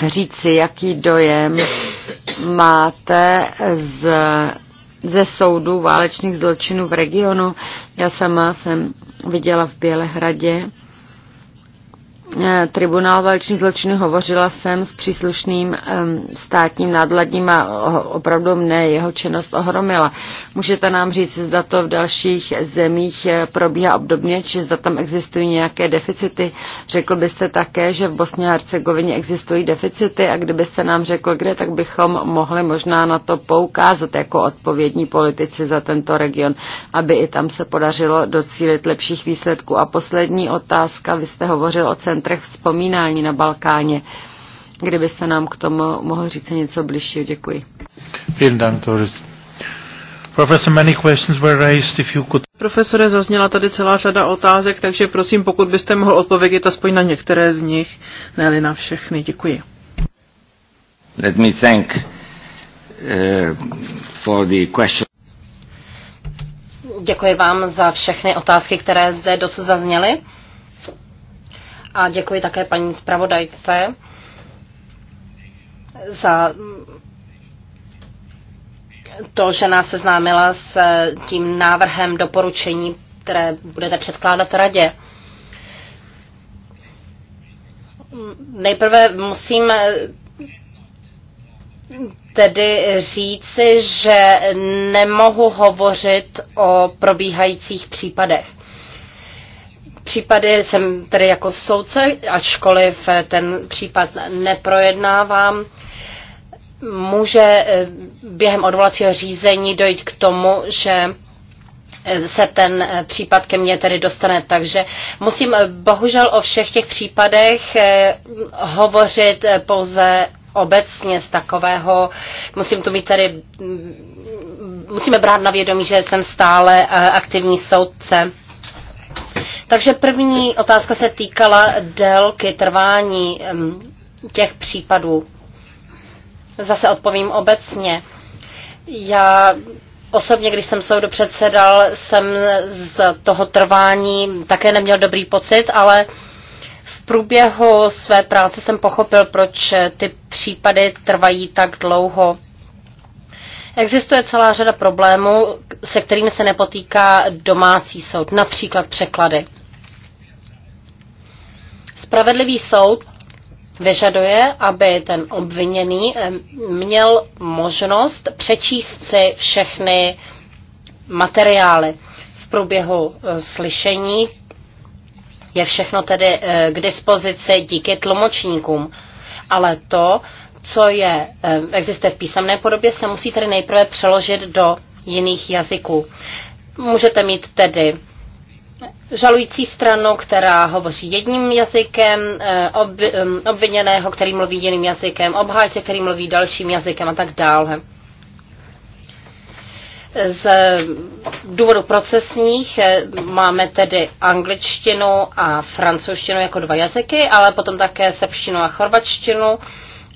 říci, jaký dojem máte z, ze soudu válečných zločinů v regionu. Já sama jsem viděla v Bělehradě Eh, tribunál válečných zločinů hovořila jsem s příslušným státním nadladním a opravdu mne jeho činnost ohromila. Můžete nám říct, zda to v dalších zemích eh, probíhá obdobně, či zda tam existují nějaké deficity. Řekl byste také, že v Bosně a Hercegovině existují deficity a kdybyste nám řekl, kde, tak bychom mohli možná na to poukázat jako odpovědní politici za tento region, aby i tam se podařilo docílit lepších výsledků. A poslední otázka, vy jste hovořil o centrum centrech vzpomínání na Balkáně. Kdybyste nám k tomu mohl říct něco bližšího, děkuji. Profesore, zazněla tady celá řada otázek, takže prosím, pokud byste mohl odpovědět aspoň na některé z nich, ne na všechny. Děkuji. Let me thank uh, for the question. Děkuji vám za všechny otázky, které zde dosud zazněly a děkuji také paní zpravodajce za to, že nás seznámila s tím návrhem doporučení, které budete předkládat radě. Nejprve musím tedy říci, že nemohu hovořit o probíhajících případech případy jsem tedy jako soudce, ačkoliv eh, ten případ neprojednávám, může eh, během odvolacího řízení dojít k tomu, že eh, se ten případ ke mně tedy dostane. Takže musím bohužel o všech těch případech hovořit pouze obecně z takového, musím tu mít tedy, mm, musíme brát na vědomí, že jsem stále aktivní soudce. Takže první otázka se týkala délky trvání těch případů. Zase odpovím obecně. Já Osobně, když jsem soudu předsedal, jsem z toho trvání také neměl dobrý pocit, ale v průběhu své práce jsem pochopil, proč ty případy trvají tak dlouho. Existuje celá řada problémů, se kterými se nepotýká domácí soud, například překlady. Spravedlivý soud vyžaduje, aby ten obviněný eh, měl možnost přečíst si všechny materiály v průběhu eh, slyšení. Je všechno tedy eh, k dispozici díky tlumočníkům. Ale to, co je, existuje v písemné podobě, se musí tedy nejprve přeložit do jiných jazyků. Můžete mít tedy žalující stranu, která hovoří jedním jazykem, eh, obvi, mm, obviněného, který mluví jiným jazykem, obhájce, který mluví dalším jazykem a tak dále. Z důvodu procesních eh, máme tedy angličtinu a francouzštinu jako dva jazyky, ale potom také sepštinu a chorvačtinu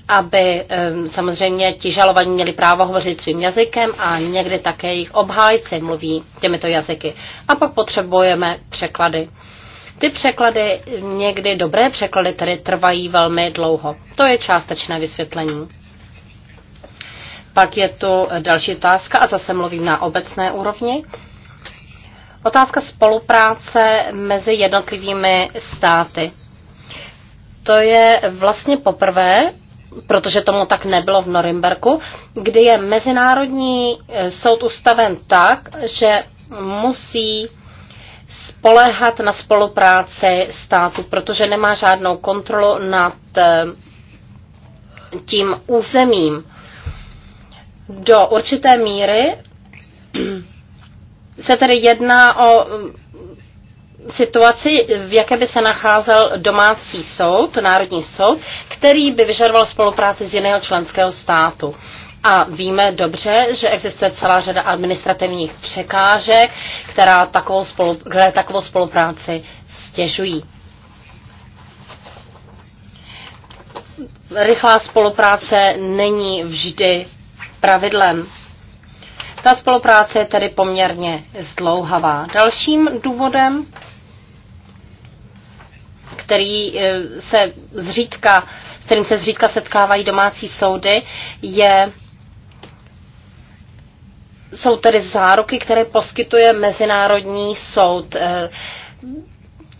aby samozřejmě ti žalovaní měli právo hovořit svým jazykem a někdy také jejich obhájci mluví těmito jazyky. A pak potřebujeme překlady. Ty překlady, někdy dobré překlady, tedy trvají velmi dlouho. To je částečné vysvětlení. Pak je tu další otázka a zase mluvím na obecné úrovni. Otázka spolupráce mezi jednotlivými státy. To je vlastně poprvé, protože tomu tak nebylo v Norimberku, kdy je Mezinárodní eh, soud ustaven tak, že musí spoléhat na spolupráci státu, protože nemá žádnou kontrolu nad eh, tím územím. Do určité míry se tedy jedná o situaci, v jaké by se nacházel domácí soud, národní soud, který by vyžadoval spolupráci z jiného členského státu. A víme dobře, že existuje celá řada administrativních překážek, která takovou spolu, které takovou spolupráci stěžují. Rychlá spolupráce není vždy pravidlem. Ta spolupráce je tedy poměrně zdlouhavá. Dalším důvodem který eh, se zřídka, s kterým se zřídka setkávají domácí soudy, je jsou tedy záruky, které poskytuje Mezinárodní soud. Eh,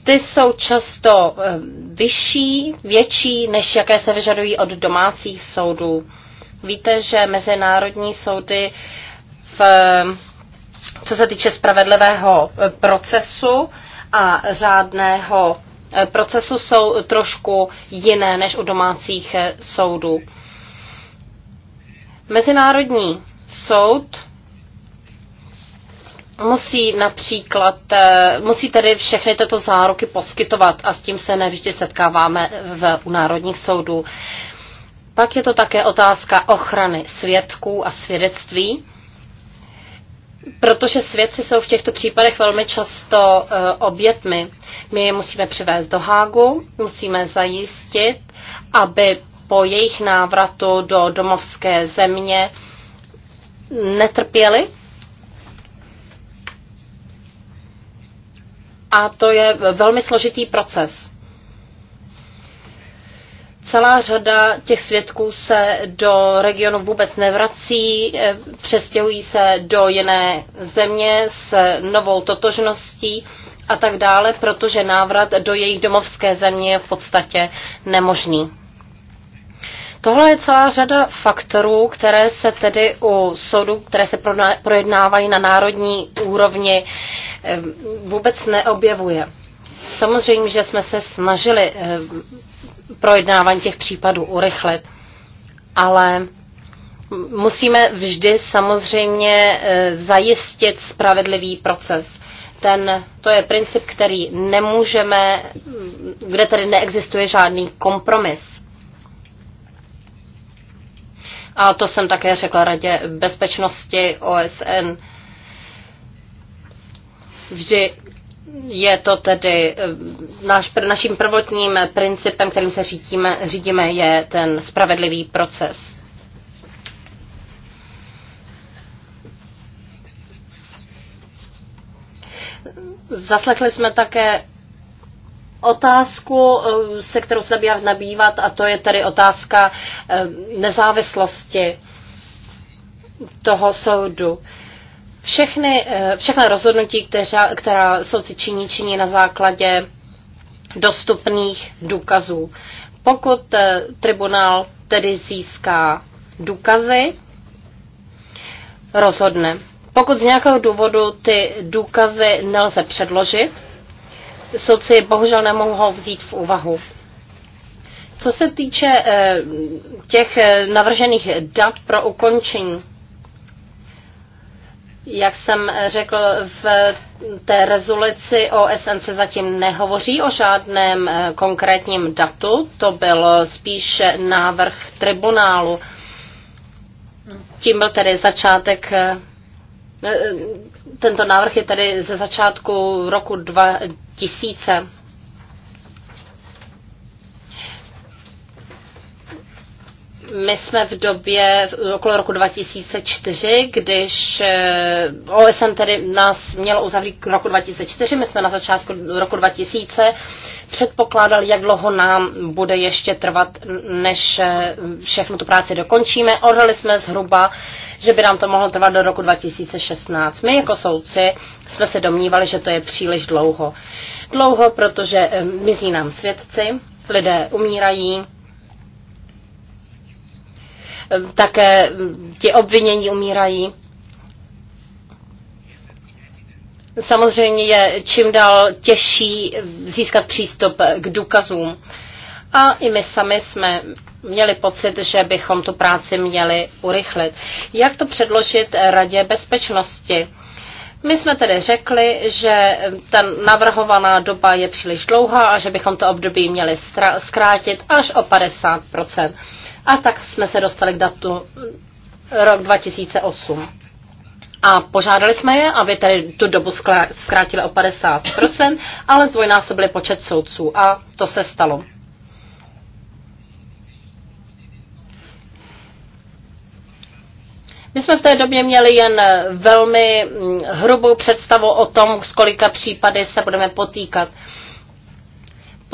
ty jsou často eh, vyšší, větší, než jaké se vyžadují od domácích soudů. Víte, že mezinárodní soudy, v, co se týče spravedlivého procesu a řádného Eh, procesu jsou trošku jiné než u domácích eh, soudů. Mezinárodní soud musí například, eh, musí tedy všechny tyto záruky poskytovat a s tím se nevždy setkáváme v, u národních soudů. Pak je to také otázka ochrany svědků a svědectví protože svědci jsou v těchto případech velmi často eh, obětmi. My je musíme přivést do Hágu, musíme zajistit, aby po jejich návratu do domovské země netrpěli. A to je velmi složitý proces. Celá řada těch svědků se do regionu vůbec nevrací, eh, přestěhují se do jiné země s novou totožností a tak dále, protože návrat do jejich domovské země je v podstatě nemožný. Tohle je celá řada faktorů, které se tedy u soudu, které se projednávají na národní úrovni, eh, vůbec neobjevuje. Samozřejmě, že jsme se snažili eh, projednávání těch případů urychlit. Ale musíme vždy samozřejmě e, zajistit spravedlivý proces. Ten, to je princip, který nemůžeme, kde tady neexistuje žádný kompromis. A to jsem také řekla Radě bezpečnosti OSN. Vždy je to tedy eh, náš, naším prvotním principem, kterým se řídíme, řídíme, je ten spravedlivý proces. Zaslechli jsme také otázku, eh, se kterou se bývá nabývat, a to je tedy otázka eh, nezávislosti toho soudu všechny, eh, všechny rozhodnutí, která, která soudci činí, činí na základě dostupných důkazů. Pokud eh, tribunál tedy získá důkazy, rozhodne. Pokud z nějakého důvodu ty důkazy nelze předložit, soudci bohužel nemohou vzít v úvahu. Co se týče eh, těch navržených dat pro ukončení jak jsem řekl, v té rezoluci OSN se zatím nehovoří o žádném eh, konkrétním datu, to byl spíš návrh tribunálu. Tím byl tedy začátek, eh, eh, tento návrh je tedy ze začátku roku 2000. my jsme v době okolo roku 2004, když eh, OSN tedy nás mělo uzavřít k roku 2004, my jsme na začátku roku 2000 předpokládali, jak dlouho nám bude ještě trvat, než eh, všechno tu práci dokončíme. Odhali jsme zhruba, že by nám to mohlo trvat do roku 2016. My jako soudci jsme se domnívali, že to je příliš dlouho. Dlouho, protože eh, mizí nám svědci, lidé umírají, také ti obvinění umírají. Samozřejmě je čím dál těžší získat přístup k důkazům. A i my sami jsme měli pocit, že bychom tu práci měli urychlit. Jak to předložit Radě bezpečnosti? My jsme tedy řekli, že ta navrhovaná doba je příliš dlouhá a že bychom to období měli zkrátit až o 50 a tak jsme se dostali k datu eh, rok 2008. A požádali jsme je, aby tady tu dobu zkrátili o 50%, ale zdvojnásobili počet soudců a to se stalo. My jsme v té době měli jen eh, velmi mm, hrubou představu o tom, z kolika případy se budeme potýkat.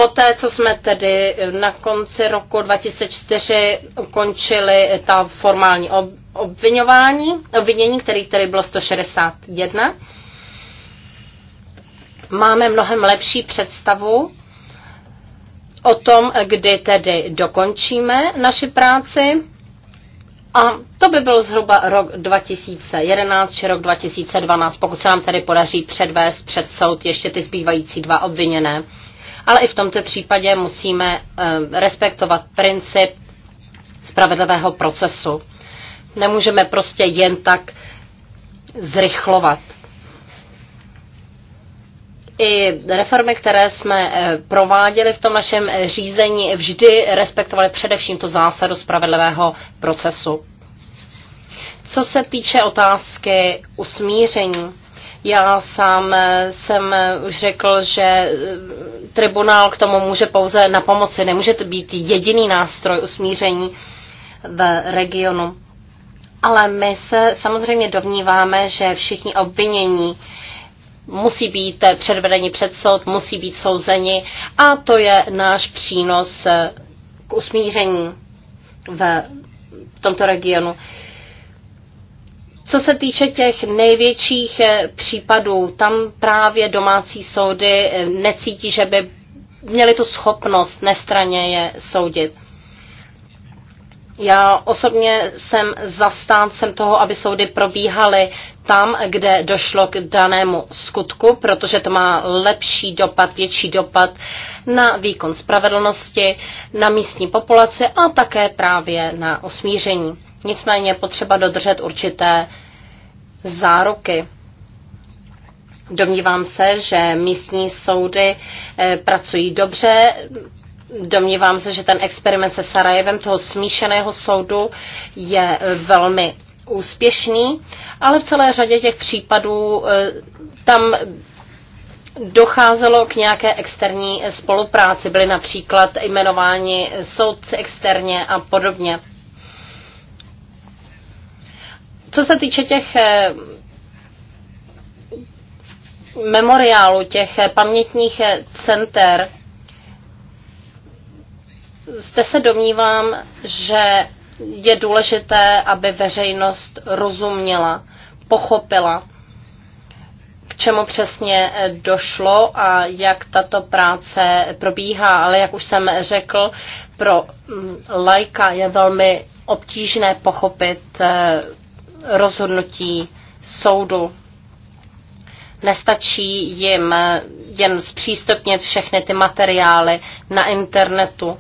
Poté, co jsme tedy na konci roku 2004 ukončili ta formální obvinování, obvinění, kterých tedy bylo 161, máme mnohem lepší představu o tom, kdy tedy dokončíme naši práci. A to by byl zhruba rok 2011 či rok 2012, pokud se nám tedy podaří předvést před soud ještě ty zbývající dva obviněné ale i v tomto případě musíme eh, respektovat princip spravedlivého procesu. Nemůžeme prostě jen tak zrychlovat. I reformy, které jsme eh, prováděli v tom našem eh, řízení, vždy respektovaly především to zásadu spravedlivého procesu. Co se týče otázky usmíření, já sám eh, jsem eh, už řekl, že eh, tribunál k tomu může pouze na pomoci. Nemůže to být jediný nástroj usmíření v regionu. Ale my se samozřejmě dovníváme, že všichni obvinění musí být předvedeni před soud, musí být souzeni a to je náš přínos k usmíření v tomto regionu. Co se týče těch největších eh, případů, tam právě domácí soudy eh, necítí, že by měli tu schopnost nestraně je soudit. Já osobně jsem zastáncem toho, aby soudy probíhaly tam, kde došlo k danému skutku, protože to má lepší dopad, větší dopad na výkon spravedlnosti, na místní populaci a také právě na osmíření. Nicméně je potřeba dodržet určité záruky. Domnívám se, že místní soudy eh, pracují dobře. Domnívám se, že ten experiment se Sarajevem, toho smíšeného soudu, je velmi úspěšný, ale v celé řadě těch případů eh, tam docházelo k nějaké externí spolupráci. Byly například jmenováni soudci externě a podobně. Co se týče těch eh, memoriálu, těch eh, pamětních center, zde se domnívám, že je důležité, aby veřejnost rozuměla, pochopila, k čemu přesně eh, došlo a jak tato práce probíhá. Ale jak už jsem řekl, pro mm, lajka je velmi obtížné pochopit eh, rozhodnutí soudu. Nestačí jim eh, jen zpřístupnit všechny ty materiály na internetu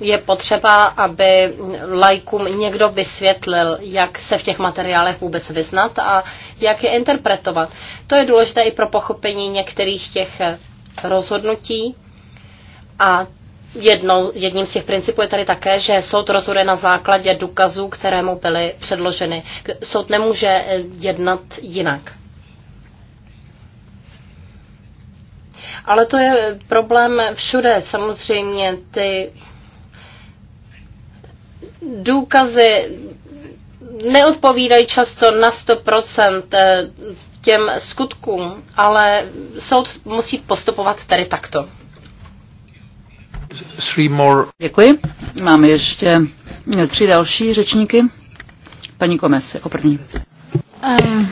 je potřeba, aby lajkům někdo vysvětlil, jak se v těch materiálech vůbec vyznat a jak je interpretovat. To je důležité i pro pochopení některých těch rozhodnutí. A jednou, jedním z těch principů je tady také, že soud rozhoduje na základě důkazů, které mu byly předloženy. Soud nemůže jednat jinak. Ale to je problém všude. Samozřejmě ty důkazy neodpovídají často na 100% eh, těm skutkům, ale soud musí postupovat tady takto. Děkuji. Máme ještě tři další řečníky. Paní Komes jako první. Um,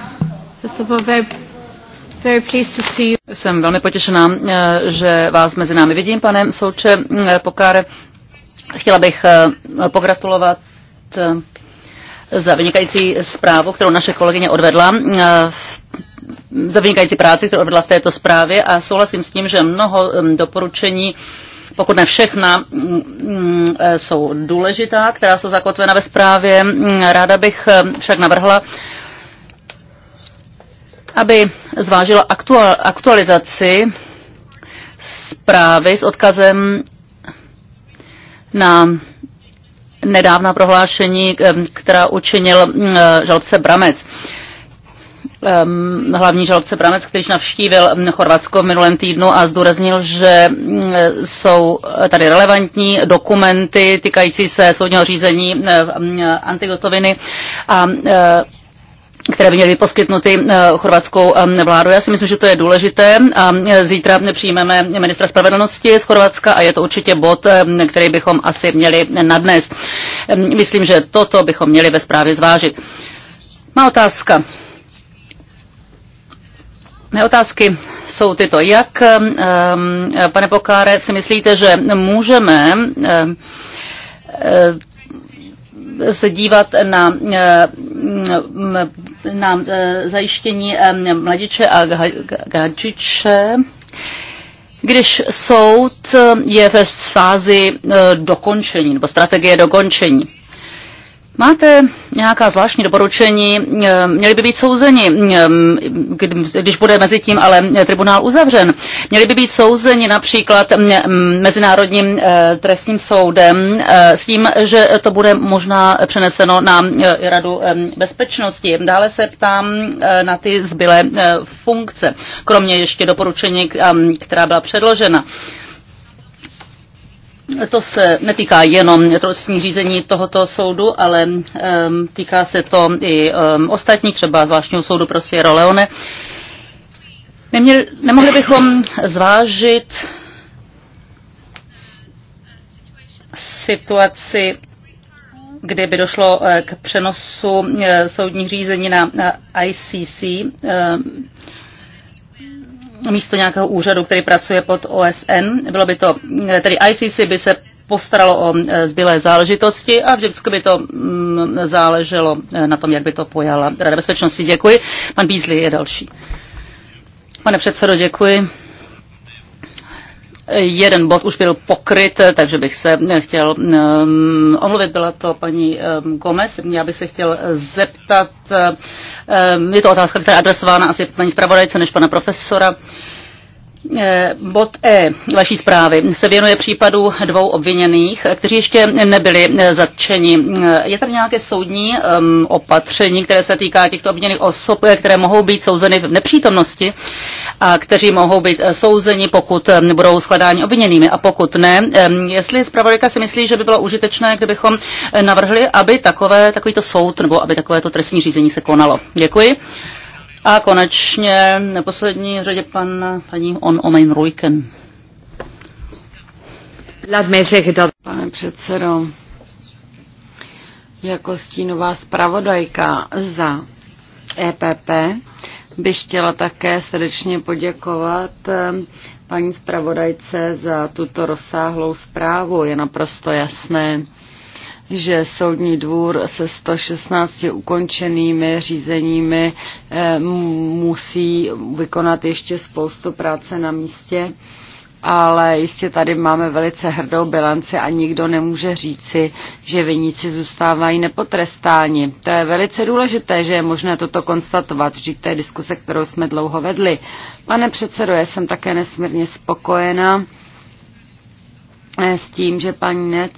Jsem velmi potěšená, eh, že vás mezi námi vidím, pane Souče eh, Pokáre. Chtěla bych eh, pogratulovat eh, za vynikající zprávu, kterou naše kolegyně odvedla eh, za vynikající práci, kterou odvedla v této zprávě a souhlasím s tím, že mnoho doporučení pokud ne všechna, mm, jsou důležitá, která jsou zakotvena ve zprávě. Mm, ráda bych však navrhla, aby zvážila aktualizaci zprávy s odkazem na nedávná prohlášení, která učinil mm, eh, žalobce Bramec hlavní žalobce Bramec, který navštívil mm, Chorvatsko v minulém týdnu a zdůraznil, že mm, eh, jsou eh, tady relevantní dokumenty týkající se soudního řízení antigotoviny a které by měly být poskytnuty eh, chorvatskou vládou. Já si myslím, že to je důležité. zítra přijmeme ministra spravedlnosti z Chorvatska a je to určitě bod, který bychom asi měli nadnes. Myslím, že toto bychom měli ve zprávě zvážit. Má otázka. Mé otázky jsou tyto. Jak, pane Pokáre, si myslíte, že můžeme eh, se dívat na na eh, zajištění eh, mladiče a gadžiče, když soud eh, je ve fázi dokončení nebo strategie dokončení. Máte nějaká zvláštní doporučení, eh, měli by být souzeni, eh, když bude mezi tím ale eh, tribunál uzavřen, měli by být souzeni například mm, Mezinárodním trestním soudem s tím, že to bude možná přeneseno na Radu bezpečnosti. Dále se ptám na ty zbylé funkce, kromě ještě doporučení, která byla předložena to se netýká jenom trestní řízení tohoto soudu, ale um, týká se to i um, ostatních, třeba zvláštního soudu pro Sierra Leone. Neměl, nemohli bychom zvážit situaci, kdy by došlo eh, k přenosu eh, soudních řízení na eh, ICC. Um, místo nějakého úřadu, který pracuje pod OSN. Bylo by to, eh, tedy ICC by se postaralo o eh, zbylé záležitosti a vždycky by to mm, záleželo eh, na tom, jak by to pojala Rada bezpečnosti. Děkuji. Pan Bízli je další. Pane předsedo, děkuji. Jeden bod už byl pokryt, takže bych se chtěl um, omluvit. Byla to paní um, Gomez. Já bych se chtěl zeptat, um, je to otázka, která je adresována asi paní zpravodajce než pana profesora. Uh, Eh, bod E vaší zprávy se věnuje případu dvou obviněných, kteří ještě nebyli eh, zatčeni. Eh, je tam nějaké soudní ehm, opatření, které se týká těchto obviněných osob, které mohou být souzeny v nepřítomnosti a kteří mohou být souzeni, pokud budou shledáni obviněnými a pokud ne. Um, jestli zpravodajka si myslí, že by bylo užitečné, kdybychom navrhli, aby takové, takovýto soud nebo aby takovéto trestní řízení se konalo. Děkuji. A konečně neposlední řadě pan, paní On Omen Ruiken. Pane předsedo, jako stínová zpravodajka za EPP bych chtěla také srdečně poděkovat eh, paní zpravodajce za tuto rozsáhlou zprávu. Je naprosto jasné, že soudní dvůr se 116 ukončenými řízeními eh, musí vykonat ještě spoustu práce na místě, ale jistě tady máme velice hrdou bilanci a nikdo nemůže říci, že viníci zůstávají nepotrestáni. To je velice důležité, že je možné toto konstatovat v té diskuse, kterou jsme dlouho vedli. Pane předsedo, já jsem také nesmírně spokojena eh, s tím, že paní Nec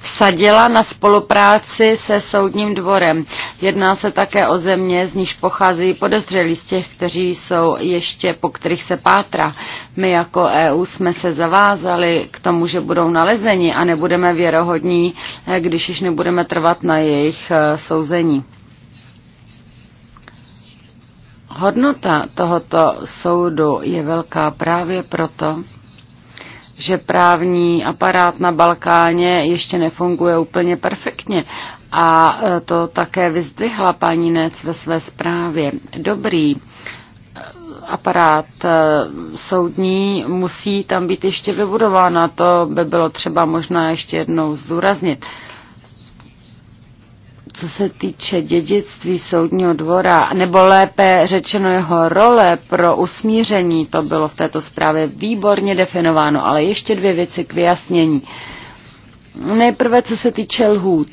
vsadila na spolupráci se soudním dvorem. Jedná se také o země, z níž pochází podezřelí z těch, kteří jsou ještě, po kterých se pátra. My jako EU jsme se zavázali k tomu, že budou nalezeni a nebudeme věrohodní, eh, když již nebudeme trvat na jejich eh, souzení. Hodnota tohoto soudu je velká právě proto, že právní aparát na Balkáně ještě nefunguje úplně perfektně. A e, to také vyzdvihla paní Nec ve své zprávě. Dobrý e, aparát e, soudní musí tam být ještě vybudována. To by bylo třeba možná ještě jednou zdůraznit co se týče dědictví soudního dvora, nebo lépe řečeno jeho role pro usmíření, to bylo v této zprávě výborně definováno, ale ještě dvě věci k vyjasnění. Nejprve, co se týče lhůt.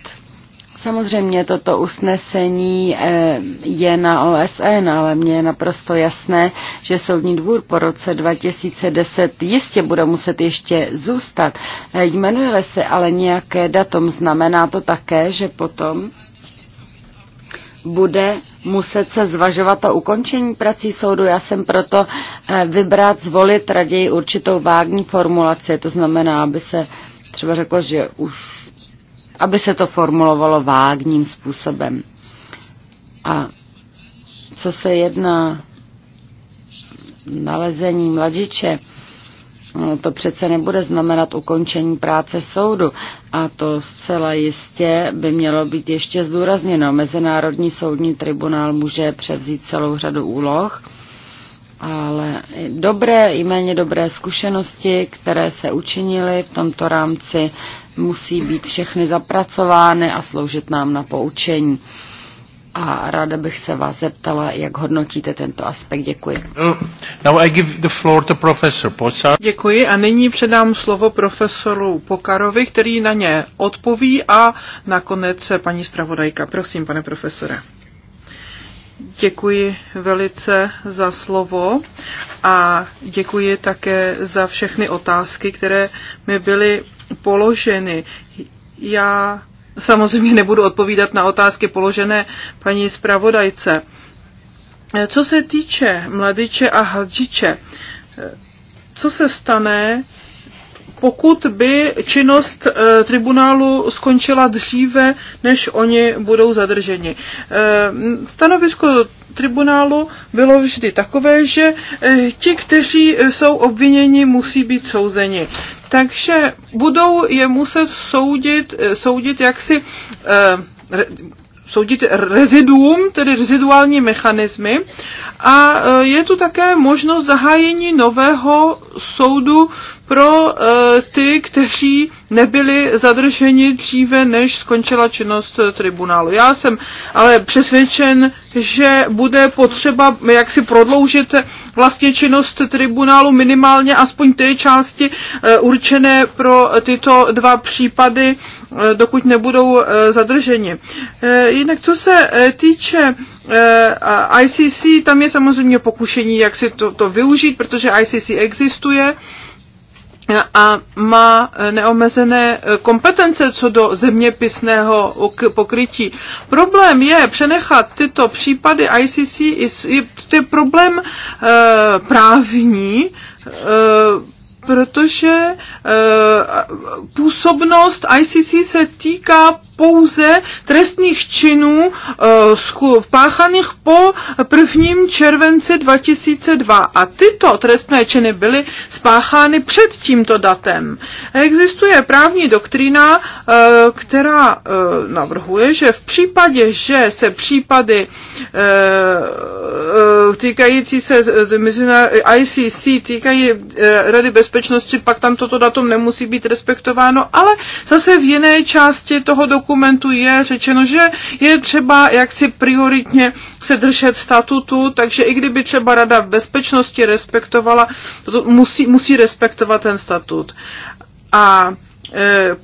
Samozřejmě toto usnesení eh, je na OSN, ale mně je naprosto jasné, že Soudní dvůr po roce 2010 jistě bude muset ještě zůstat. Eh, Jmenuje se ale nějaké datum, znamená to také, že potom bude muset se zvažovat o ukončení prací soudu. Já jsem proto eh, vybrat, zvolit raději určitou vágní formulaci, to znamená, aby se třeba řeklo, že už, aby se to formulovalo vágním způsobem. A co se jedná nalezení mladiče, to přece nebude znamenat ukončení práce soudu. A to zcela jistě by mělo být ještě zdůrazněno. Mezinárodní soudní tribunál může převzít celou řadu úloh, ale dobré i méně dobré zkušenosti, které se učinily v tomto rámci, musí být všechny zapracovány a sloužit nám na poučení a ráda bych se vás zeptala, jak hodnotíte tento aspekt. Děkuji. Now I give the floor to professor Pocar. Děkuji a nyní předám slovo profesoru Pokarovi, který na ně odpoví a nakonec se paní zpravodajka. Prosím, pane profesore. Děkuji velice za slovo a děkuji také za všechny otázky, které mi byly položeny. Já samozřejmě nebudu odpovídat na otázky položené paní zpravodajce. Co se týče mladiče a hadžiče, co se stane, pokud by činnost eh, tribunálu skončila dříve, než oni budou zadrženi. Eh, stanovisko tribunálu bylo vždy takové, že eh, ti, kteří jsou obviněni, musí být souzeni. Takže budou je muset soudit, soudit jaksi soudit reziduum, tedy reziduální mechanismy. A je tu také možnost zahájení nového soudu pro eh, ty, kteří nebyli zadrženi dříve, než skončila činnost eh, tribunálu. Já jsem ale přesvědčen, že bude potřeba eh, jak si prodloužit vlastně činnost tribunálu minimálně aspoň té části určené pro tyto dva případy, dokud nebudou zadrženi. Jinak co se týče ICC, tam je samozřejmě pokušení, jak si to, to využít, protože ICC existuje a má neomezené kompetence co do zeměpisného pokrytí. Problém je přenechat tyto případy ICC, je, to je problém eh, právní, eh, protože eh, působnost ICC se týká pouze trestných činů uh, páchaných po 1. července 2002. A tyto trestné činy byly spáchány před tímto datem. Existuje právní doktrína, uh, která uh, navrhuje, že v případě, že se případy týkající se ICC týkají Rady bezpečnosti, pak tam toto datum nemusí být respektováno, ale zase v jiné části toho dokumentu dokumentu je řečeno, že je třeba jaksi prioritně se držet statutu, takže i kdyby třeba Rada v bezpečnosti respektovala, to musí, musí respektovat ten statut. A e,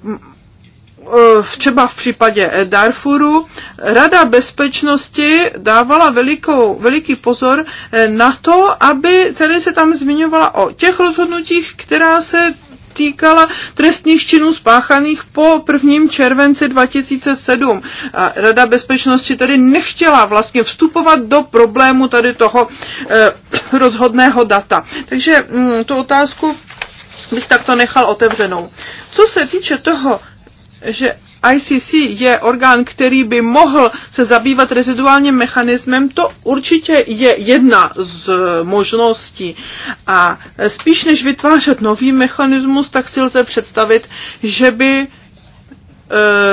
třeba v případě Darfuru, Rada bezpečnosti dávala velikou, veliký pozor e, na to, aby tady se tam zmiňovala o těch rozhodnutích, která se týkala trestných činů spáchaných po 1. červenci 2007. A Rada bezpečnosti tedy nechtěla vlastně vstupovat do problému tady toho eh, rozhodného data. Takže hm, tu otázku bych takto nechal otevřenou. Co se týče toho, že ICC je orgán, který by mohl se zabývat reziduálním mechanismem, to určitě je jedna z možností. A spíš než vytvářet nový mechanismus, tak si lze představit, že by e,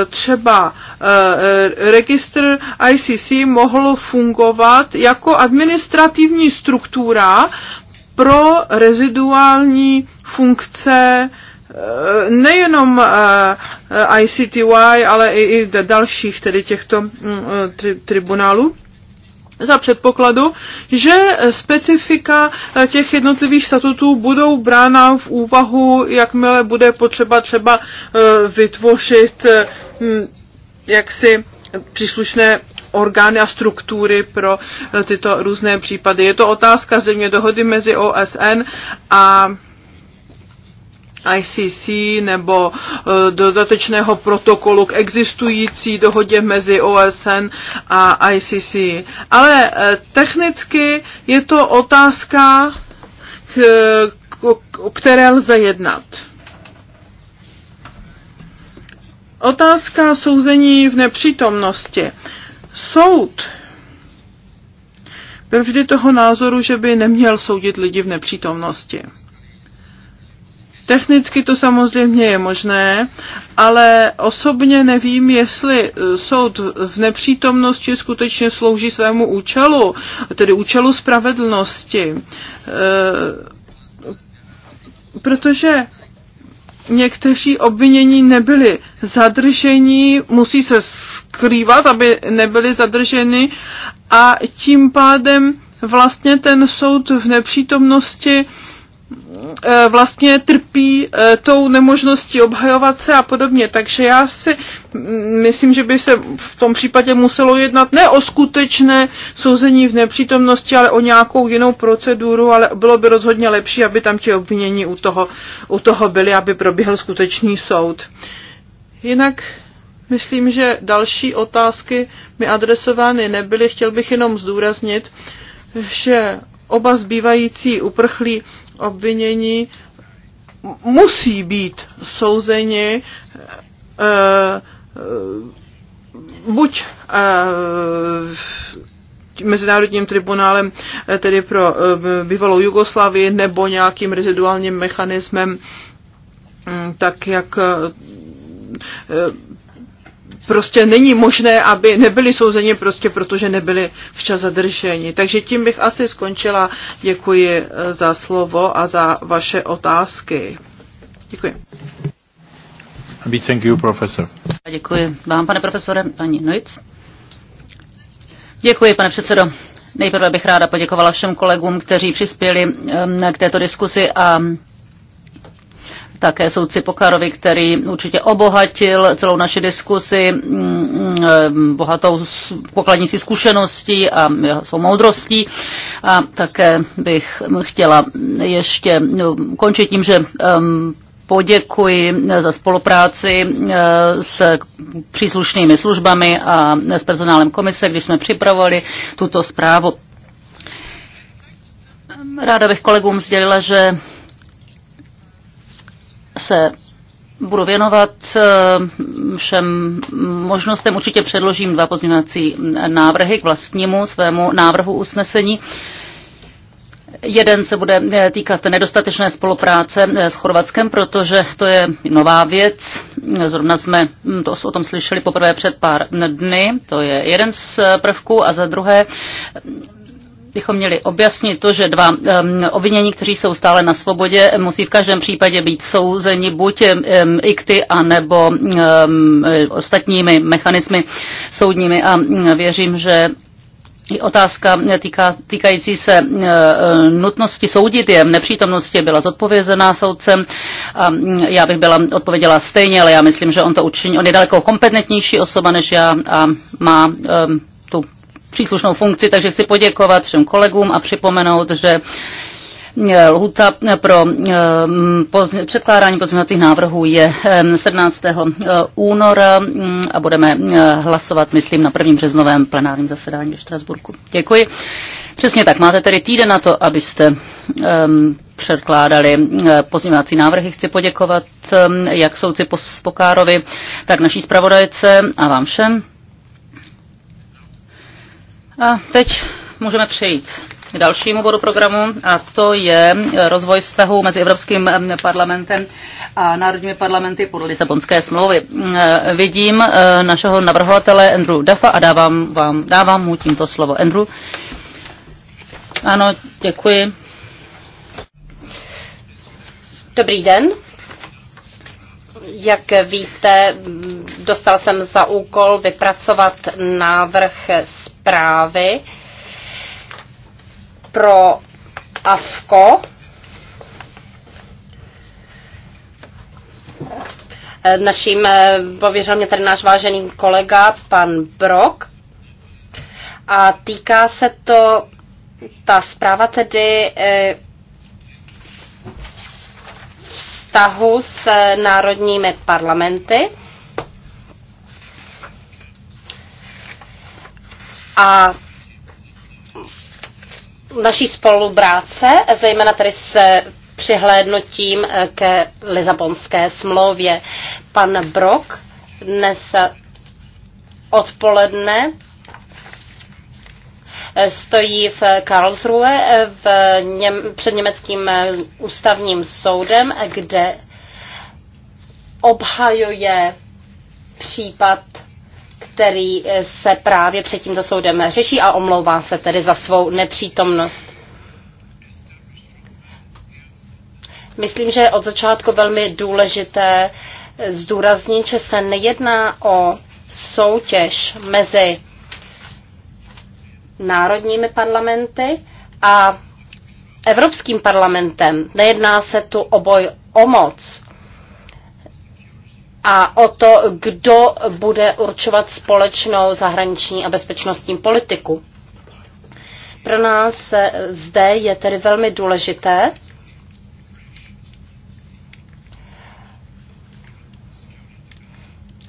třeba e, e, registr ICC mohl fungovat jako administrativní struktura pro reziduální funkce Eh, nejenom eh, ICTY, ale i dalších tedy těchto mm, eh, tri tribunálů za předpokladu, že specifika těch jednotlivých statutů budou brána v úvahu, jakmile bude potřeba třeba vytvořit mm, jaksi příslušné orgány a struktury pro tyto různé případy. Je to otázka zřejmě dohody mezi OSN a ICC nebo eh, dodatečného protokolu k existující dohodě mezi OSN a ICC. Ale eh, technicky je to otázka, o eh, které lze jednat. Otázka souzení v nepřítomnosti. Soud byl vždy toho názoru, že by neměl soudit lidi v nepřítomnosti. Technicky to samozřejmě je možné, ale osobně nevím, jestli eh, soud v nepřítomnosti skutečně slouží svému účelu, tedy účelu spravedlnosti. Eh, protože někteří obvinění nebyli zadrženi, musí se skrývat, aby nebyli zadrženi a tím pádem vlastně ten soud v nepřítomnosti Eh, vlastně trpí eh, tou nemožností obhajovat se a podobně. Takže já si myslím, že by se v tom případě muselo jednat ne o skutečné souzení v nepřítomnosti, ale o nějakou jinou proceduru, ale bylo by rozhodně lepší, aby tam ti obvinění u toho, u toho byli, aby proběhl skutečný soud. Jinak myslím, že další otázky mi adresovány nebyly. Chtěl bych jenom zdůraznit, že oba zbývající uprchlí obvinění musí být souzeni eh, eh, buď eh, Mezinárodním tribunálem tedy pro bývalou Jugoslavii nebo nějakým reziduálním mechanismem, mm, tak jak prostě není možné, aby nebyli souzeni prostě protože nebyli včas zadrženi. Takže tím bych asi skončila. Děkuji eh, za slovo a za vaše otázky. Děkuji. Thank you, professor. Děkuji vám, pane profesore, paní Noic. Děkuji, pane předsedo. Nejprve bych ráda poděkovala všem kolegům, kteří přispěli k této diskusi a také soudci Pokarovi, který určitě obohatil celou naši diskusi mm, mm, eh, bohatou pokladnicí zkušeností a svou moudrostí. A také bych chtěla ještě no, končit tím, že ehm, poděkuji za spolupráci eh, s příslušnými službami a s personálem komise, když jsme připravovali tuto zprávu. Ráda bych kolegům sdělila, že se budu věnovat eh, všem možnostem. Určitě předložím dva pozměňovací návrhy k vlastnímu svému návrhu usnesení. Jeden se bude eh, týkat nedostatečné spolupráce eh, s Chorvatskem, protože to je nová věc. Zrovna jsme hm, to, o tom slyšeli poprvé před pár dny. To je jeden z prvků. A za druhé bychom měli objasnit to, že dva obvinění, kteří jsou stále na svobodě, musí v každém případě být souzeni buď ikty, anebo ostatními mechanismy soudními a mm, věřím, že i otázka týka, týkající se e, nutnosti soudit je nepřítomnosti byla zodpovězená soudcem. A mm, já bych byla odpověděla stejně, ale já myslím, že on to učiní. On je daleko kompetentnější osoba než já a má e, příslušnou funkci, takže chci poděkovat všem kolegům a připomenout, že eh, Lhuta pro eh, předkládání pozměňovacích návrhů je 17. Eh, února mm, a budeme hlasovat, myslím, na prvním březnovém plenárním zasedání v Štrasburku. Děkuji. Přesně tak, máte tedy týden na to, abyste um, předkládali pozměňovací návrhy. Chci poděkovat um, jak souci Pokárovi, tak naší zpravodajce a vám všem. A teď můžeme přejít k dalšímu bodu programu a to je eh, rozvoj vztahu mezi Evropským eh, parlamentem a národními parlamenty podle Lisabonské smlouvy. Mm, eh, vidím našeho navrhovatele Andrew Dafa a dávám, vám, dávám mu tímto slovo. Andrew. Ano, děkuji. Dobrý den, jak víte, dostal jsem za úkol vypracovat návrh zprávy pro AFKO. Naším, eh, pověřil mě tady náš vážený kolega, pan Brok. A týká se to, ta zpráva tedy eh, vztahu s národními parlamenty. A naší spolupráce, zejména tady s přihlédnutím ke Lizabonské smlouvě. Pan Brok dnes odpoledne stojí v Karlsruhe v něm, před německým eh, ústavním soudem, kde obhajuje případ, který eh, se právě před tímto soudem řeší a omlouvá se tedy za svou nepřítomnost. Myslím, že je od začátku velmi důležité zdůraznit, že se nejedná o soutěž mezi národními parlamenty a Evropským parlamentem. Nejedná se tu o boj o moc a o to, kdo bude určovat společnou zahraniční a bezpečnostní politiku. Pro nás zde je tedy velmi důležité,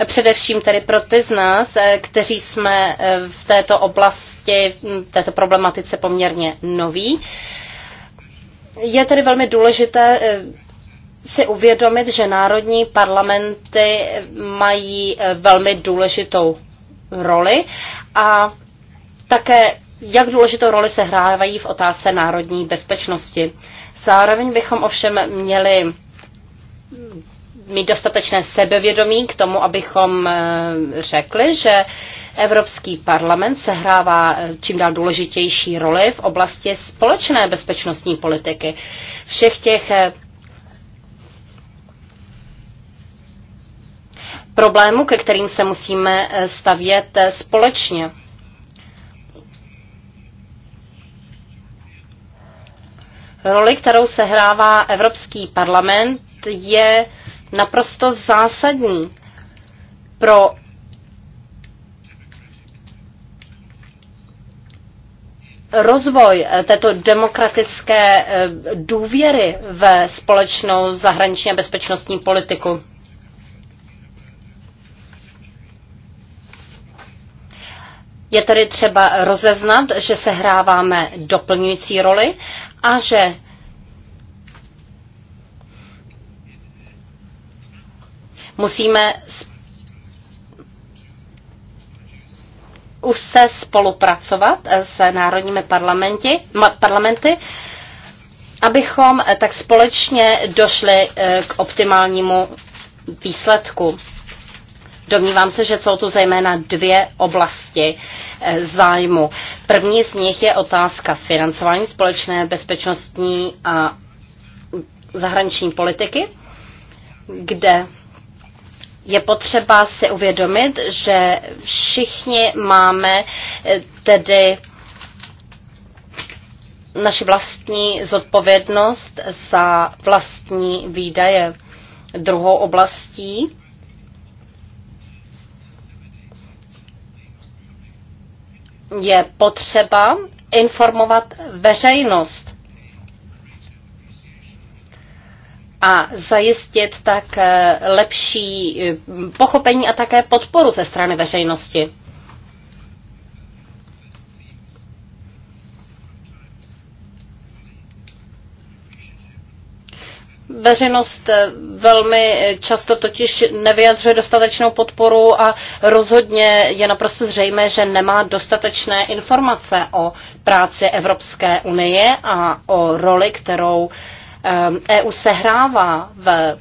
Především tedy pro ty z nás, eh, kteří jsme eh, v této oblasti, v této problematice poměrně noví. Je tedy velmi důležité eh, si uvědomit, že národní parlamenty mají velmi důležitou roli a také jak důležitou roli se hrávají v otázce národní bezpečnosti. Zároveň bychom ovšem měli mít dostatečné sebevědomí k tomu, abychom eh, řekli, že Evropský parlament sehrává eh, čím dál důležitější roli v oblasti společné bezpečnostní politiky. Všech těch eh, problémů, ke kterým se musíme stavět společně. Roli, kterou sehrává Evropský parlament, je naprosto zásadní pro rozvoj eh, této demokratické eh, důvěry ve společnou zahraniční a bezpečnostní politiku. Je tedy třeba rozeznat, že sehráváme doplňující roli a že Musíme už se spolupracovat s národními parlamenty, parlamenty abychom eh, tak společně došli eh, k optimálnímu výsledku. Domnívám se, že jsou tu zejména dvě oblasti eh, zájmu. První z nich je otázka financování společné bezpečnostní a zahraniční politiky, kde je potřeba si uvědomit, že všichni máme eh, tedy naši vlastní zodpovědnost za vlastní výdaje. Druhou oblastí je potřeba informovat veřejnost a zajistit tak eh, lepší eh, pochopení a také podporu ze strany veřejnosti. veřejnost eh, velmi často totiž nevyjadřuje dostatečnou podporu a rozhodně je naprosto zřejmé, že nemá dostatečné informace o práci Evropské unie a o roli, kterou EU ehm, e sehrává v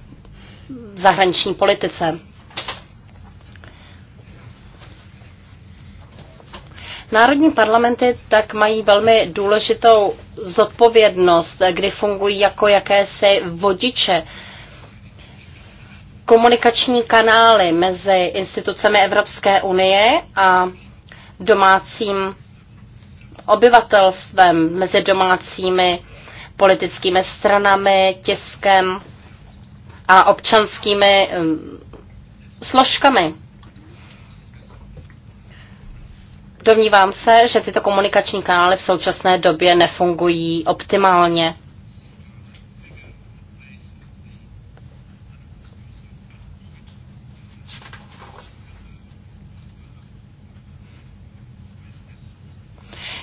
zahraniční politice. Národní parlamenty tak mají velmi důležitou zodpovědnost, kdy fungují jako jakési vodiče komunikační kanály mezi institucemi Evropské unie a domácím obyvatelstvem, mezi domácími politickými stranami, tiskem a občanskými um, složkami. Domnívám se, že tyto komunikační kanály v současné době nefungují optimálně.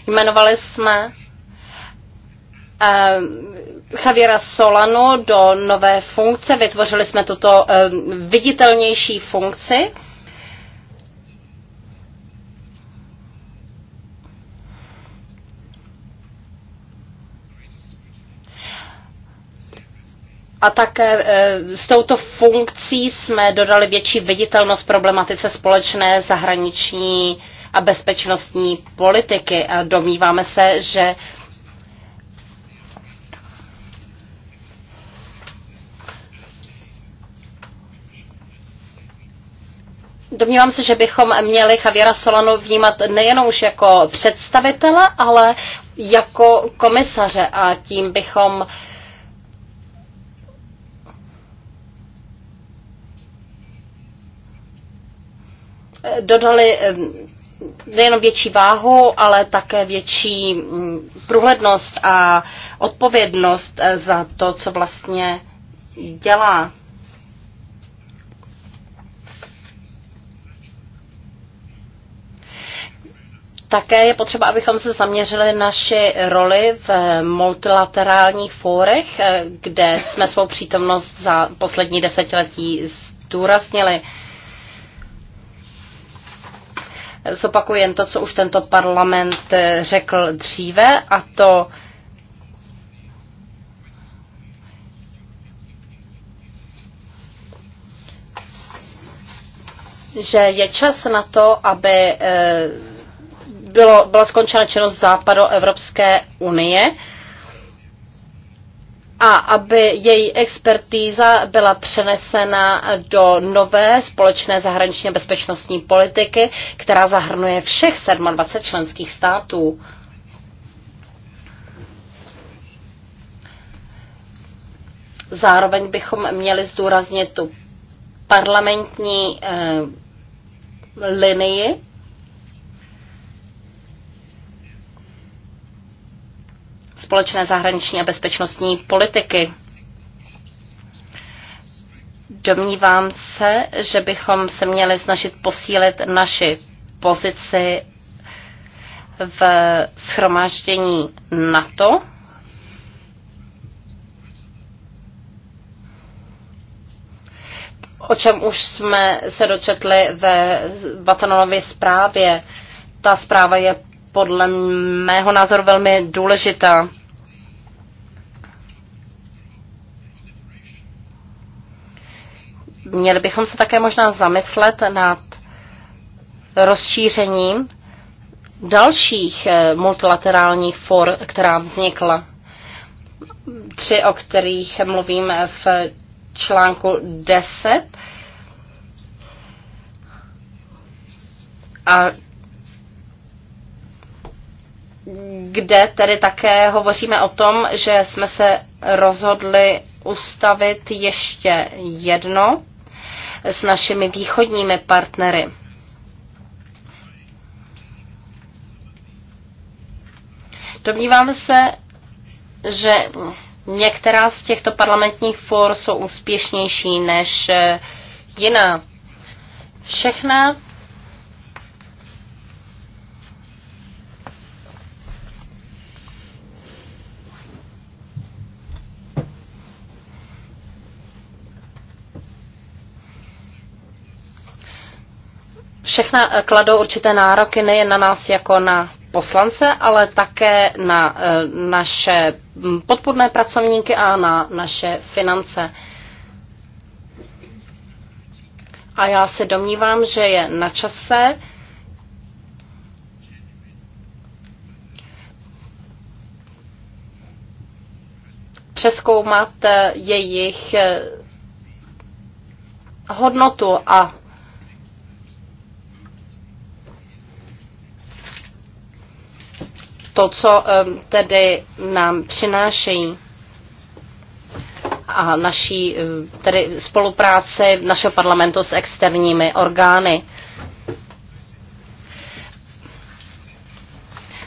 Jmenovali jsme Eh, Javiera Solano do nové funkce. Vytvořili jsme tuto eh, viditelnější funkci. A také eh, s touto funkcí jsme dodali větší viditelnost problematice společné zahraniční a bezpečnostní politiky. A domníváme se, že Domnívám se, že bychom měli Javiera Solanu vnímat nejenom už jako představitele, ale jako komisaře a tím bychom dodali eh, nejenom větší váhu, ale také větší mm, průhlednost a odpovědnost eh, za to, co vlastně dělá. Také je potřeba, abychom se zaměřili naši roli v multilaterálních fórech, eh, kde jsme svou přítomnost za poslední desetiletí zdůraznili. Zopakuji jen to, co už tento parlament eh, řekl dříve, a to, že je čas na to, aby eh, bylo, byla skončena činnost Západoevropské unie a aby její expertíza byla přenesena do nové společné zahraničně bezpečnostní politiky, která zahrnuje všech 27 členských států. Zároveň bychom měli zdůraznit tu parlamentní eh, linii společné zahraniční a bezpečnostní politiky. Domnívám se, že bychom se měli snažit posílit naši pozici v schromáždění NATO. O čem už jsme se dočetli ve Vatanonově zprávě. Ta zpráva je podle mého názoru velmi důležitá. Měli bychom se také možná zamyslet nad rozšířením dalších eh, multilaterálních for, která vznikla. Tři, o kterých mluvím v článku 10. A kde tedy také hovoříme o tom, že jsme se rozhodli ustavit ještě jedno s našimi východními partnery. Domnívám se, že některá z těchto parlamentních for jsou úspěšnější než eh, jiná. Všechna všechna eh, kladou určité nároky nejen na nás jako na poslance, ale také na eh, naše mm, podpůrné pracovníky a na naše finance. A já se domnívám, že je na čase přeskoumat eh, jejich hodnotu a to, co tedy nám přinášejí a naší tedy spolupráce našeho parlamentu s externími orgány.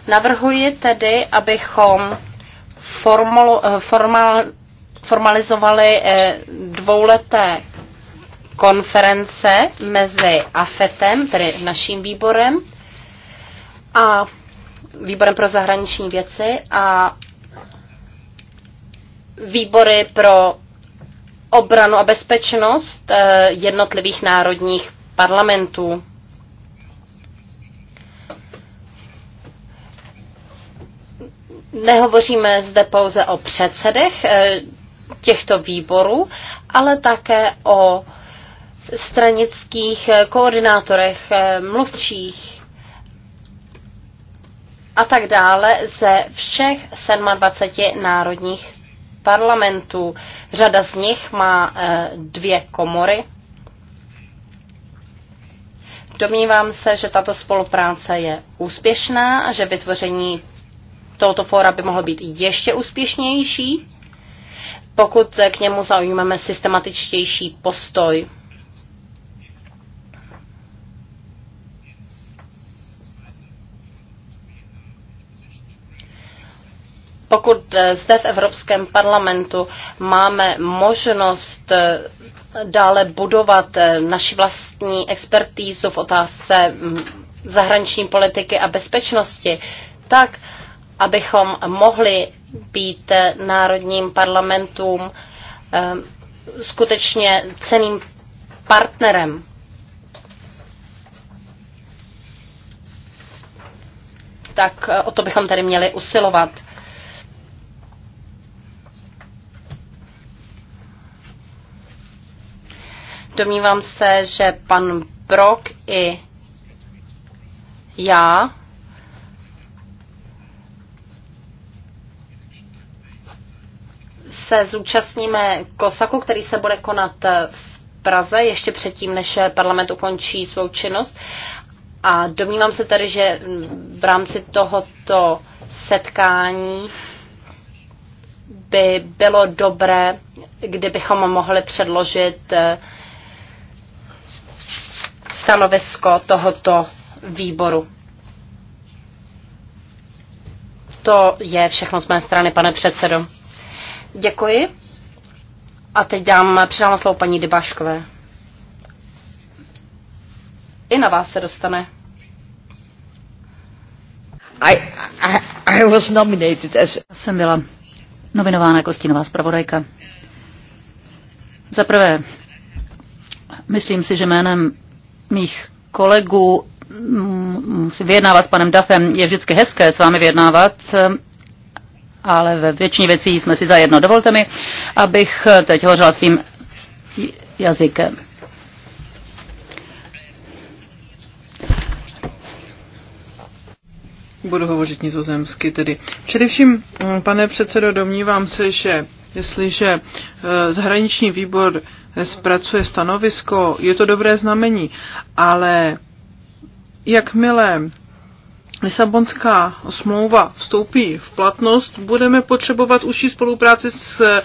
Navrhuji tedy, abychom formul, eh, formal, formalizovali eh, dvouleté konference mezi AFETem, tedy naším výborem, a výborem pro zahraniční věci a výbory pro obranu a bezpečnost eh, jednotlivých národních parlamentů. Nehovoříme zde pouze o předsedech eh, těchto výborů, ale také o stranických eh, koordinátorech, mluvčích a tak dále ze všech 27 národních parlamentů. Řada z nich má eh, dvě komory. Domnívám se, že tato spolupráce je úspěšná a že vytvoření tohoto fóra by mohlo být ještě úspěšnější, pokud k němu zaujmeme systematičtější postoj. pokud eh, zde v Evropském parlamentu máme možnost eh, dále budovat eh, naši vlastní expertízu v otázce mm, zahraniční politiky a bezpečnosti, tak abychom mohli být národním parlamentům skutečně ceným partnerem. Tak o to bychom tady měli usilovat. Domnívám se, že pan Brok i já se zúčastníme Kosaku, který se bude konat v Praze ještě předtím, než parlament ukončí svou činnost. A domnívám se tady, že v rámci tohoto setkání by bylo dobré, kdybychom mohli předložit stanovisko tohoto výboru. To je všechno z mé strany, pane předsedo. Děkuji. A teď dám, předám slovo paní Dybáškové. I na vás se dostane. I, I, I was nominated as... Já jsem byla nominována jako stínová zpravodajka. Za prvé, myslím si, že jménem mých kolegů mm, vyjednávat s panem Dafem je vždycky hezké s vámi vyjednávat, eh, ale ve většině věcí jsme si zajedno. Dovolte mi, abych eh, teď hovořila svým jazykem. Budu hovořit nizozemsky tedy. Především, mm, pane předsedo, domnívám se, že jestliže eh, zahraniční výbor zpracuje stanovisko, je to dobré znamení, ale jakmile Lisabonská smlouva vstoupí v platnost, budeme potřebovat užší spolupráci s eh,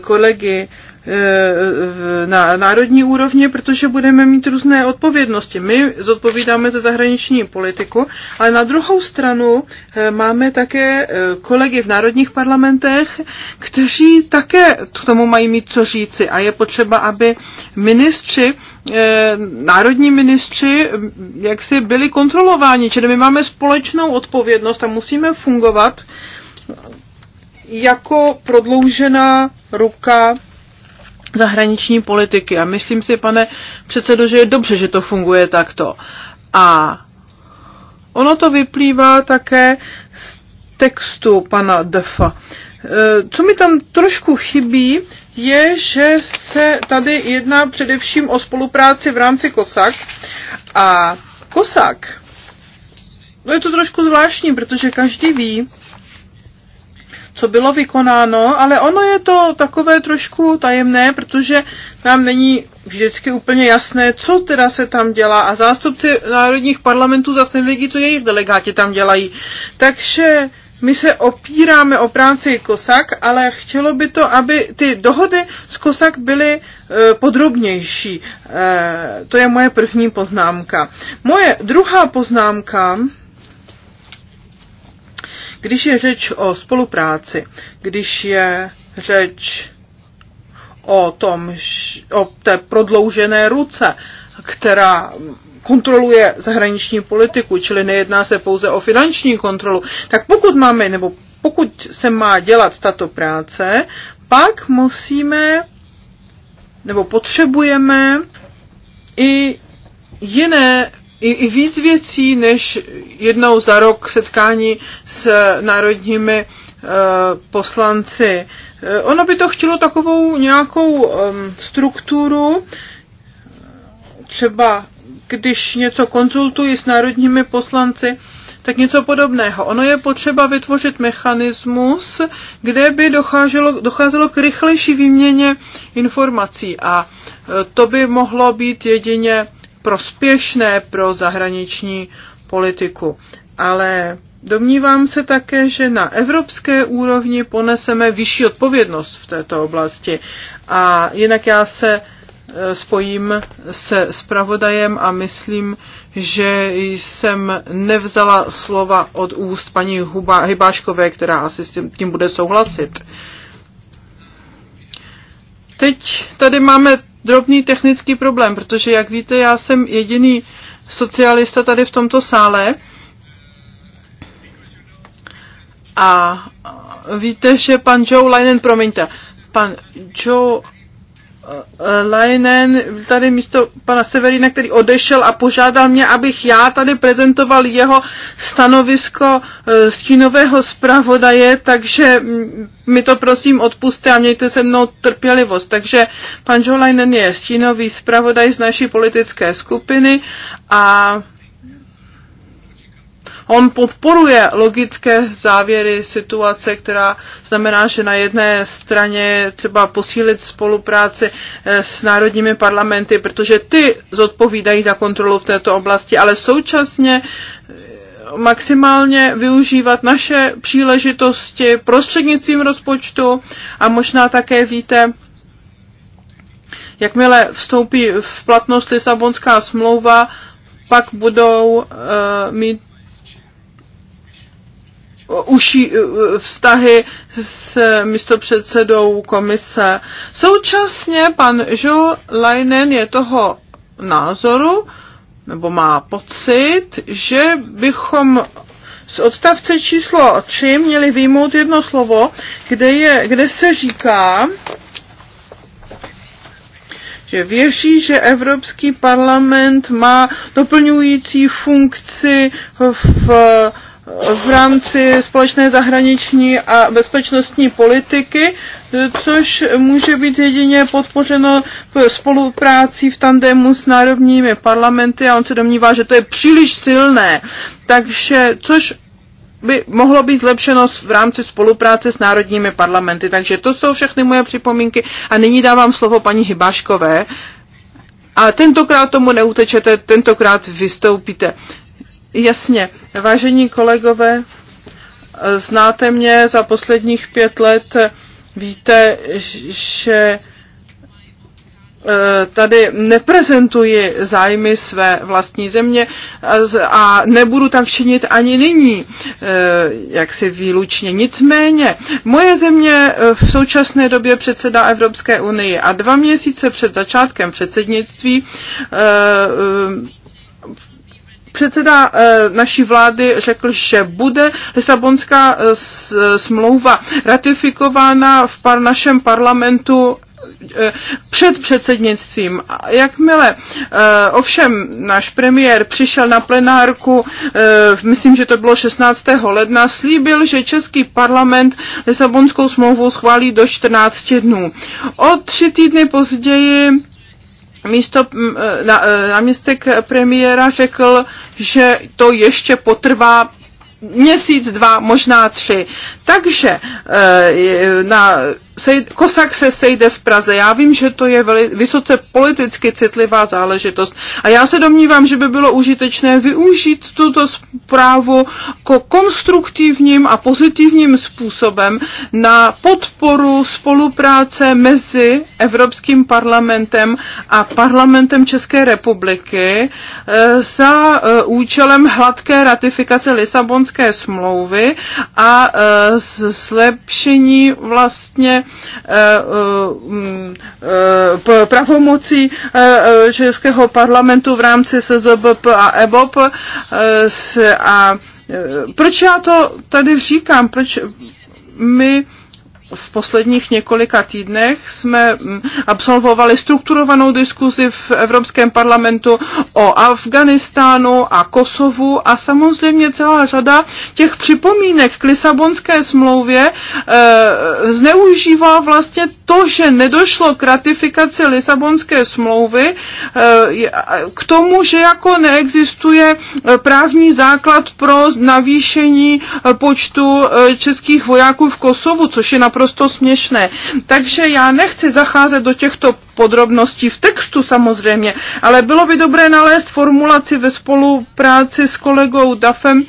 kolegy Eh, na národní úrovni, protože budeme mít různé odpovědnosti. My zodpovídáme za zahraniční politiku, ale na druhou stranu eh, máme také eh, kolegy v národních parlamentech, kteří také k tomu mají mít co říci a je potřeba, aby ministři národní ministři mm, jak si byli kontrolováni, čili my máme společnou odpovědnost a musíme fungovat jako prodloužená ruka zahraniční politiky. A myslím si, pane předsedo, že je dobře, že to funguje takto. A ono to vyplývá také z textu pana Defa. E, co mi tam trošku chybí, je, že se tady jedná především o spolupráci v rámci COSAC. A COSAC, no je to trošku zvláštní, protože každý ví, co bylo vykonáno, ale ono je to takové trošku tajemné, protože nám není vždycky úplně jasné, co teda se tam dělá a zástupci národních parlamentů zase nevědí, co jejich delegáti tam dělají. Takže my se opíráme o práci kosak, ale chtělo by to, aby ty dohody z kosak byly e, podrobnější. E, to je moje první poznámka. Moje druhá poznámka když je řeč o spolupráci, když je řeč o, tom, o té prodloužené ruce, která kontroluje zahraniční politiku, čili nejedná se pouze o finanční kontrolu, tak pokud máme, nebo pokud se má dělat tato práce, pak musíme nebo potřebujeme i jiné i, i víc věcí, než jednou za rok setkání s národními eh, poslanci. Eh, ono by to chtělo takovou nějakou ehm, strukturu, třeba když něco konzultuji s národními poslanci, tak něco podobného. Ono je potřeba vytvořit mechanismus, kde by docházelo, docházelo k rychlejší výměně informací a eh, to by mohlo být jedině prospěšné pro zahraniční politiku. Ale domnívám se také, že na evropské úrovni poneseme vyšší odpovědnost v této oblasti. A jinak já se eh, spojím se spravodajem a myslím, že jsem nevzala slova od úst paní Hubá, Hybáškové, která asi s tím, tím bude souhlasit. Teď tady máme drobný technický problém, protože, jak víte, já jsem jediný socialista tady v tomto sále. A víte, že pan Joe Linen, promiňte, pan Joe Leinen tady místo pana Severina, který odešel a požádal mě, abych já tady prezentoval jeho stanovisko eh, stínového zpravodaje, takže mm, mi to prosím odpuste a mějte se mnou trpělivost. Takže pan Jolainen je stínový zpravodaj z naší politické skupiny a On podporuje logické závěry situace, která znamená, že na jedné straně třeba posílit spolupráci eh, s národními parlamenty, protože ty zodpovídají za kontrolu v této oblasti, ale současně eh, maximálně využívat naše příležitosti prostřednictvím rozpočtu a možná také víte, jakmile vstoupí v platnost Lisabonská smlouva, pak budou uh, mít uší uh, uh, vztahy s místopředsedou komise. Současně pan Jo Leinen je toho názoru, nebo má pocit, že bychom z odstavce číslo 3 měli výjmout jedno slovo, kde, je, kde se říká, že věří, že Evropský parlament má doplňující funkci v v rámci společné zahraniční a bezpečnostní politiky, což může být jedině podpořeno spoluprácí v tandemu s národními parlamenty a on se domnívá, že to je příliš silné. Takže, což by mohlo být zlepšeno v rámci spolupráce s národními parlamenty. Takže to jsou všechny moje připomínky a nyní dávám slovo paní Hybáškové. A tentokrát tomu neutečete, tentokrát vystoupíte. Jasně, vážení kolegové, znáte mě za posledních pět let, víte, že eh, tady neprezentuji zájmy své vlastní země a nebudu tak činit ani nyní, eh, jak si výlučně. Nicméně, moje země eh, v současné době předsedá Evropské unii a dva měsíce před začátkem předsednictví předseda eh, naší vlády řekl, že bude Lisabonská eh, eh, smlouva ratifikována v par našem parlamentu před předsednictvím. Jakmile ovšem náš premiér přišel na plenárku, myslím, že to bylo 16. ledna, slíbil, že Český parlament Lisabonskou smlouvu schválí do 14 dnů. O tři týdny později místo e, e, náměstek premiéra řekl, že to ještě potrvá měsíc, dva, možná tři. Takže e, na sejde, Kosak se sejde v Praze. Já vím, že to je veli, vysoce politicky citlivá záležitost. A já se domnívám, že by bylo užitečné využít tuto zprávu ko konstruktivním a pozitivním způsobem na podporu spolupráce mezi Evropským parlamentem a parlamentem České republiky e, za e, účelem hladké ratifikace Lisabonské smlouvy a e, zlepšení vlastně Eh, eh, eh, pravomocí Českého parlamentu v rámci SZBP a EBOP a proč já to tady říkám, proč my v posledních několika týdnech jsme mm, absolvovali strukturovanou diskuzi v Evropském parlamentu o Afganistánu a Kosovu a samozřejmě celá řada těch připomínek k Lisabonské smlouvě e, zneužívá vlastně to, že nedošlo k ratifikaci Lisabonské smlouvy e, k tomu, že jako neexistuje eh, právní základ pro navýšení počtu českých vojáků v Kosovu, což je naprosto naprosto směšné. Takže já nechci zacházet do těchto podrobností v textu samozřejmě, ale bylo by dobré nalézt formulaci ve spolupráci s kolegou Dafem,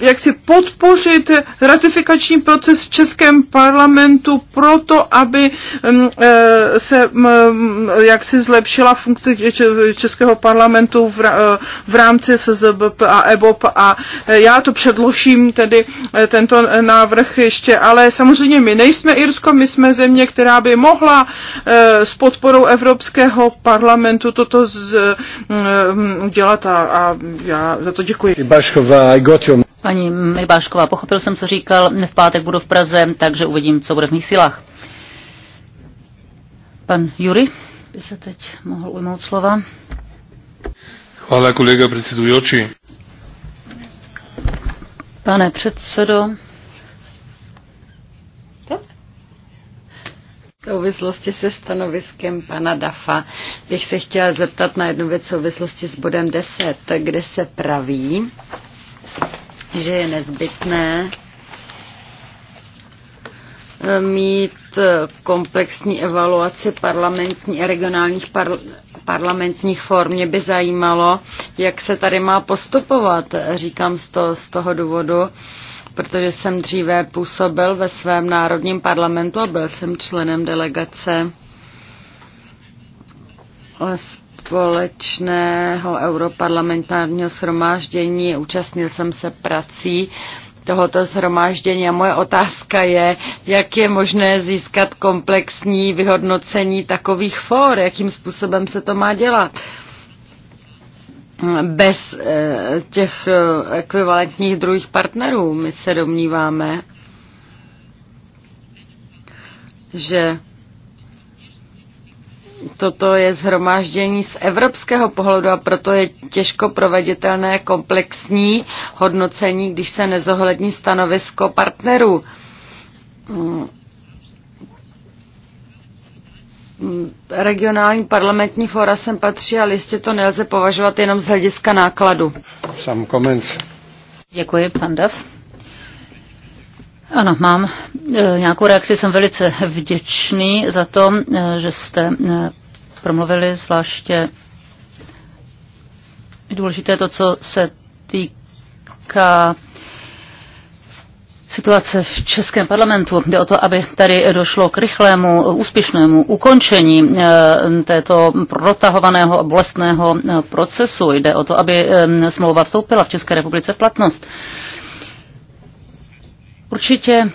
jak si podpořit ratifikační proces v Českém parlamentu proto, aby mm, e, se mm, e, jak si zlepšila funkce Českého parlamentu v e, rámci SZBP a EBOP a já to předložím tedy tento návrh ještě, ale samozřejmě my nejsme Irsko, my jsme země, která by mohla s podporou Evropského parlamentu toto udělat mm, a, já za to děkuji. I got your Paní Mibášková, pochopil jsem, co říkal. V pátek budu v Praze, takže uvidím, co bude v mých silách. Pan Jury by se teď mohl ujmout slova. Hvala, kolega předsedující. Pane předsedo, V souvislosti se stanoviskem pana Dafa bych se chtěla zeptat na jednu věc v souvislosti s bodem 10, kde se praví, že je nezbytné eh, mít eh, komplexní evaluaci parlamentní, regionálních par, parlamentních form. Mě by zajímalo, jak se tady má postupovat, říkám z, to, z toho důvodu, protože jsem dříve působil ve svém národním parlamentu a byl jsem členem delegace společného europarlamentárního shromáždění. Účastnil jsem se prací tohoto shromáždění a moje otázka je, jak je možné získat komplexní vyhodnocení takových for, jakým způsobem se to má dělat bez eh, těch eh, ekvivalentních druhých partnerů. My se domníváme, že Toto je zhromáždění z evropského pohledu a proto je těžko proveditelné komplexní hodnocení, když se nezohlední stanovisko partnerů regionální parlamentní fora. sem patří, ale jistě to nelze považovat jenom z hlediska nákladu. Sam comments. Děkuji, pan Dav. Ano, mám e, nějakou reakci. Jsem velice vděčný za to, e, že jste e, promluvili, zvláště důležité to, co se týká situace v Českém parlamentu. Jde o to, aby tady došlo k rychlému, úspěšnému ukončení této protahovaného a bolestného procesu. Jde o to, aby smlouva vstoupila v České republice v platnost. Určitě,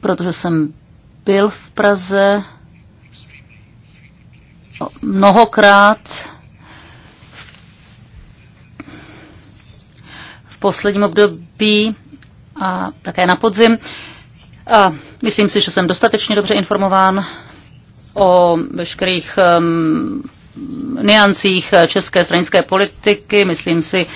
protože jsem byl v Praze mnohokrát v posledním období a také na podzim. A myslím si, že jsem dostatečně dobře informován o veškerých um, niancích české stranické politiky. Myslím si,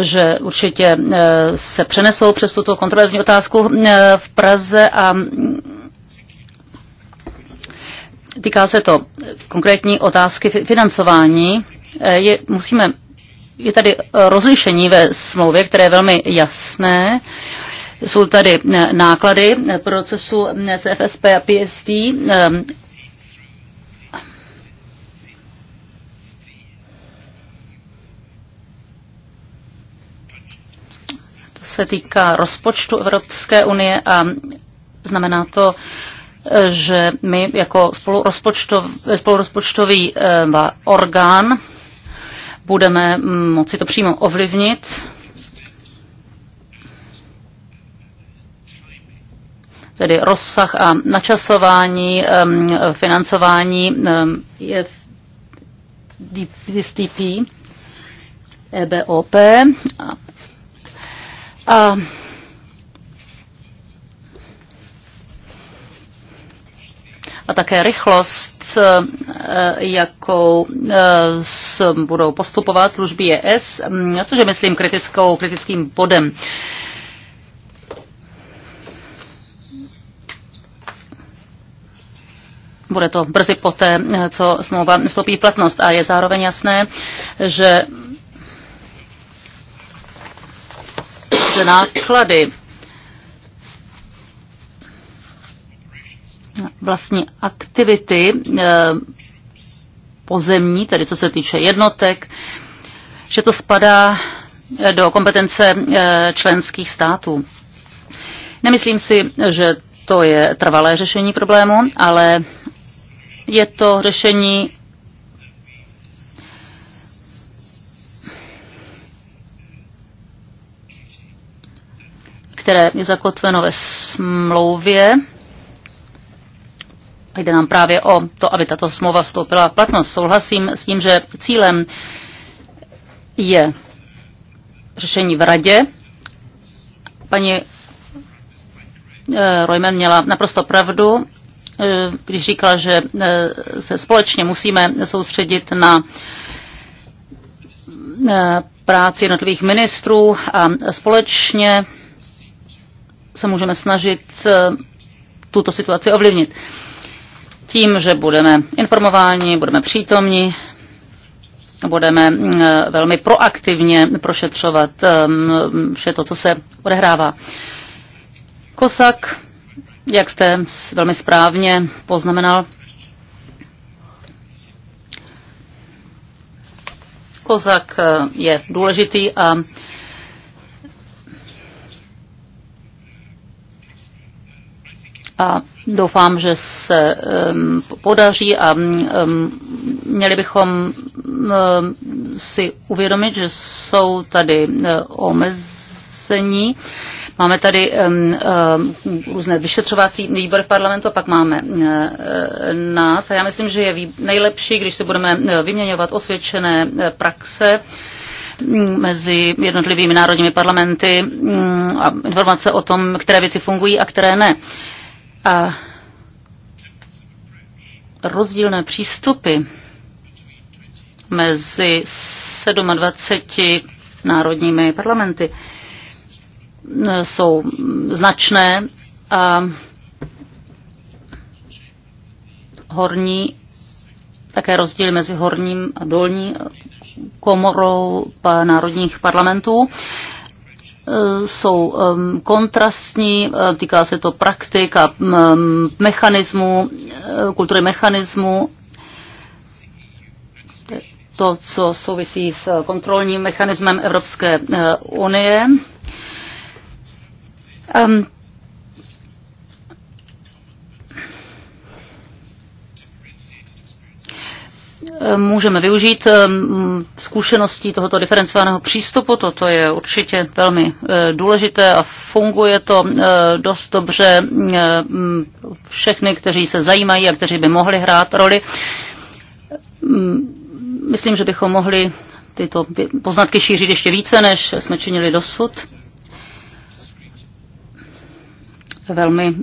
že určitě eh, se přenesou přes tuto kontroverzní otázku eh, v Praze a mm, týká se to konkrétní otázky financování. Eh, je, musíme, je tady rozlišení ve smlouvě, které je velmi jasné. Jsou tady náklady procesu CFSP a PSD se týká rozpočtu Evropské unie a znamená to, že my jako spolurozpočtový, spolurozpočtový eh, orgán budeme moci to přímo ovlivnit. tedy rozsah a načasování financování DSTP, EBOP. A eh, a také rychlost, eh, jakou eh, budou postupovat služby ES, mm, což je, myslím, kritickou, kritickým bodem. Bude to brzy poté, co smlouva vstoupí v platnost a je zároveň jasné, že náklady. Vlastní aktivity eh, pozemní, tedy co se týče jednotek, že to spadá eh, do kompetence eh, členských států. Nemyslím si, že to je trvalé řešení problému, ale je to řešení které je zakotveno ve smlouvě. A jde nám právě o to, aby tato smlouva vstoupila v platnost. Souhlasím s tím, že cílem je řešení v radě. Paní eh, Rojmen měla naprosto pravdu, eh, když říkala, že eh, se společně musíme soustředit na práci jednotlivých ministrů a společně se můžeme snažit eh, tuto situaci ovlivnit. Tím, že budeme informováni, budeme přítomní, budeme mm, eh, velmi proaktivně prošetřovat eh, vše to, co se odehrává. Kosak, jak jste velmi správně poznamenal, Kozak je důležitý a a doufám, že se um, podaří a um, měli bychom um, si uvědomit, že jsou tady um, omezení. Máme tady um, um, různé vyšetřovací výbory v parlamentu pak máme uh, nás. A já myslím, že je nejlepší, když se budeme e, vyměňovat osvědčené praxe mezi jednotlivými národními parlamenty a informace o tom, které věci fungují a které ne. Uh, a rozdílné přístupy mezi 27 národními parlamenty mm, jsou značné a horní, také rozdíl mezi horním a dolní komorou národních parlamentů. Eh, jsou kontrastní, eh, týká se to praktik a mechanismu, eh, kultury mechanismu, to, co souvisí s kontrolním mechanismem Evropské unie. Ehm, můžeme využít ehm, zkušeností tohoto diferencovaného přístupu. Toto je určitě velmi eh, důležité a funguje to eh, dost dobře eh, mm, všechny, kteří se zajímají a kteří by mohli hrát roli. Ehm, myslím, že bychom mohli tyto poznatky šířit ještě více, než jsme činili dosud. Velmi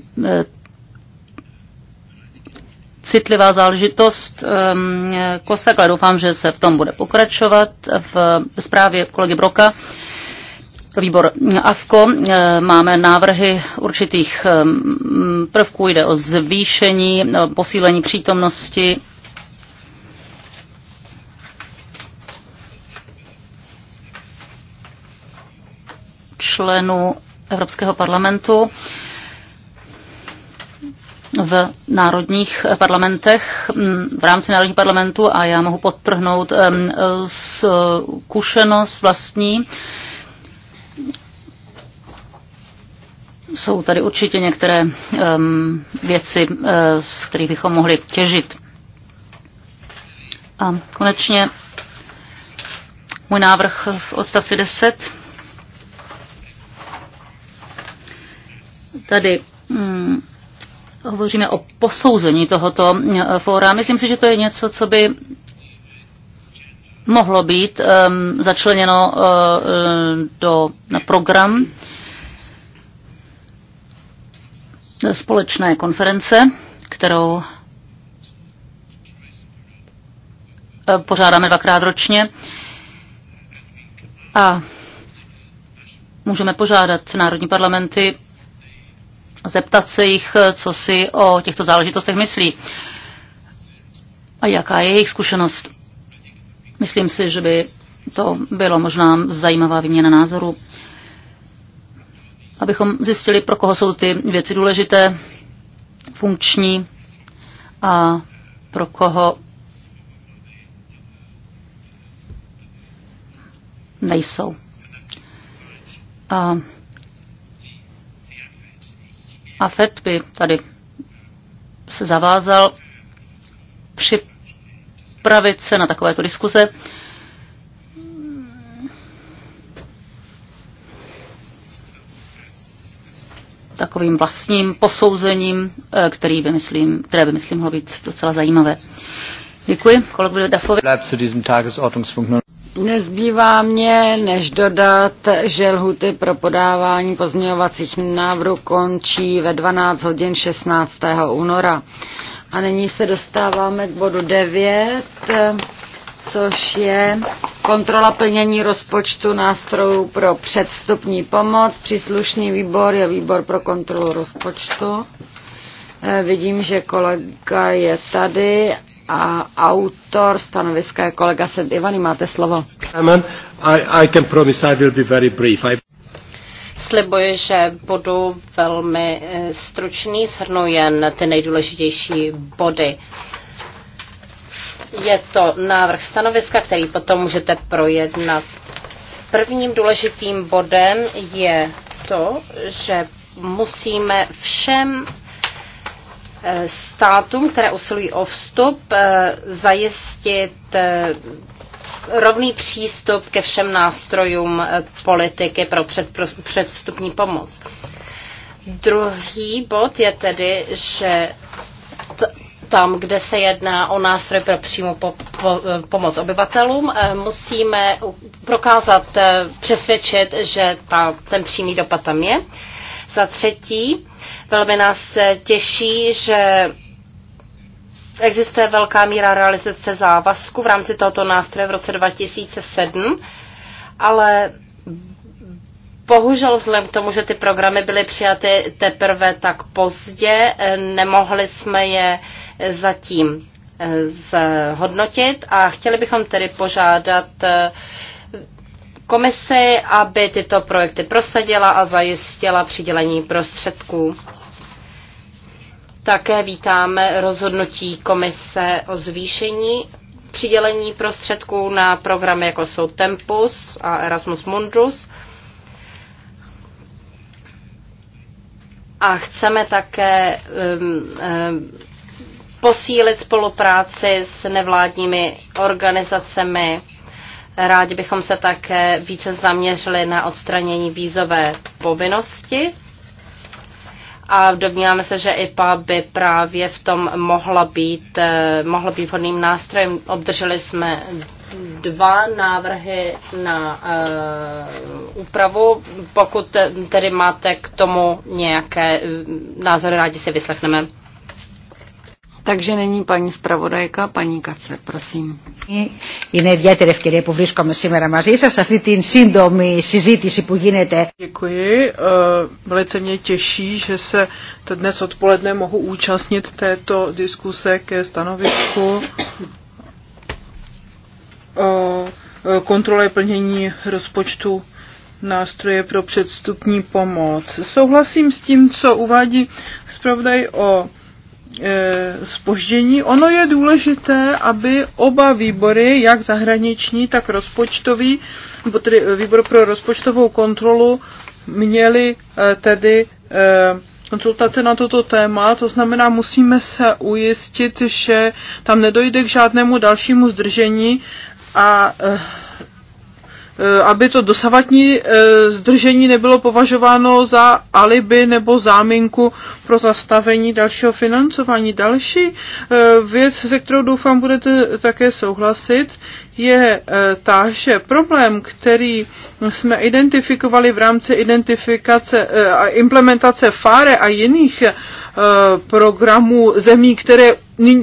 citlivá záležitost ehm, Kosak, ale doufám, že se v tom bude pokračovat v zprávě kolegy Broka. Výbor AFKO ehm, máme návrhy určitých ehm, prvků, jde o zvýšení, posílení přítomnosti členů Evropského parlamentu v národních parlamentech, mm, v rámci národních parlamentů a já mohu podtrhnout zkušenost vlastní. Jsou tady určitě některé věci, z eh, kterých bychom mohli těžit. A konečně můj návrh v odstavci 10. Tady mm, hovoříme o posouzení tohoto eh, fóra. Myslím si, že to je něco, co by mohlo být um, začleněno uh, do, na program společné konference, kterou eh, pořádáme dvakrát ročně. A můžeme požádat národní parlamenty zeptat se jich, co si o těchto záležitostech myslí a jaká je jejich zkušenost. Myslím si, že by to bylo možná zajímavá výměna názoru, abychom zjistili, pro koho jsou ty věci důležité, funkční a pro koho nejsou. A a FED by tady se zavázal připravit se na takovéto diskuze. takovým vlastním posouzením, eh, který by myslím, které by myslím mohlo být docela zajímavé. Děkuji kolegovi Dafovi. Nezbývá mě, než dodat, že lhuty pro podávání pozměňovacích návrhů končí ve 12 hodin 16. února. A nyní se dostáváme k bodu 9, což je kontrola plnění rozpočtu nástrojů pro předstupní pomoc. Příslušný výbor je výbor pro kontrolu rozpočtu. Eh, vidím, že kolega je tady a autor stanoviska je kolega Sed Ivany, máte slovo. Slibuji, že budu velmi eh, stručný, shrnu jen ty nejdůležitější body. Je to návrh stanoviska, který potom můžete projednat. Prvním důležitým bodem je to, že musíme všem Eh, státům, které usilují o vstup, eh, zajistit eh, rovný přístup ke všem nástrojům politiky pro předvstupní pomoc. Druhý bod je tedy, že tam, kde se jedná o nástroj pro přímou po, po, pomoc obyvatelům, musíme prokázat, přesvědčit, že ta, ten přímý dopad tam je. Za třetí, Velmi nás eh, těší, že existuje velká míra realizace závazku v rámci tohoto nástroje v roce 2007, ale Bohužel vzhledem k tomu, že ty programy byly přijaty teprve tak pozdě, eh, nemohli jsme je eh, zatím zhodnotit a chtěli bychom tedy požádat komisi, aby tyto projekty prosadila a zajistila přidělení prostředků. Také vítáme rozhodnutí komise o zvýšení přidělení prostředků na programy jako jsou Tempus a Erasmus Mundus. A chceme také um, um, posílit spolupráci s nevládními organizacemi Rádi bychom se také více zaměřili na odstranění vízové povinnosti a domníváme se, že IPA by právě v tom mohla být, eh, mohla být vhodným nástrojem. Obdrželi jsme dva návrhy na uh, úpravu. Pokud tedy máte k tomu nějaké eh, názory, rádi si vyslechneme. Takže není paní zpravodajka, paní Kace, prosím. Είναι ιδιαίτερη ευκαιρία που βρίσκομαι σήμερα μαζί σας, αυτή την σύντομη συζήτηση που γίνεται. Děkuji, eh, velice mě těší, že se dnes odpoledne mohu účastnit této diskuse ke stanovisku o eh, kontrole plnění rozpočtu nástroje pro předstupní pomoc. Souhlasím s tím, co uvádí zpravodaj o spoždění. E, ono je důležité, aby oba výbory, jak zahraniční, tak rozpočtový, tedy výbor pro rozpočtovou kontrolu, měli e, tedy e, konzultace na toto téma, to znamená, musíme se ujistit, že tam nedojde k žádnému dalšímu zdržení a Eh, aby to dosavatní eh, zdržení nebylo považováno za alibi nebo záminku pro zastavení dalšího financování. Další eh, věc, se kterou doufám budete také souhlasit, je ta, že problém, který jsme identifikovali v rámci identifikace a implementace FARE a jiných programů zemí, které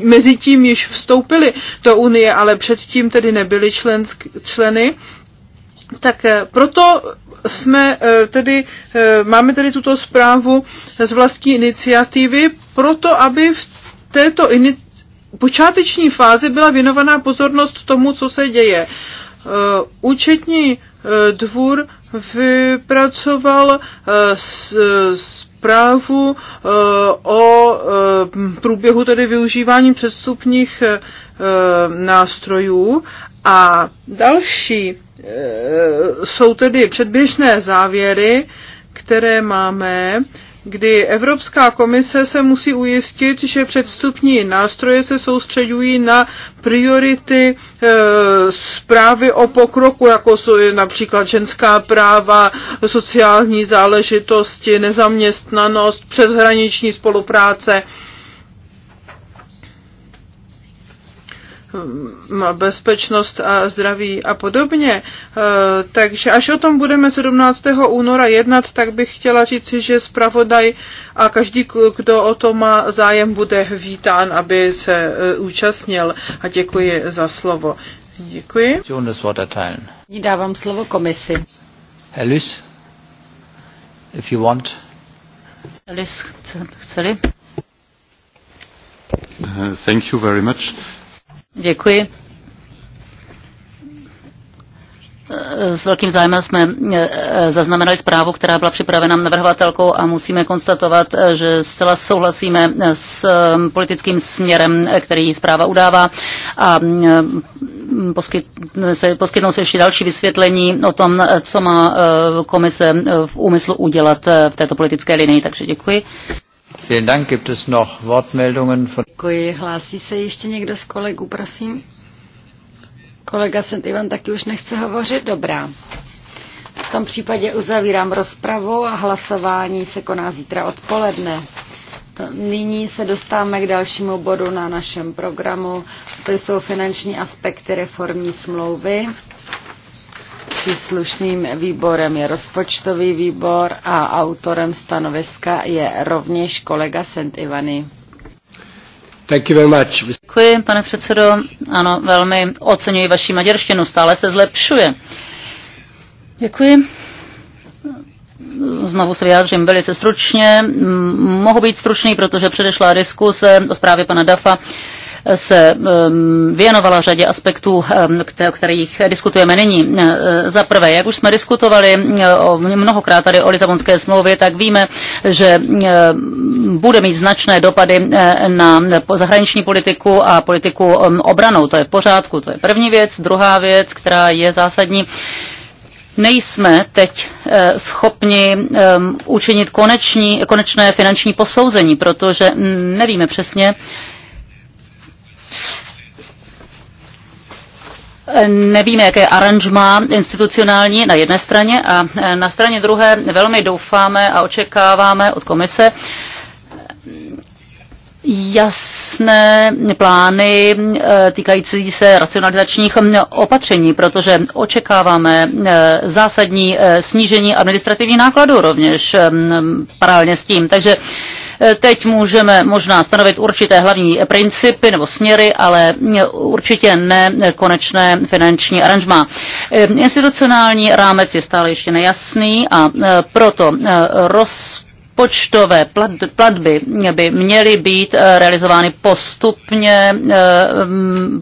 mezi tím již vstoupily do Unie, ale předtím tedy nebyly člensk, členy, tak eh, proto jsme eh, tedy, eh, máme tedy tuto zprávu z vlastní iniciativy, proto aby v této ini- počáteční fázi byla věnovaná pozornost tomu, co se děje. Účetní dvůr vypracoval zprávu o průběhu tedy využívání přestupních nástrojů a další Eh, jsou tedy předběžné závěry, které máme, kdy Evropská komise se musí ujistit, že předstupní nástroje se soustředují na priority e, zprávy o pokroku, jako jsou například ženská práva, sociální záležitosti, nezaměstnanost, přeshraniční spolupráce. E, Hm, bezpečnost a zdraví a podobně. Eh, takže až o tom budeme 17. února jednat, tak bych chtěla říct, že zpravodaj a každý, kdo o to má zájem, bude vítán, aby se eh, účastnil. A děkuji za slovo. Děkuji. Dávám slovo komisi. Elis, if you want. Elis, chceli? Uh, thank you very much. Děkuji. S velkým zájmem jsme eh, zaznamenali zprávu, která byla připravena navrhovatelkou a musíme konstatovat, eh, že zcela souhlasíme eh, s politickým směrem, který zpráva udává a poskytnou se ještě další vysvětlení o tom, co má komise v úmyslu udělat v této politické linii. Takže děkuji. Vielen Dank. Gibt es noch Wortmeldungen von... Děkuji. Hlásí se ještě někdo z kolegů, prosím? Kolega St. Ivan taky už nechce hovořit? Dobrá. V tom případě uzavírám rozpravu a hlasování se koná zítra odpoledne. Nyní se dostáváme k dalšímu bodu na našem programu. To jsou finanční aspekty reformní smlouvy. Příslušným výborem je rozpočtový výbor a autorem stanoviska je rovněž kolega Sent Ivany. Thank you very much. Děkuji, pane předsedo. Ano, velmi oceňuji vaši maďarštinu, stále se zlepšuje. Děkuji znovu se vyjádřím velice stručně. Mohu být stručný, protože předešla diskuse o zprávě pana Dafa se um, věnovala řadě aspektů, um, o kterých diskutujeme nyní. Uh, za prvé, jak už jsme diskutovali uh, mnohokrát tady o Lisabonské smlouvě, tak víme, že uh, bude mít značné dopady na zahraniční politiku a politiku um, obranou. To je v pořádku, to je první věc. Druhá věc, která je zásadní, nejsme teď schopni učinit koneční, konečné finanční posouzení, protože nevíme přesně, Nevíme, jaké aranžmá institucionální na jedné straně a e, na straně druhé velmi doufáme a očekáváme od komise, jasné plány e, týkající se racionalizačních opatření, protože očekáváme e, zásadní snížení administrativních nákladů rovněž paralelně s tím. Takže Eh, teď můžeme možná stanovit určité hlavní principy nebo směry, ale eh, určitě ne eh, konečné finanční aranžma. Institucionální rámec je stále ještě nejasný a proto roz počtové platby by měly být realizovány postupně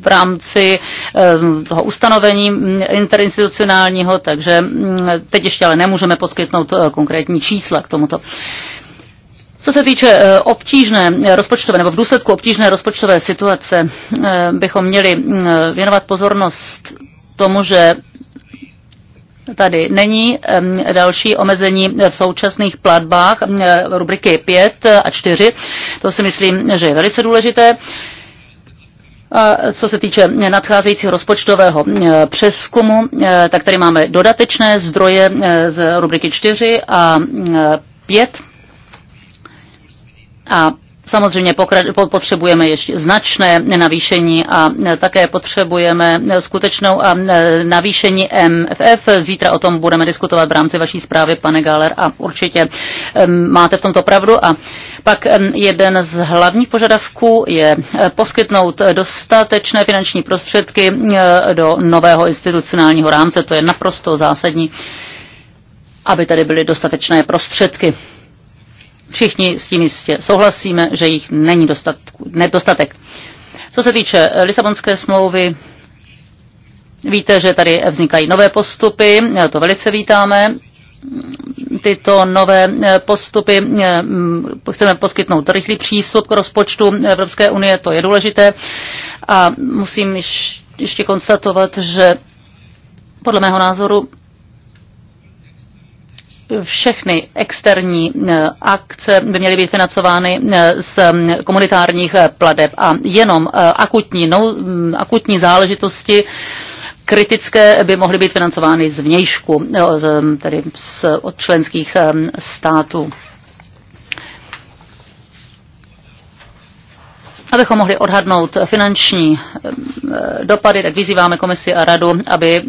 v rámci toho ustanovení mm, interinstitucionálního, takže mm, teď ještě ale nemůžeme poskytnout konkrétní čísla k tomuto. Co se týče eh, obtížné rozpočtové nebo v důsledku obtížné rozpočtové situace, eh, bychom měli mm, eh, věnovat pozornost tomu, že Tady není další omezení v současných platbách mm, rubriky 5 a 4. To si myslím, že je velice důležité. A co se týče nadcházejícího rozpočtového mm, přeskumu, tak tady máme dodatečné zdroje z rubriky 4 a 5 a Samozřejmě potřebujeme ještě značné navýšení a e, také potřebujeme e, skutečnou e, navýšení MFF. Zítra o tom budeme diskutovat v rámci vaší zprávy, pane Galer, a určitě máte v tomto pravdu. A pak jeden z hlavních požadavků je poskytnout dostatečné finanční prostředky do nového institucionálního rámce. To je naprosto zásadní, aby tady byly dostatečné prostředky všichni s tím jistě souhlasíme, že jich není nedostatek. Co se týče eh, Lisabonské smlouvy, víte, že tady vznikají nové postupy, eh, to velice vítáme. Tyto nové eh, postupy chceme poskytnout rychlý přístup k rozpočtu Evropské unie, to je důležité. A musím ještě konstatovat, že podle mého názoru všechny externí eh, akce by měly být financovány eh, z mm, komunitárních eh, pladeb a jenom akutní, no, akutní záležitosti kritické by mohly být financovány z vnějšku, mm, tedy z, od členských států. Abychom mohli odhadnout finanční dopady, tak vyzýváme komisi a radu, aby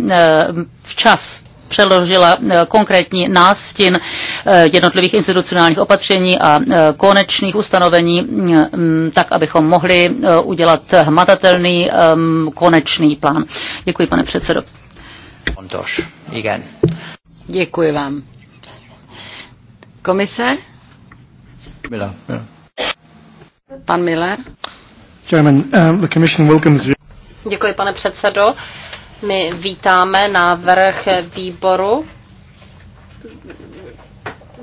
včas přeložila eh, konkrétní nástin eh, jednotlivých institucionálních opatření a eh, konečných ustanovení, mm, mm, tak abychom mohli udělat hmatatelný ehm, konečný plán. Děkuji, pane předsedo. Děkuji vám. Komise? Miller. Pan Miller. Chairman, um, the commission welcomes you. Děkuji, pane předsedo. My vítáme návrh výboru.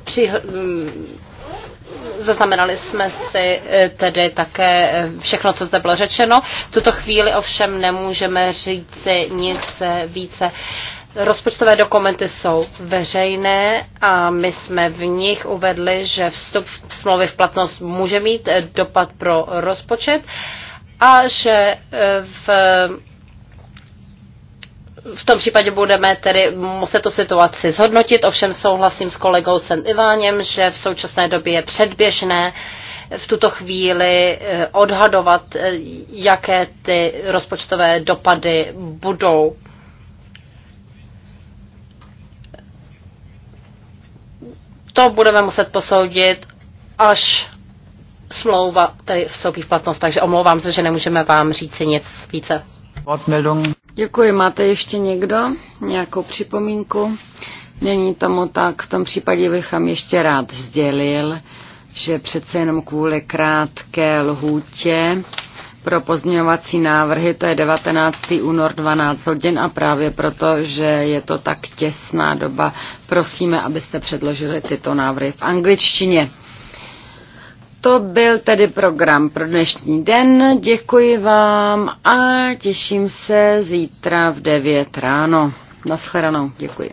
Při, zaznamenali jsme si eh, tedy také eh, všechno, co zde bylo řečeno. V tuto chvíli ovšem nemůžeme říci nic více. Rozpočtové dokumenty jsou veřejné a my jsme v nich uvedli, že vstup v smlouvy v platnost může mít dopad pro rozpočet a že eh, v v tom případě budeme tedy muset tu situaci zhodnotit, ovšem souhlasím s kolegou Sen Iváněm, že v současné době je předběžné v tuto chvíli eh, odhadovat, eh, jaké ty rozpočtové dopady budou. To budeme muset posoudit, až smlouva tady vstoupí v platnost, takže omlouvám se, že nemůžeme vám říci nic více. Děkuji. Máte ještě někdo nějakou připomínku? Není tomu tak. V tom případě bych vám ještě rád sdělil, že přece jenom kvůli krátké lhůtě pro pozměňovací návrhy, to je 19. únor 12 hodin a právě proto, že je to tak těsná doba, prosíme, abyste předložili tyto návrhy v angličtině. To byl tedy program pro dnešní den. Děkuji vám a těším se zítra v 9 ráno. Naschledanou. Děkuji.